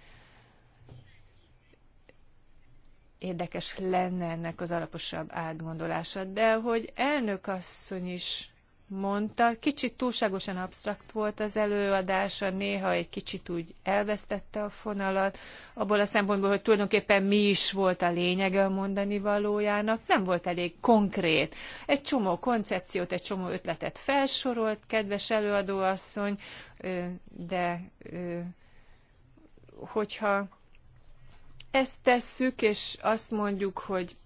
Érdekes lenne ennek az alaposabb átgondolása, de hogy elnök asszony is mondta. Kicsit túlságosan absztrakt volt az előadása, néha egy kicsit úgy elvesztette a fonalat, abból a szempontból, hogy tulajdonképpen mi is volt a lényege a mondani valójának, nem volt elég konkrét. Egy csomó koncepciót, egy csomó ötletet felsorolt, kedves előadóasszony, de hogyha ezt tesszük, és azt mondjuk, hogy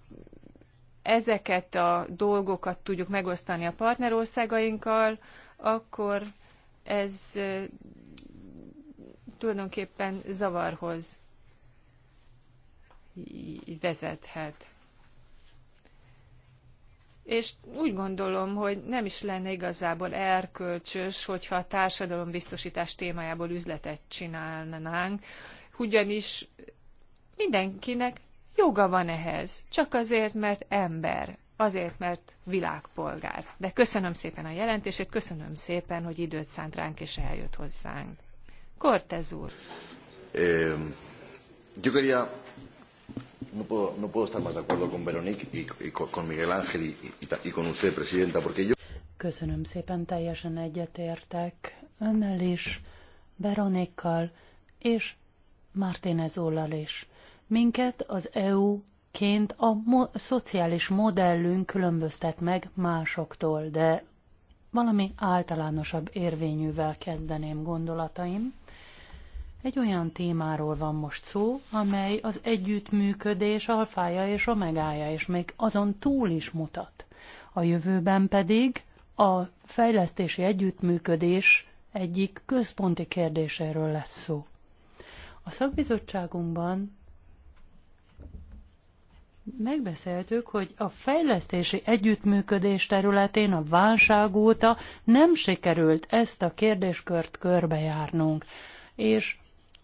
ezeket a dolgokat tudjuk megosztani a partnerországainkkal, akkor ez tulajdonképpen zavarhoz vezethet. És úgy gondolom, hogy nem is lenne igazából erkölcsös, hogyha a társadalombiztosítás témájából üzletet csinálnánk, ugyanis mindenkinek Joga van ehhez, csak azért, mert ember, azért, mert világpolgár. De köszönöm szépen a jelentését, köszönöm szépen, hogy időt szánt ránk és eljött hozzánk. Cortez úr. Eh, yo quería no puedo, no puedo estar más de acuerdo con Veronique y, y con Miguel Ángel y, y, y con usted, Presidenta, porque yo... Köszönöm szépen, teljesen egyetértek önnel is, Veronikkal és Martínez úrral is. Minket az EU-ként a mo- szociális modellünk különböztet meg másoktól, de valami általánosabb érvényűvel kezdeném gondolataim. Egy olyan témáról van most szó, amely az együttműködés alfája és omegája, és még azon túl is mutat. A jövőben pedig a fejlesztési együttműködés egyik központi kérdéséről lesz szó. A szakbizottságunkban megbeszéltük, hogy a fejlesztési együttműködés területén a válság óta nem sikerült ezt a kérdéskört körbejárnunk. És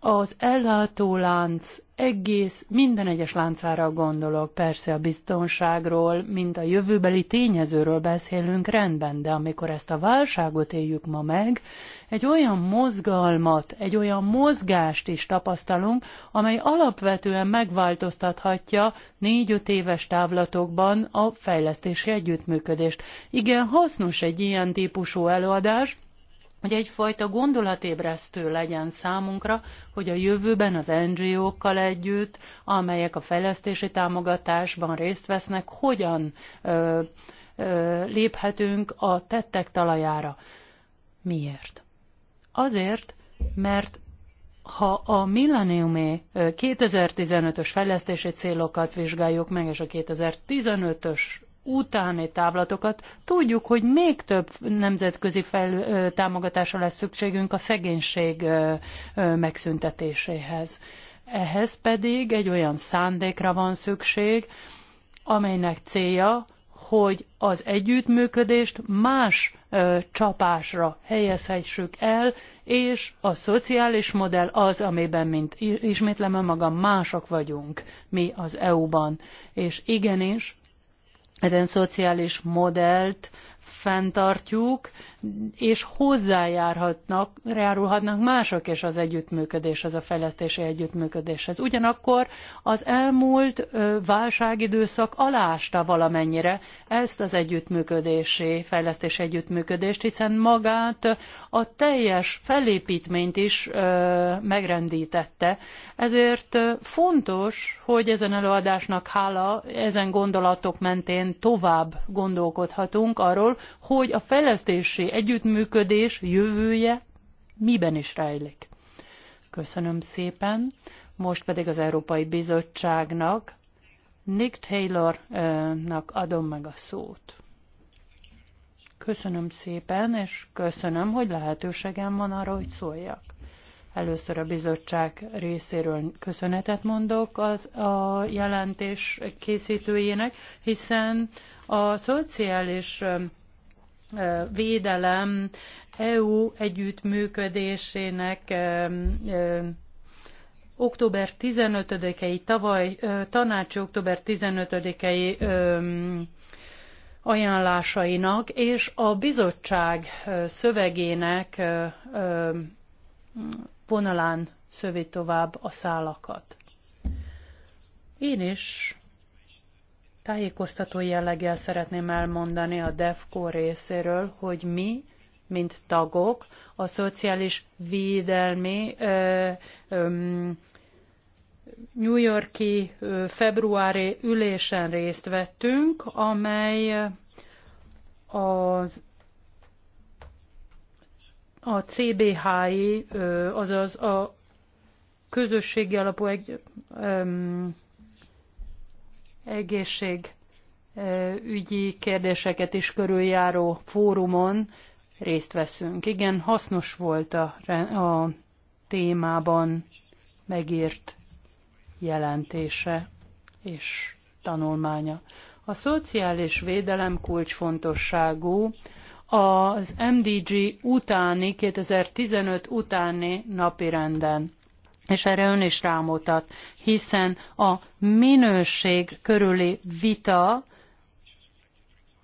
az ellátólánc egész, minden egyes láncára gondolok. Persze a biztonságról, mint a jövőbeli tényezőről beszélünk rendben, de amikor ezt a válságot éljük ma meg, egy olyan mozgalmat, egy olyan mozgást is tapasztalunk, amely alapvetően megváltoztathatja négy-öt éves távlatokban a fejlesztési együttműködést. Igen, hasznos egy ilyen típusú előadás, hogy egyfajta gondolatébresztő legyen számunkra, hogy a jövőben az NGO-kkal együtt, amelyek a fejlesztési támogatásban részt vesznek, hogyan ö, ö, léphetünk a tettek talajára. Miért? Azért, mert ha a milleniumi 2015-ös fejlesztési célokat vizsgáljuk meg, és a 2015-ös utáni távlatokat. Tudjuk, hogy még több nemzetközi fel, támogatásra lesz szükségünk a szegénység megszüntetéséhez. Ehhez pedig egy olyan szándékra van szükség, amelynek célja, hogy az együttműködést más ö, csapásra helyezhessük el, és a szociális modell az, amiben, mint ismétlem magam, mások vagyunk mi az EU-ban. És igenis, ezen szociális modellt fenntartjuk, és hozzájárhatnak, járulhatnak mások is az együttműködéshez, a fejlesztési együttműködéshez. Ugyanakkor az elmúlt válságidőszak alásta valamennyire ezt az együttműködési, fejlesztési együttműködést, hiszen magát a teljes felépítményt is megrendítette. Ezért fontos, hogy ezen előadásnak hála, ezen gondolatok mentén tovább gondolkodhatunk arról, hogy a fejlesztési együttműködés jövője miben is rejlik. Köszönöm szépen. Most pedig az Európai Bizottságnak, Nick Taylornak adom meg a szót. Köszönöm szépen, és köszönöm, hogy lehetőségem van arra, hogy szóljak. Először a bizottság részéről köszönetet mondok az a jelentés készítőjének, hiszen a szociális védelem EU együttműködésének október 15-i tavaly tanácsi október 15-i ajánlásainak és a bizottság szövegének vonalán szövi tovább a szálakat. Én is Tájékoztató jelleggel szeretném elmondani a DEFCO részéről, hogy mi, mint tagok, a szociális védelmi ö, ö, New Yorki februári ülésen részt vettünk, amely az a CBHI, azaz a közösségi alapú egy, egészségügyi kérdéseket is körüljáró fórumon részt veszünk. Igen, hasznos volt a, a témában megírt jelentése és tanulmánya. A szociális védelem kulcsfontosságú az MDG utáni, 2015 utáni napirenden és erre ön is rámutat, hiszen a minőség körüli vita,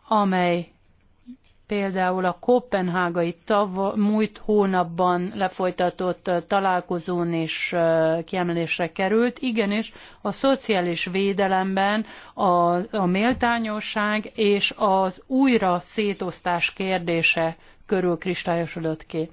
amely például a kopenhágai tav- múlt hónapban lefolytatott találkozón is kiemelésre került. Igenis, a szociális védelemben a, a méltányosság és az újra szétosztás kérdése körül kristályosodott ki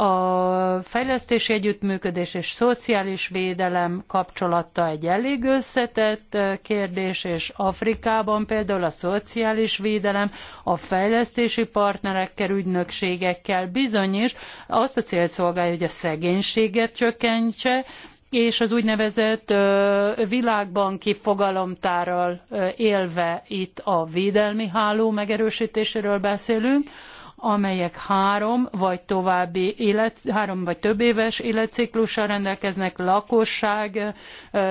a fejlesztési együttműködés és szociális védelem kapcsolata egy elég összetett eh, kérdés, és Afrikában például a szociális védelem a fejlesztési partnerekkel, ügynökségekkel bizony is azt a célt szolgálja, hogy a szegénységet csökkentse, és az úgynevezett eh, világbanki fogalomtárral eh, élve itt a védelmi háló megerősítéséről beszélünk, amelyek három vagy további élet, három vagy több éves életciklussal rendelkeznek, lakosság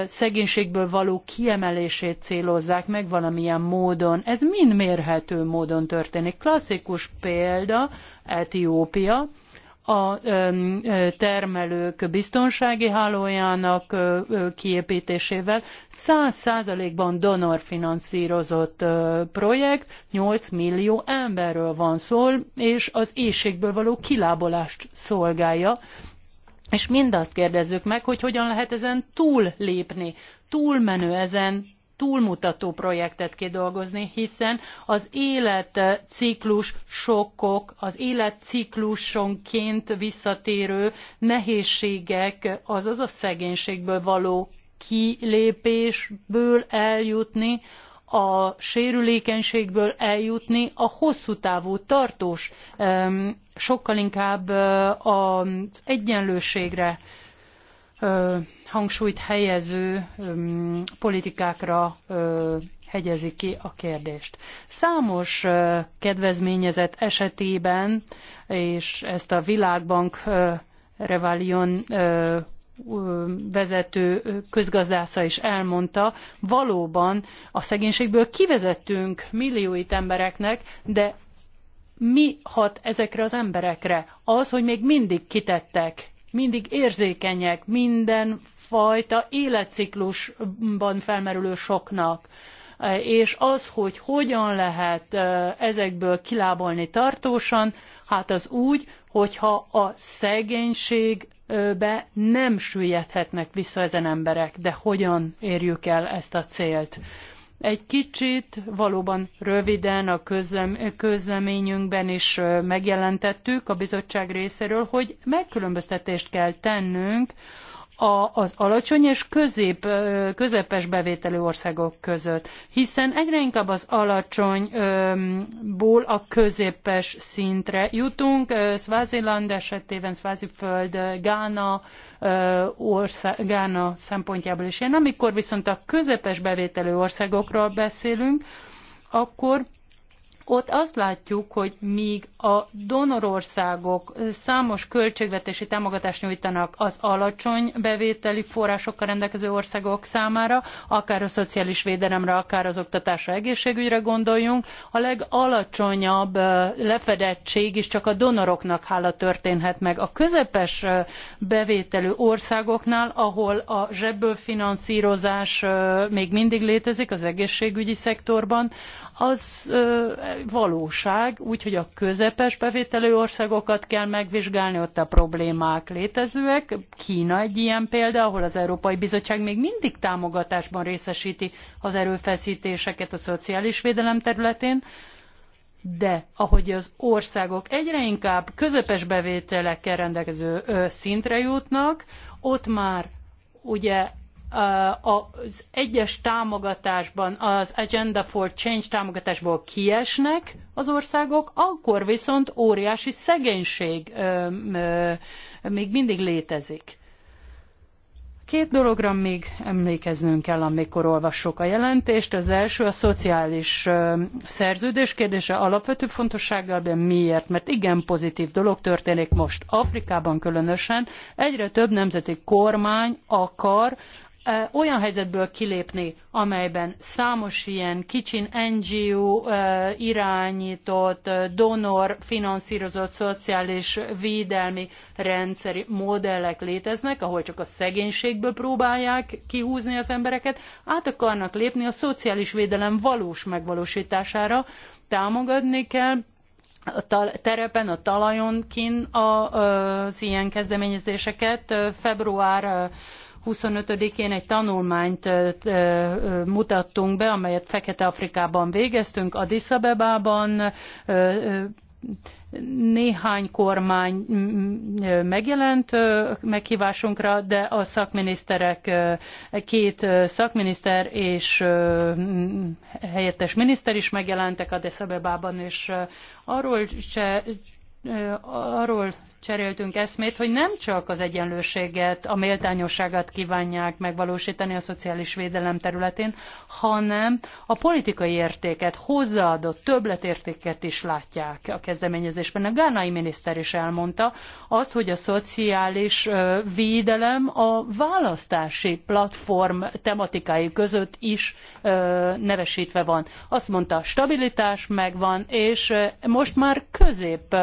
szegénységből való kiemelését célozzák meg valamilyen módon. Ez mind mérhető módon történik. Klasszikus példa Etiópia, a termelők biztonsági hálójának kiépítésével 100%-ban donorfinanszírozott projekt, 8 millió emberről van szó, és az éjségből való kilábolást szolgálja, és mindazt kérdezzük meg, hogy hogyan lehet ezen túl lépni, túlmenő ezen túlmutató projektet kidolgozni, hiszen az életciklus sokkok, az életciklusonként visszatérő nehézségek, azaz a szegénységből való kilépésből eljutni, a sérülékenységből eljutni a hosszú távú, tartós, sokkal inkább az egyenlőségre hangsúlyt helyező politikákra hegyezi ki a kérdést. Számos kedvezményezett esetében, és ezt a Világbank Revalion vezető közgazdásza is elmondta, valóban a szegénységből kivezettünk millióit embereknek, de mi hat ezekre az emberekre? Az, hogy még mindig kitettek mindig érzékenyek minden fajta életciklusban felmerülő soknak. És az, hogy hogyan lehet ezekből kilábalni tartósan, hát az úgy, hogyha a szegénységbe nem süllyedhetnek vissza ezen emberek. De hogyan érjük el ezt a célt? egy kicsit valóban röviden a közlem, közleményünkben is megjelentettük a bizottság részéről, hogy megkülönböztetést kell tennünk a, az alacsony és közép, közepes bevételű országok között, hiszen egyre inkább az alacsonyból a középes szintre jutunk. Svaziland esetében, Swaziföld, Gána, ország, Gána szempontjából is ilyen. Amikor viszont a közepes bevételű országokról beszélünk, akkor ott azt látjuk, hogy míg a donorországok számos költségvetési támogatást nyújtanak az alacsony bevételi forrásokkal rendelkező országok számára, akár a szociális védelemre, akár az oktatásra, egészségügyre gondoljunk, a legalacsonyabb lefedettség is csak a donoroknak hála történhet meg. A közepes bevételű országoknál, ahol a zsebből finanszírozás még mindig létezik az egészségügyi szektorban, az ö, valóság, úgyhogy a közepes bevételű országokat kell megvizsgálni, ott a problémák létezőek. Kína egy ilyen példa, ahol az Európai Bizottság még mindig támogatásban részesíti az erőfeszítéseket a szociális védelem területén, de ahogy az országok egyre inkább közepes bevételekkel rendelkező ö, szintre jutnak, ott már ugye az egyes támogatásban, az Agenda for Change támogatásból kiesnek az országok, akkor viszont óriási szegénység még mindig létezik. Két dologra még emlékeznünk kell, amikor olvassuk a jelentést. Az első a szociális szerződés kérdése alapvető fontossággal, de miért? Mert igen pozitív dolog történik most Afrikában különösen. Egyre több nemzeti kormány akar olyan helyzetből kilépni, amelyben számos ilyen kicsin NGO irányított, donor finanszírozott szociális védelmi rendszeri modellek léteznek, ahol csak a szegénységből próbálják kihúzni az embereket, át akarnak lépni a szociális védelem valós megvalósítására, támogatni kell a terepen, a talajon kin az ilyen kezdeményezéseket. Február 25-én egy tanulmányt mutattunk be, amelyet Fekete-Afrikában végeztünk, A Diszabebában néhány kormány megjelent meghívásunkra, de a szakminiszterek, két szakminiszter és helyettes miniszter is megjelentek a Deszabebában, és arról se arról cseréltünk eszmét, hogy nem csak az egyenlőséget, a méltányosságát kívánják megvalósítani a szociális védelem területén, hanem a politikai értéket, hozzáadott többletértéket is látják a kezdeményezésben. A gánai miniszter is elmondta azt, hogy a szociális védelem a választási platform tematikái között is nevesítve van. Azt mondta, stabilitás megvan, és most már közép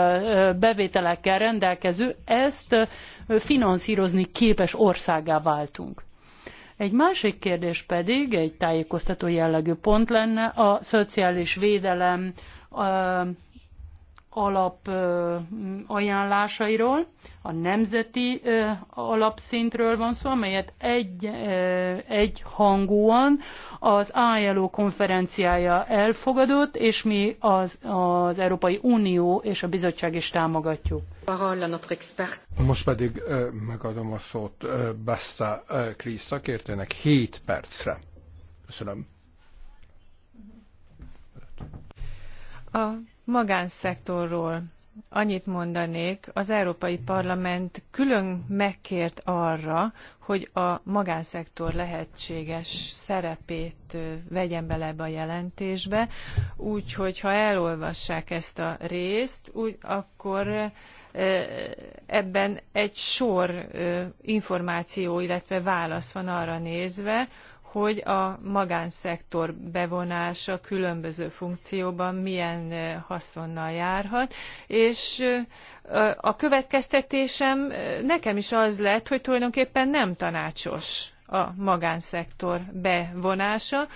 bevételekkel rendelkező, ezt finanszírozni képes országá váltunk. Egy másik kérdés pedig, egy tájékoztató jellegű pont lenne, a szociális védelem alap ajánlásairól, a nemzeti alapszintről van szó, amelyet egy, egy hangúan az ILO konferenciája elfogadott, és mi az, az Európai Unió és a bizottság is támogatjuk. Most pedig megadom a szót Basta Krisz szakértőnek 7 percre. Köszönöm. A magánszektorról annyit mondanék, az Európai Parlament külön megkért arra, hogy a magánszektor lehetséges szerepét vegyen bele ebbe a jelentésbe, úgyhogy ha elolvassák ezt a részt, úgy, akkor ebben egy sor információ, illetve válasz van arra nézve, hogy a magánszektor bevonása különböző funkcióban milyen haszonnal járhat, és a következtetésem nekem is az lett, hogy tulajdonképpen nem tanácsos a magánszektor bevonása,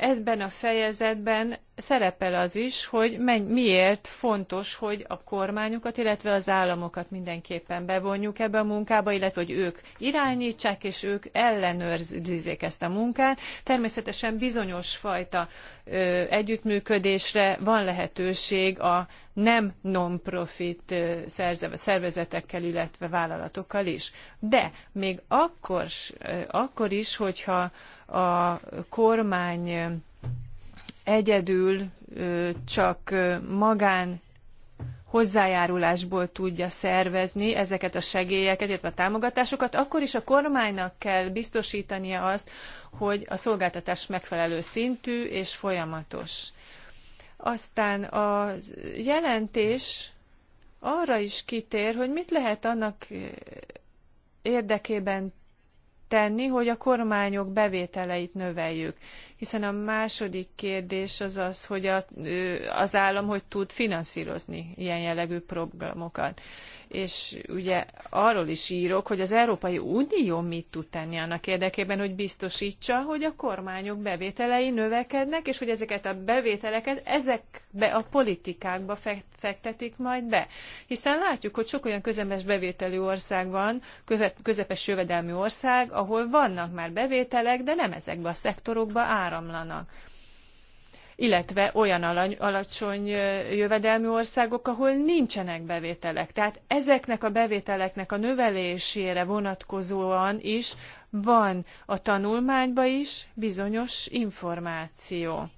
ezben a fejezetben szerepel az is, hogy miért fontos, hogy a kormányokat, illetve az államokat mindenképpen bevonjuk ebbe a munkába, illetve hogy ők irányítsák és ők ellenőrizzék ezt a munkát. Természetesen bizonyos fajta ö, együttműködésre van lehetőség a nem non-profit szervezetekkel, illetve vállalatokkal is. De még akkor, akkor is, hogyha a kormány egyedül csak magán hozzájárulásból tudja szervezni ezeket a segélyeket, illetve a támogatásokat, akkor is a kormánynak kell biztosítania azt, hogy a szolgáltatás megfelelő szintű és folyamatos. Aztán a jelentés arra is kitér, hogy mit lehet annak érdekében tenni, hogy a kormányok bevételeit növeljük. Hiszen a második kérdés az az, hogy a, az állam hogy tud finanszírozni ilyen jellegű programokat és ugye arról is írok, hogy az Európai Unió mit tud tenni annak érdekében, hogy biztosítsa, hogy a kormányok bevételei növekednek, és hogy ezeket a bevételeket ezekbe a politikákba fektetik majd be. Hiszen látjuk, hogy sok olyan közepes bevételű ország van, közepes jövedelmi ország, ahol vannak már bevételek, de nem ezekbe a szektorokba áramlanak illetve olyan alacsony jövedelmű országok, ahol nincsenek bevételek. Tehát ezeknek a bevételeknek a növelésére vonatkozóan is van a tanulmányban is bizonyos információ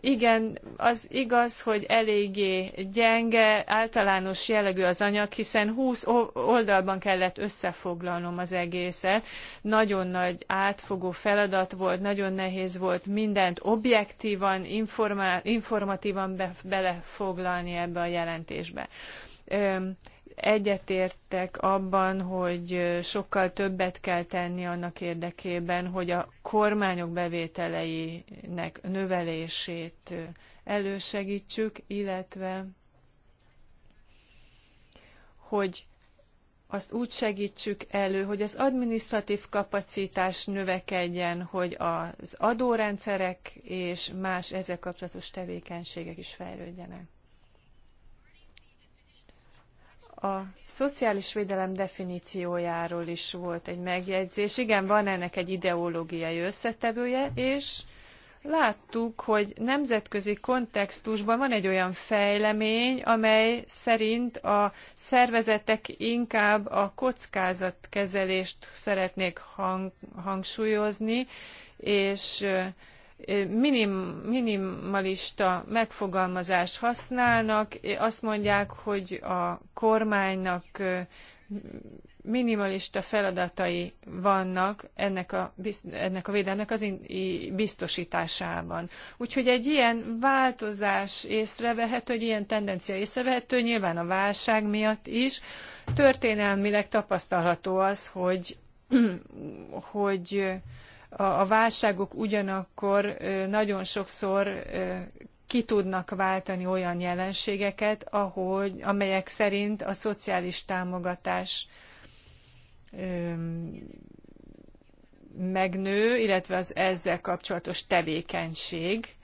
igen, az igaz, hogy eléggé gyenge, általános jellegű az anyag, hiszen 20 oldalban kellett összefoglalnom az egészet. Nagyon nagy átfogó feladat volt, nagyon nehéz volt mindent objektívan, informá- informatívan be- belefoglalni ebbe a jelentésbe egyetértek abban, hogy sokkal többet kell tenni annak érdekében, hogy a kormányok bevételeinek növelését elősegítsük, illetve hogy azt úgy segítsük elő, hogy az administratív kapacitás növekedjen, hogy az adórendszerek és más ezzel kapcsolatos tevékenységek is fejlődjenek. a szociális védelem definíciójáról is volt egy megjegyzés. Igen, van ennek egy ideológiai összetevője, és láttuk, hogy nemzetközi kontextusban van egy olyan fejlemény, amely szerint a szervezetek inkább a kockázatkezelést szeretnék hang hangsúlyozni, és minim, minimalista megfogalmazást használnak, azt mondják, hogy a kormánynak minimalista feladatai vannak ennek a, ennek a védelmnek az biztosításában. Úgyhogy egy ilyen változás észrevehető, egy ilyen tendencia észrevehető, nyilván a válság miatt is. Történelmileg tapasztalható az, hogy, hogy a válságok ugyanakkor nagyon sokszor ki tudnak váltani olyan jelenségeket, ahogy, amelyek szerint a szociális támogatás megnő, illetve az ezzel kapcsolatos tevékenység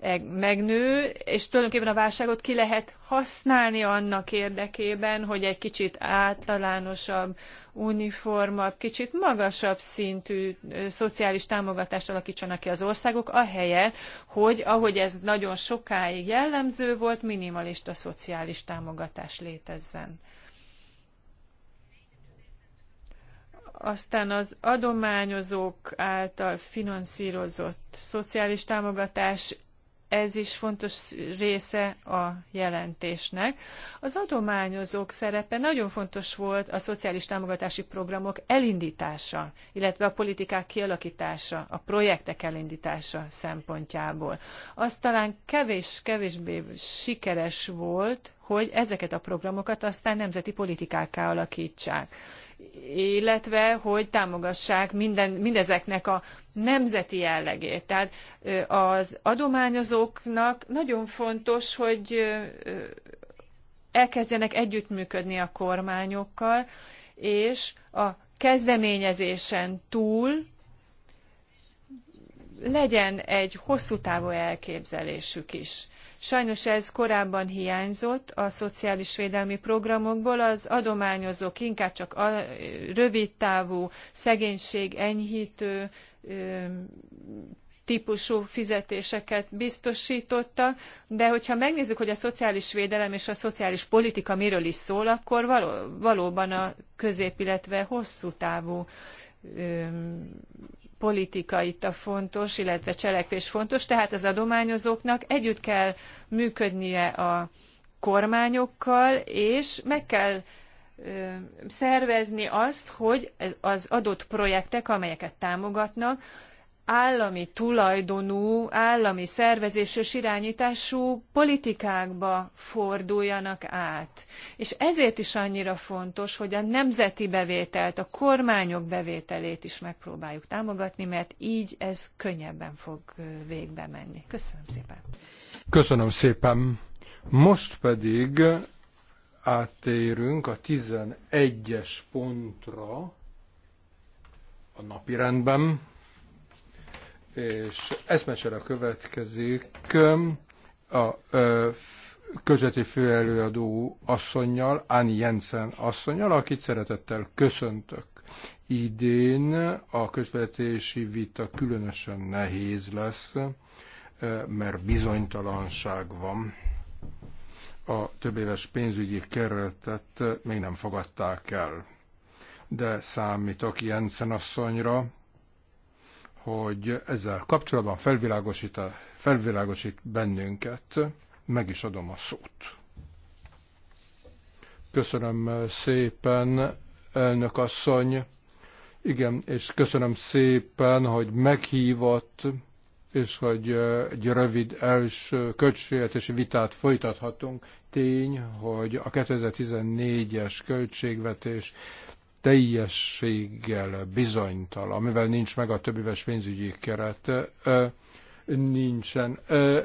E- megnő, és tulajdonképpen a válságot ki lehet használni annak érdekében, hogy egy kicsit általánosabb, uniformabb, kicsit magasabb szintű szociális támogatást alakítsanak ki az országok, ahelyett, hogy ahogy ez nagyon sokáig jellemző volt, minimalista szociális támogatás létezzen. aztán az adományozók által finanszírozott szociális támogatás ez is fontos része a jelentésnek. Az adományozók szerepe nagyon fontos volt a szociális támogatási programok elindítása, illetve a politikák kialakítása, a projektek elindítása szempontjából. Az talán kevés-kevésbé sikeres volt, hogy ezeket a programokat aztán nemzeti politikákká alakítsák illetve hogy támogassák minden, mindezeknek a nemzeti jellegét. Tehát az adományozóknak nagyon fontos, hogy elkezdjenek együttműködni a kormányokkal, és a kezdeményezésen túl legyen egy hosszú távú elképzelésük is Sajnos ez korábban hiányzott a szociális védelmi programokból, az adományozók inkább csak rövid rövidtávú, szegénység enyhítő típusú fizetéseket biztosítottak, de hogyha megnézzük, hogy a szociális védelem és a szociális politika miről is szól, akkor való, valóban a közép, illetve hosszú távú politika itt a fontos, illetve cselekvés fontos, tehát az adományozóknak együtt kell működnie a kormányokkal, és meg kell szervezni azt, hogy az adott projektek, amelyeket támogatnak, állami tulajdonú, állami szervezéses irányítású politikákba forduljanak át. És ezért is annyira fontos, hogy a nemzeti bevételt, a kormányok bevételét is megpróbáljuk támogatni, mert így ez könnyebben fog végbe menni. Köszönöm szépen. Köszönöm szépen. Most pedig áttérünk a 11-es pontra a napirendben és eszmecsere következik um, a közveti főelőadó asszonynal, Áni Jensen asszonynal, akit szeretettel köszöntök. Idén a közvetési vita különösen nehéz lesz, mert bizonytalanság van. A éves pénzügyi keretet még nem fogadták el, de számítok Jensen asszonyra, hogy ezzel kapcsolatban felvilágosít, a, felvilágosít bennünket. Meg is adom a szót. Köszönöm eh, szépen, elnök asszony. Igen, és köszönöm szépen, hogy meghívott, és hogy eh, egy rövid első költségvetési vitát folytathatunk. Tény, hogy a 2014-es költségvetés teljességgel bizonytal, amivel nincs meg a többéves pénzügyi keret, nincsen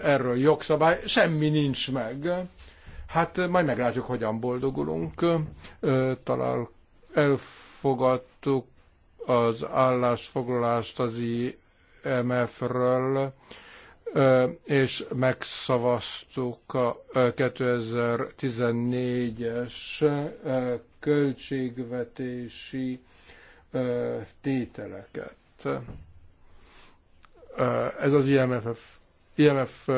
erről jogszabály, semmi nincs meg. Hát majd meglátjuk, hogyan boldogulunk. Talán elfogadtuk az állásfoglalást az IMF-ről, és megszavaztuk a 2014-es költségvetési tételeket. Ez az IMF, IMF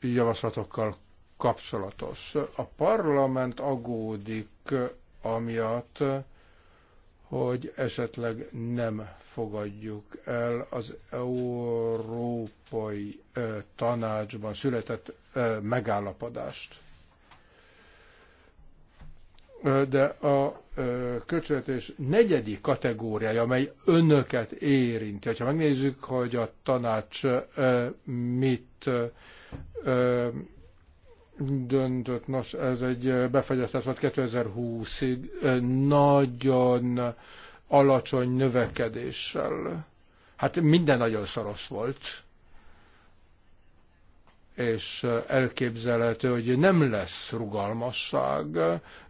javaslatokkal kapcsolatos. A parlament agódik amiatt, hogy esetleg nem fogadjuk el az Európai Tanácsban született megállapodást. De a költségvetés negyedik kategóriája, amely önöket érinti, ha megnézzük, hogy a tanács mit döntött. Nos, ez egy befegyeztetés volt 2020-ig, nagyon alacsony növekedéssel. Hát minden nagyon szoros volt, és elképzelhető, hogy nem lesz rugalmasság,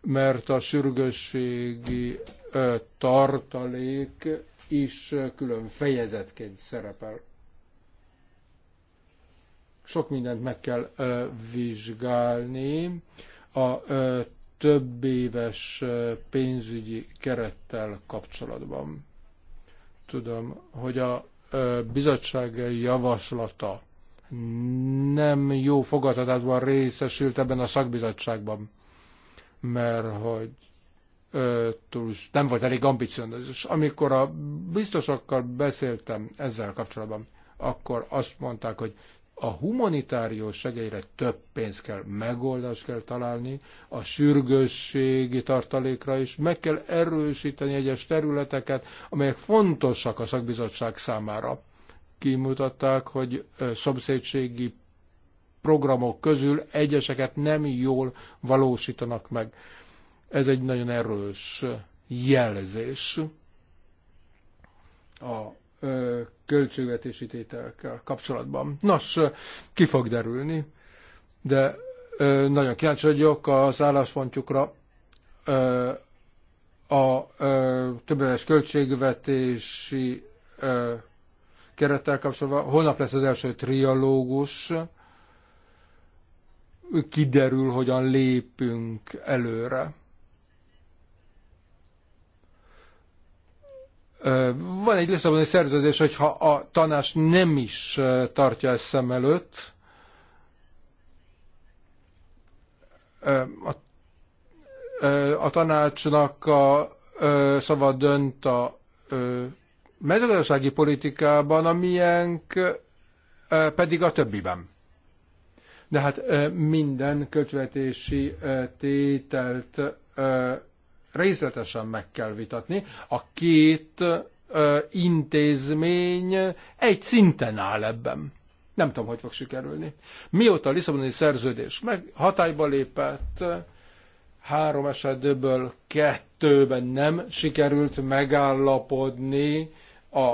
mert a sürgősségi tartalék is külön fejezetként szerepel. Sok mindent meg kell vizsgálni a több éves pénzügyi kerettel kapcsolatban. Tudom, hogy a bizottság javaslata nem jó fogadtatásban részesült ebben a szakbizottságban, mert hogy ö, túl, nem volt elég ambiciózus. Amikor a biztosokkal beszéltem ezzel kapcsolatban, akkor azt mondták, hogy a humanitárius segélyre több pénzt kell, megoldást kell találni, a sürgősségi tartalékra is, meg kell erősíteni egyes területeket, amelyek fontosak a szakbizottság számára. Kimutatták, hogy szomszédségi programok közül egyeseket nem jól valósítanak meg. Ez egy nagyon erős jelzés. A költségvetési tételkel kapcsolatban. Nos, ki fog derülni, de nagyon kíváncsi vagyok az álláspontjukra a többéves költségvetési kerettel kapcsolatban. Holnap lesz az első trialógus, kiderül, hogyan lépünk előre. Van egy Lisszaboni szerződés, hogyha a tanács nem is tartja ezt szem előtt, a, a tanácsnak a szava dönt a mezőgazdasági politikában, amilyenk pedig a többiben. De hát minden költségvetési tételt részletesen meg kell vitatni. A két ö, intézmény egy szinten áll ebben. Nem tudom, hogy fog sikerülni. Mióta a Lisszaboni szerződés meg hatályba lépett, három esetből kettőben nem sikerült megállapodni a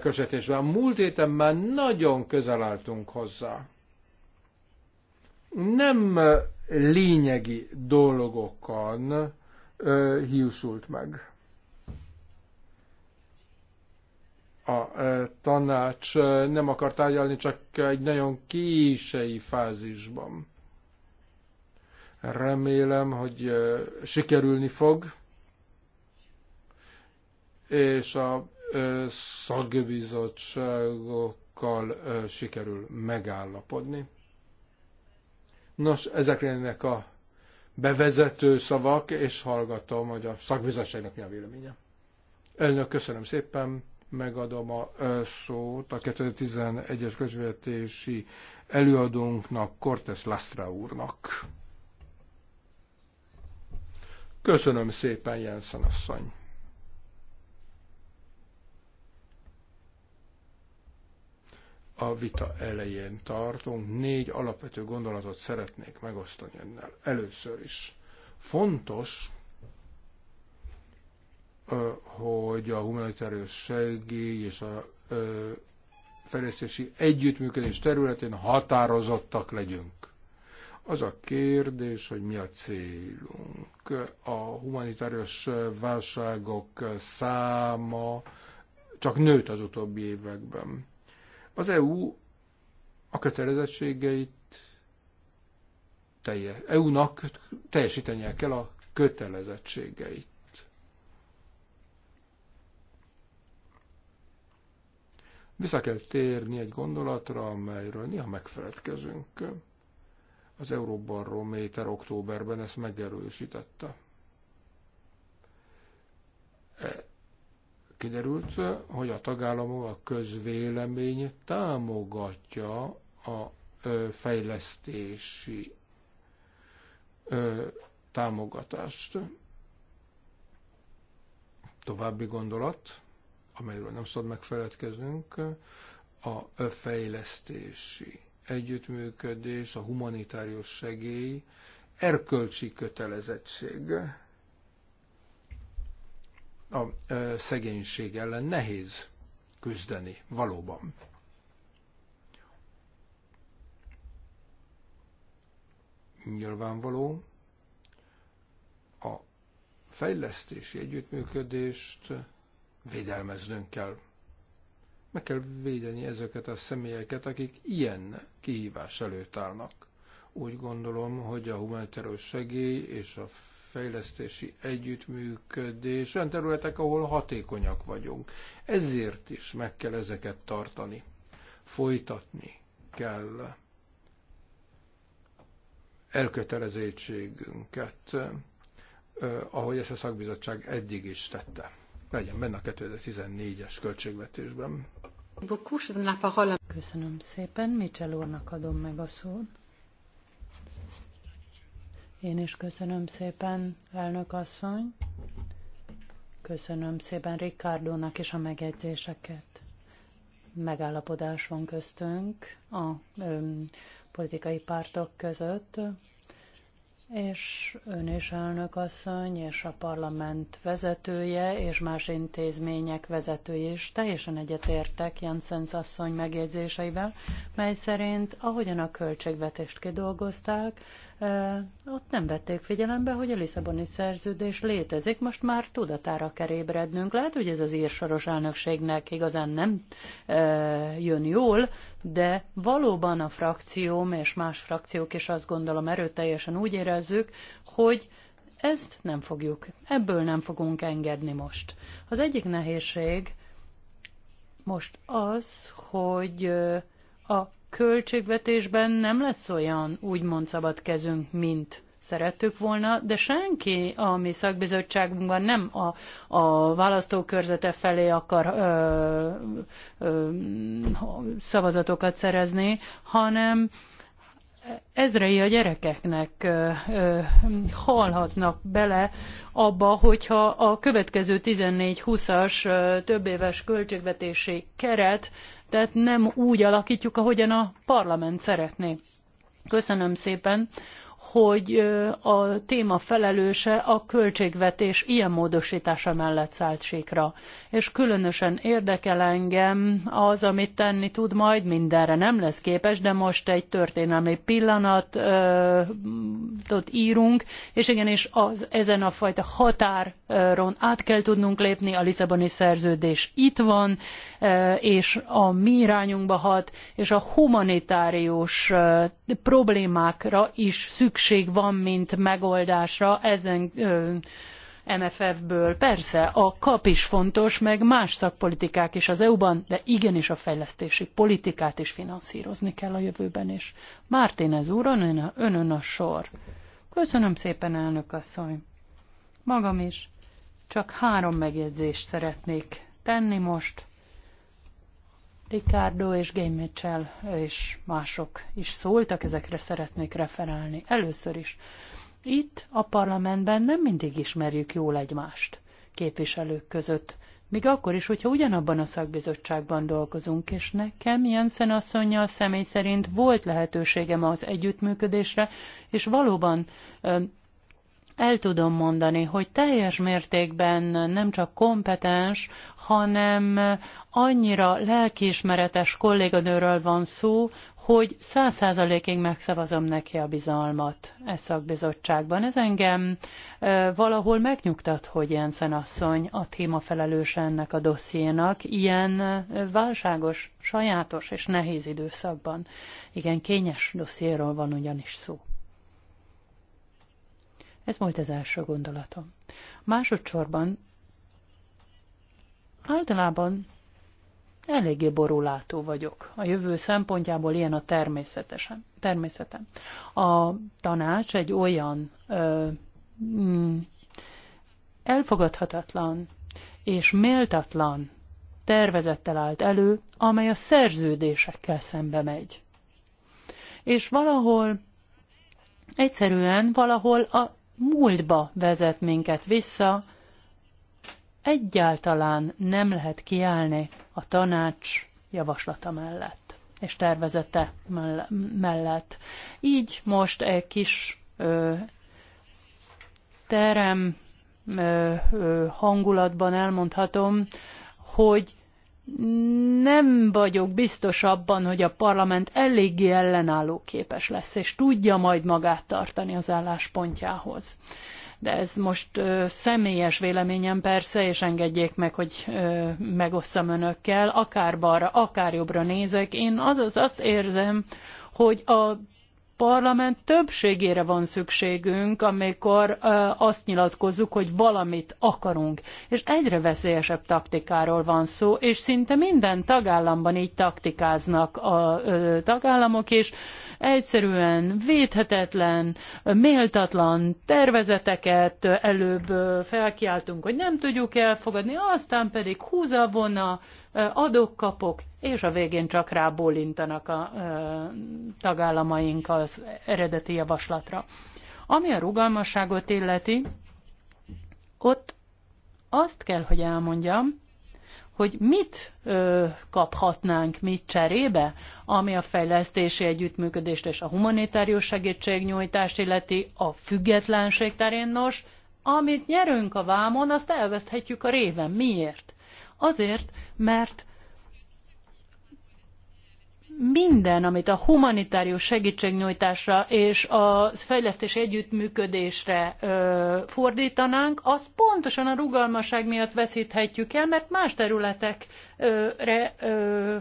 közvetésben. A múlt héten már nagyon közel álltunk hozzá. Nem lényegi dolgokon hiúsult meg. A tanács nem akar tárgyalni, csak egy nagyon kései fázisban. Remélem, hogy sikerülni fog, és a szakbizottságokkal sikerül megállapodni. Nos, ezek lennének a bevezető szavak, és hallgatom, hogy a szakbizottságnak mi a véleménye. Elnök, köszönöm szépen, megadom a szót a 2011-es közvetési előadónknak, Cortes Lastra úrnak. Köszönöm szépen, Jensen asszony. a vita elején tartunk. Négy alapvető gondolatot szeretnék megosztani önnel. Először is fontos, hogy a humanitárius segély és a fejlesztési együttműködés területén határozottak legyünk. Az a kérdés, hogy mi a célunk. A humanitárius válságok száma csak nőtt az utóbbi években. Az EU a kötelezettségeit EU-nak e teljesítenie kell a kötelezettségeit. Vissza kell térni egy gondolatra, amelyről néha megfeledkezünk. Az Euróbarométer októberben ezt megerősítette e kiderült, hogy a tagállamok, a közvélemény támogatja a fejlesztési támogatást. További gondolat, amelyről nem szabad megfeledkeznünk, a fejlesztési együttműködés, a humanitárius segély, erkölcsi kötelezettség a szegénység ellen nehéz küzdeni, valóban. Nyilvánvaló, a fejlesztési együttműködést védelmeznünk kell. Meg kell védeni ezeket a személyeket, akik ilyen kihívás előtt állnak. Úgy gondolom, hogy a humanitárius segély és a fejlesztési együttműködés olyan területek, ahol hatékonyak vagyunk. Ezért is meg kell ezeket tartani. Folytatni kell elkötelezettségünket, ahogy ezt a szakbizottság eddig is tette. Legyen benne a 2014-es költségvetésben. Köszönöm szépen, Mitchell úrnak adom meg a szót. Én is köszönöm szépen, elnök asszony. Köszönöm szépen Rikárdónak is a megjegyzéseket. Megállapodás van köztünk a ö, politikai pártok között, és ön is elnök asszony, és a parlament vezetője, és más intézmények vezetője is teljesen egyetértek Janssens asszony megjegyzéseivel, mely szerint ahogyan a költségvetést kidolgozták, ott nem vették figyelembe, hogy a Lisszaboni szerződés létezik, most már tudatára kell ébrednünk. Lehet, hogy ez az írsoros elnökségnek igazán nem jön jól, de valóban a frakcióm és más frakciók is azt gondolom erőteljesen úgy érezzük, hogy ezt nem fogjuk, ebből nem fogunk engedni most. Az egyik nehézség most az, hogy a költségvetésben nem lesz olyan úgymond szabad kezünk, mint szerettük volna, de senki a mi szakbizottságunkban nem a, a választókörzete felé akar ö, ö, szavazatokat szerezni, hanem ezrei a gyerekeknek ö, ö, halhatnak bele abba, hogyha a következő 14-20-as többéves költségvetési keret, tehát nem úgy alakítjuk, ahogyan a parlament szeretné. Köszönöm szépen hogy a téma felelőse a költségvetés ilyen módosítása mellett szállt síkra. És különösen érdekel engem az, amit tenni tud majd, mindenre nem lesz képes, de most egy történelmi pillanatot írunk, és igenis az, ezen a fajta határon át kell tudnunk lépni, a Lisszaboni szerződés itt van, és a mi irányunkba hat, és a humanitárius problémákra is szükség szükség van, mint megoldásra ezen MFF-ből. Persze, a kap is fontos, meg más szakpolitikák is az EU-ban, de igenis a fejlesztési politikát is finanszírozni kell a jövőben is. Mártinez úr, önön, önön a sor. Köszönöm szépen, elnök asszony. Magam is. Csak három megjegyzést szeretnék tenni most. Ricardo és Game Mitchell és mások is szóltak, ezekre szeretnék referálni. Először is, itt a parlamentben nem mindig ismerjük jól egymást képviselők között, még akkor is, hogyha ugyanabban a szakbizottságban dolgozunk, és nekem Jensen asszonya személy szerint volt lehetőségem az együttműködésre, és valóban el tudom mondani, hogy teljes mértékben nem csak kompetens, hanem annyira lelkiismeretes kolléganőről van szó, hogy száz százalékig megszavazom neki a bizalmat e szakbizottságban. Ez engem e, valahol megnyugtat, hogy Jensen asszony a téma felelőse ennek a dossziénak ilyen e, válságos, sajátos és nehéz időszakban. Igen, kényes dossziéról van ugyanis szó. Ez volt az első gondolatom. Másodszorban általában eléggé borulátó vagyok. A jövő szempontjából ilyen a természetesen, természetem. A tanács egy olyan ö, mm, elfogadhatatlan és méltatlan tervezettel állt elő, amely a szerződésekkel szembe megy. És valahol egyszerűen valahol a múltba vezet minket vissza, egyáltalán nem lehet kiállni a tanács javaslata mellett és tervezete mellett. Így most egy kis ö, terem ö, ö, hangulatban elmondhatom, hogy nem vagyok biztos abban, hogy a parlament eléggé ellenálló képes lesz, és tudja majd magát tartani az álláspontjához. De ez most ö, személyes véleményem persze, és engedjék meg, hogy ö, megosszam önökkel, akár balra, akár jobbra nézek. Én azaz azt érzem, hogy a parlament többségére van szükségünk, amikor azt nyilatkozzuk, hogy valamit akarunk. És egyre veszélyesebb taktikáról van szó, és szinte minden tagállamban így taktikáznak a tagállamok, és egyszerűen védhetetlen, méltatlan tervezeteket előbb felkiáltunk, hogy nem tudjuk elfogadni, aztán pedig húzavona, adok-kapok, és a végén csak rábólintanak a ö, tagállamaink az eredeti javaslatra. Ami a rugalmasságot illeti, ott azt kell, hogy elmondjam, hogy mit ö, kaphatnánk mit cserébe, ami a fejlesztési együttműködést és a humanitárius segítségnyújtást illeti a függetlenség terén. Nos, amit nyerünk a vámon, azt elveszthetjük a réven. Miért? Azért, mert minden, amit a humanitárius segítségnyújtásra és a fejlesztés együttműködésre ö, fordítanánk, azt pontosan a rugalmaság miatt veszíthetjük el, mert más területekre ö,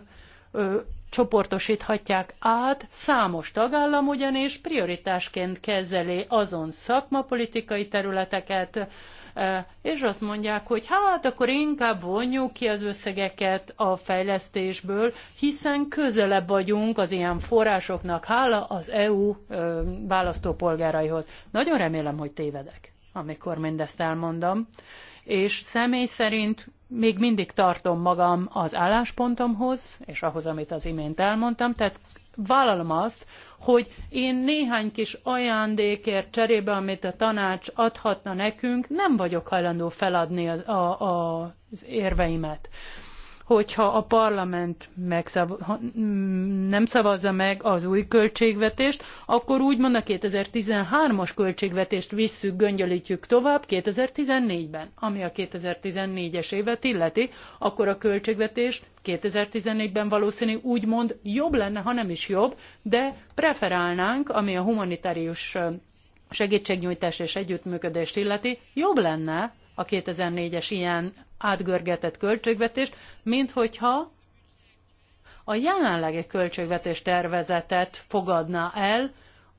ö, csoportosíthatják át, számos tagállam ugyanis prioritásként kezeli azon szakmapolitikai területeket, e, és azt mondják, hogy hát akkor inkább vonjuk ki az összegeket a fejlesztésből, hiszen közelebb vagyunk az ilyen forrásoknak, hála az EU e, választópolgáraihoz. Nagyon remélem, hogy tévedek, amikor mindezt elmondom és személy szerint még mindig tartom magam az álláspontomhoz, és ahhoz, amit az imént elmondtam, tehát vállalom azt, hogy én néhány kis ajándékért cserébe, amit a tanács adhatna nekünk, nem vagyok hajlandó feladni az, a, a, az érveimet hogyha a parlament nem szavazza meg az új költségvetést, akkor úgymond a 2013-as költségvetést visszük, göngyölítjük tovább 2014-ben. Ami a 2014-es évet illeti, akkor a költségvetés 2014-ben valószínű úgymond jobb lenne, ha nem is jobb, de preferálnánk, ami a humanitárius segítségnyújtás és együttműködést illeti, jobb lenne a 2004-es ilyen átgörgetett költségvetést, mint a jelenlegi költségvetés tervezetet fogadná el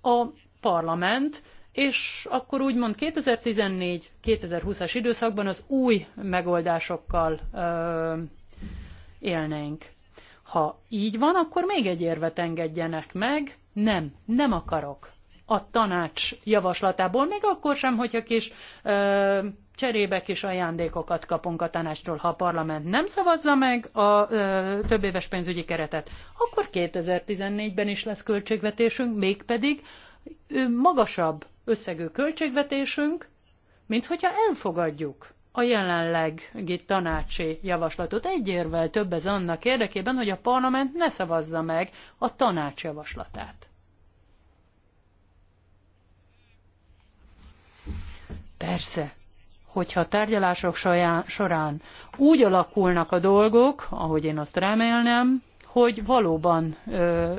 a parlament, és akkor úgymond 2014-2020-as időszakban az új megoldásokkal ö, élnénk. Ha így van, akkor még egy érvet engedjenek meg. Nem, nem akarok. A tanács javaslatából, még akkor sem, hogyha kis ö, cserébe kis ajándékokat kapunk a tanástól. Ha a parlament nem szavazza meg a ö, több éves pénzügyi keretet, akkor 2014-ben is lesz költségvetésünk, mégpedig ö, magasabb összegű költségvetésünk, mint hogyha elfogadjuk a jelenlegi tanácsi javaslatot. Egy érvel több ez annak érdekében, hogy a parlament ne szavazza meg a tanács javaslatát. Persze, hogyha a tárgyalások során úgy alakulnak a dolgok, ahogy én azt remélnem, hogy valóban ö,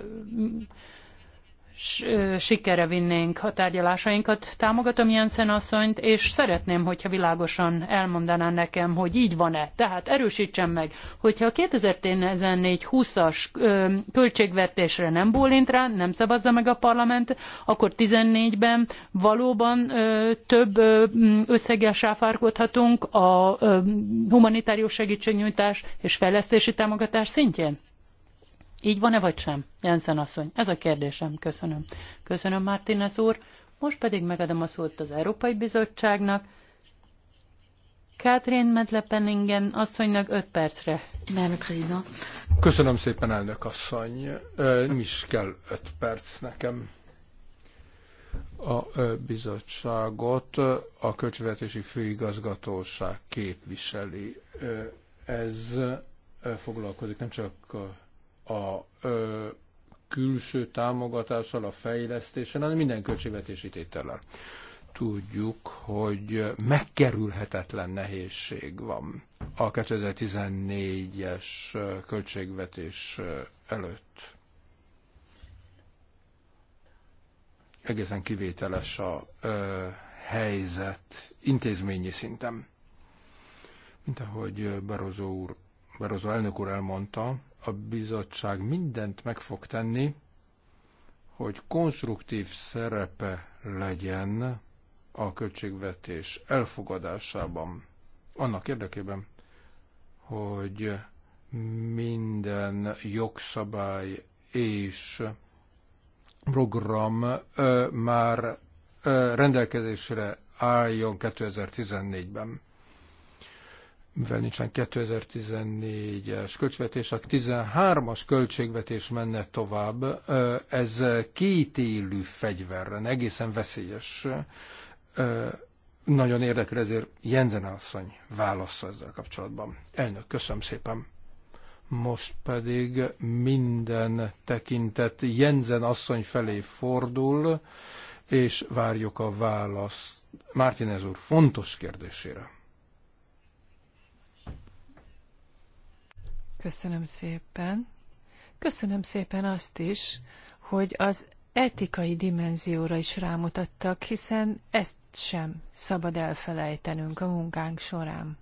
sikere vinnénk a tárgyalásainkat. Támogatom Jensen asszonyt, és szeretném, hogyha világosan elmondaná nekem, hogy így van-e. Tehát erősítsen meg, hogyha a 2014-20-as költségvetésre nem bólint rá, nem szavazza meg a parlament, akkor 14-ben valóban több összeggel sáfárkodhatunk a humanitárius segítségnyújtás és fejlesztési támogatás szintjén? Így van-e vagy sem? Jensen asszony, ez a kérdésem. Köszönöm. Köszönöm, Martínez úr. Most pedig megadom a szót az Európai Bizottságnak. Katrin Medlepeningen asszonynak 5 percre. Köszönöm szépen, elnök asszony. Nem is kell 5 perc nekem. A bizottságot a Költségvetési Főigazgatóság képviseli. Ez foglalkozik nem csak a a ö, külső támogatással, a fejlesztéssel, hanem minden költségvetési tétellel. Tudjuk, hogy megkerülhetetlen nehézség van a 2014-es költségvetés előtt. Egészen kivételes a ö, helyzet intézményi szinten. Mint ahogy Barozó úr, Barozó elnök úr elmondta, a bizottság mindent meg fog tenni, hogy konstruktív szerepe legyen a költségvetés elfogadásában. Annak érdekében, hogy minden jogszabály és program ö, már ö, rendelkezésre álljon 2014-ben mivel nincsen 2014-es költségvetés, a 13-as költségvetés menne tovább, ez két kétélű fegyverren, egészen veszélyes. Nagyon érdekel ezért jenzen asszony válasza ezzel kapcsolatban. Elnök, köszönöm szépen. Most pedig minden tekintet jenzen asszony felé fordul, és várjuk a választ Mártinez úr fontos kérdésére. Köszönöm szépen. Köszönöm szépen azt is, hogy az etikai dimenzióra is rámutattak, hiszen ezt sem szabad elfelejtenünk a munkánk során.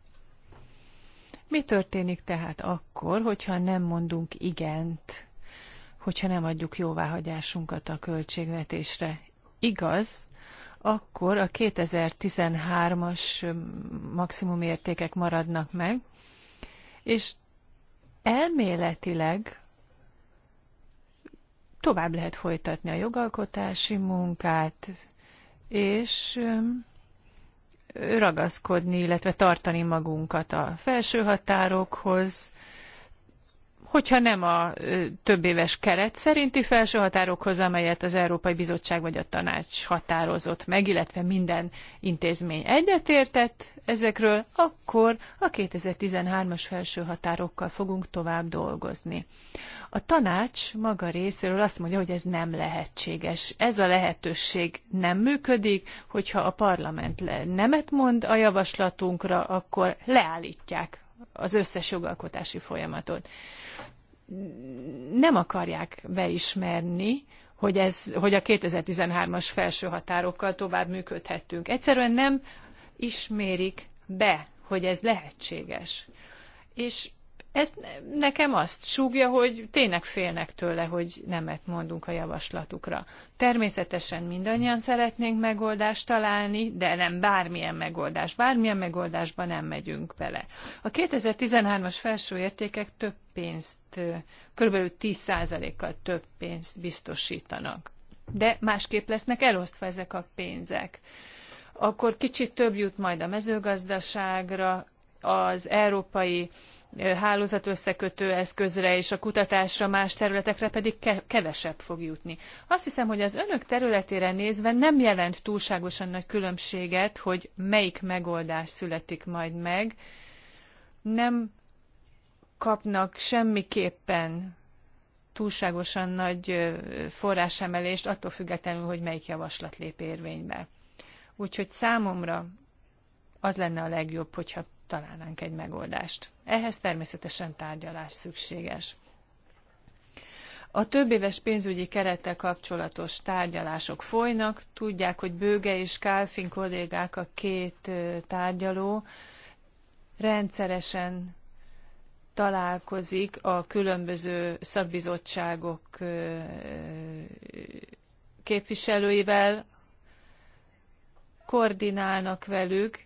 Mi történik tehát akkor, hogyha nem mondunk igent, hogyha nem adjuk jóváhagyásunkat a költségvetésre? Igaz, akkor a 2013-as mm, maximum értékek maradnak meg, és elméletileg tovább lehet folytatni a jogalkotási munkát, és ragaszkodni, illetve tartani magunkat a felső határokhoz, hogyha nem a több éves keret szerinti felső határokhoz, amelyet az Európai Bizottság vagy a Tanács határozott meg, illetve minden intézmény egyetértett ezekről, akkor a 2013-as felső határokkal fogunk tovább dolgozni. A tanács maga részéről azt mondja, hogy ez nem lehetséges. Ez a lehetőség nem működik, hogyha a parlament nemet mond a javaslatunkra, akkor leállítják az összes jogalkotási folyamatot. Nem akarják beismerni, hogy, ez, hogy a 2013-as felső határokkal tovább működhettünk. Egyszerűen nem ismérik be, hogy ez lehetséges. És ez nekem azt súgja, hogy tényleg félnek tőle, hogy nemet mondunk a javaslatukra. Természetesen mindannyian szeretnénk megoldást találni, de nem bármilyen megoldás. Bármilyen megoldásba nem megyünk bele. A 2013-as felső értékek több pénzt, kb. 10%-kal több pénzt biztosítanak. De másképp lesznek elosztva ezek a pénzek. Akkor kicsit több jut majd a mezőgazdaságra, az európai hálózatösszekötő eszközre és a kutatásra, más területekre pedig kevesebb fog jutni. Azt hiszem, hogy az önök területére nézve nem jelent túlságosan nagy különbséget, hogy melyik megoldás születik majd meg. Nem kapnak semmiképpen túlságosan nagy forrásemelést, attól függetlenül, hogy melyik javaslat lép érvénybe. Úgyhogy számomra az lenne a legjobb, hogyha találnánk egy megoldást. Ehhez természetesen tárgyalás szükséges. A több éves pénzügyi kerettel kapcsolatos tárgyalások folynak. Tudják, hogy Bőge és Kálfin kollégák a két tárgyaló rendszeresen találkozik a különböző szakbizottságok képviselőivel, koordinálnak velük,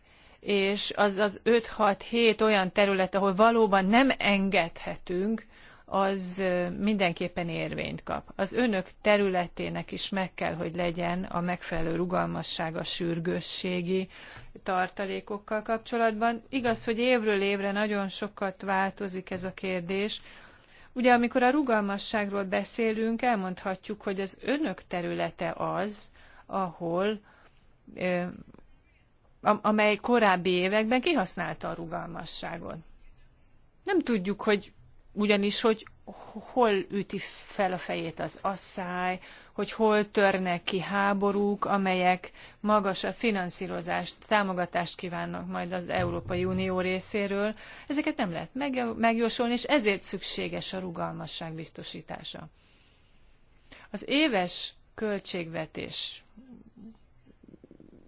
és az az 5-6-7 olyan terület, ahol valóban nem engedhetünk, az mindenképpen érvényt kap. Az önök területének is meg kell, hogy legyen a megfelelő rugalmasság a sürgősségi tartalékokkal kapcsolatban. Igaz, hogy évről évre nagyon sokat változik ez a kérdés. Ugye, amikor a rugalmasságról beszélünk, elmondhatjuk, hogy az önök területe az, ahol amely korábbi években kihasználta a rugalmasságot. Nem tudjuk, hogy ugyanis, hogy hol üti fel a fejét az asszály, hogy hol törnek ki háborúk, amelyek magas a finanszírozást, támogatást kívánnak majd az Európai Unió részéről. Ezeket nem lehet megjósolni, és ezért szükséges a rugalmasság biztosítása. Az éves költségvetés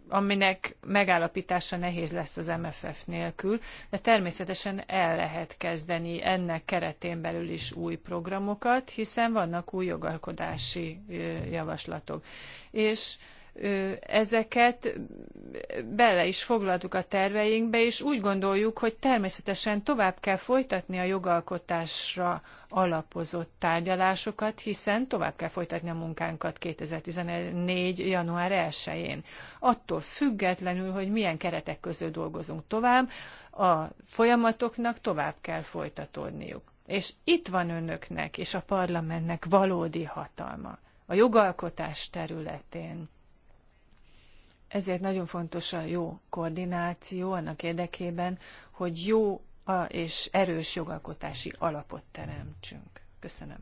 aminek megállapítása nehéz lesz az MFF nélkül, de természetesen el lehet kezdeni ennek keretén belül is új programokat, hiszen vannak új jogalkodási javaslatok. És ezeket bele is foglaltuk a terveinkbe, és úgy gondoljuk, hogy természetesen tovább kell folytatni a jogalkotásra alapozott tárgyalásokat, hiszen tovább kell folytatni a munkánkat 2014. január 1-én. Attól függetlenül, hogy milyen keretek között dolgozunk tovább, a folyamatoknak tovább kell folytatódniuk. És itt van önöknek és a parlamentnek valódi hatalma a jogalkotás területén ezért nagyon fontos a jó koordináció annak érdekében, hogy jó és erős jogalkotási alapot teremtsünk. Köszönöm.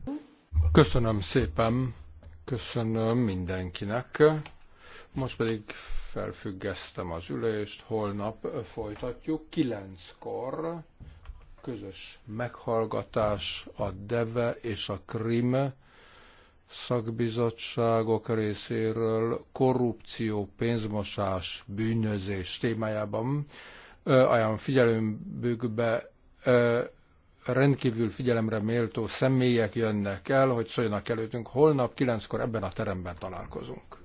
Köszönöm szépen. Köszönöm mindenkinek. Most pedig felfüggesztem az ülést, holnap folytatjuk. Kilenckor közös meghallgatás a DEVE és a KRIM szakbizottságok részéről korrupció, pénzmosás, bűnözés témájában olyan figyelmükbe, rendkívül figyelemre méltó személyek jönnek el, hogy szóljanak előttünk. Holnap kilenckor ebben a teremben találkozunk.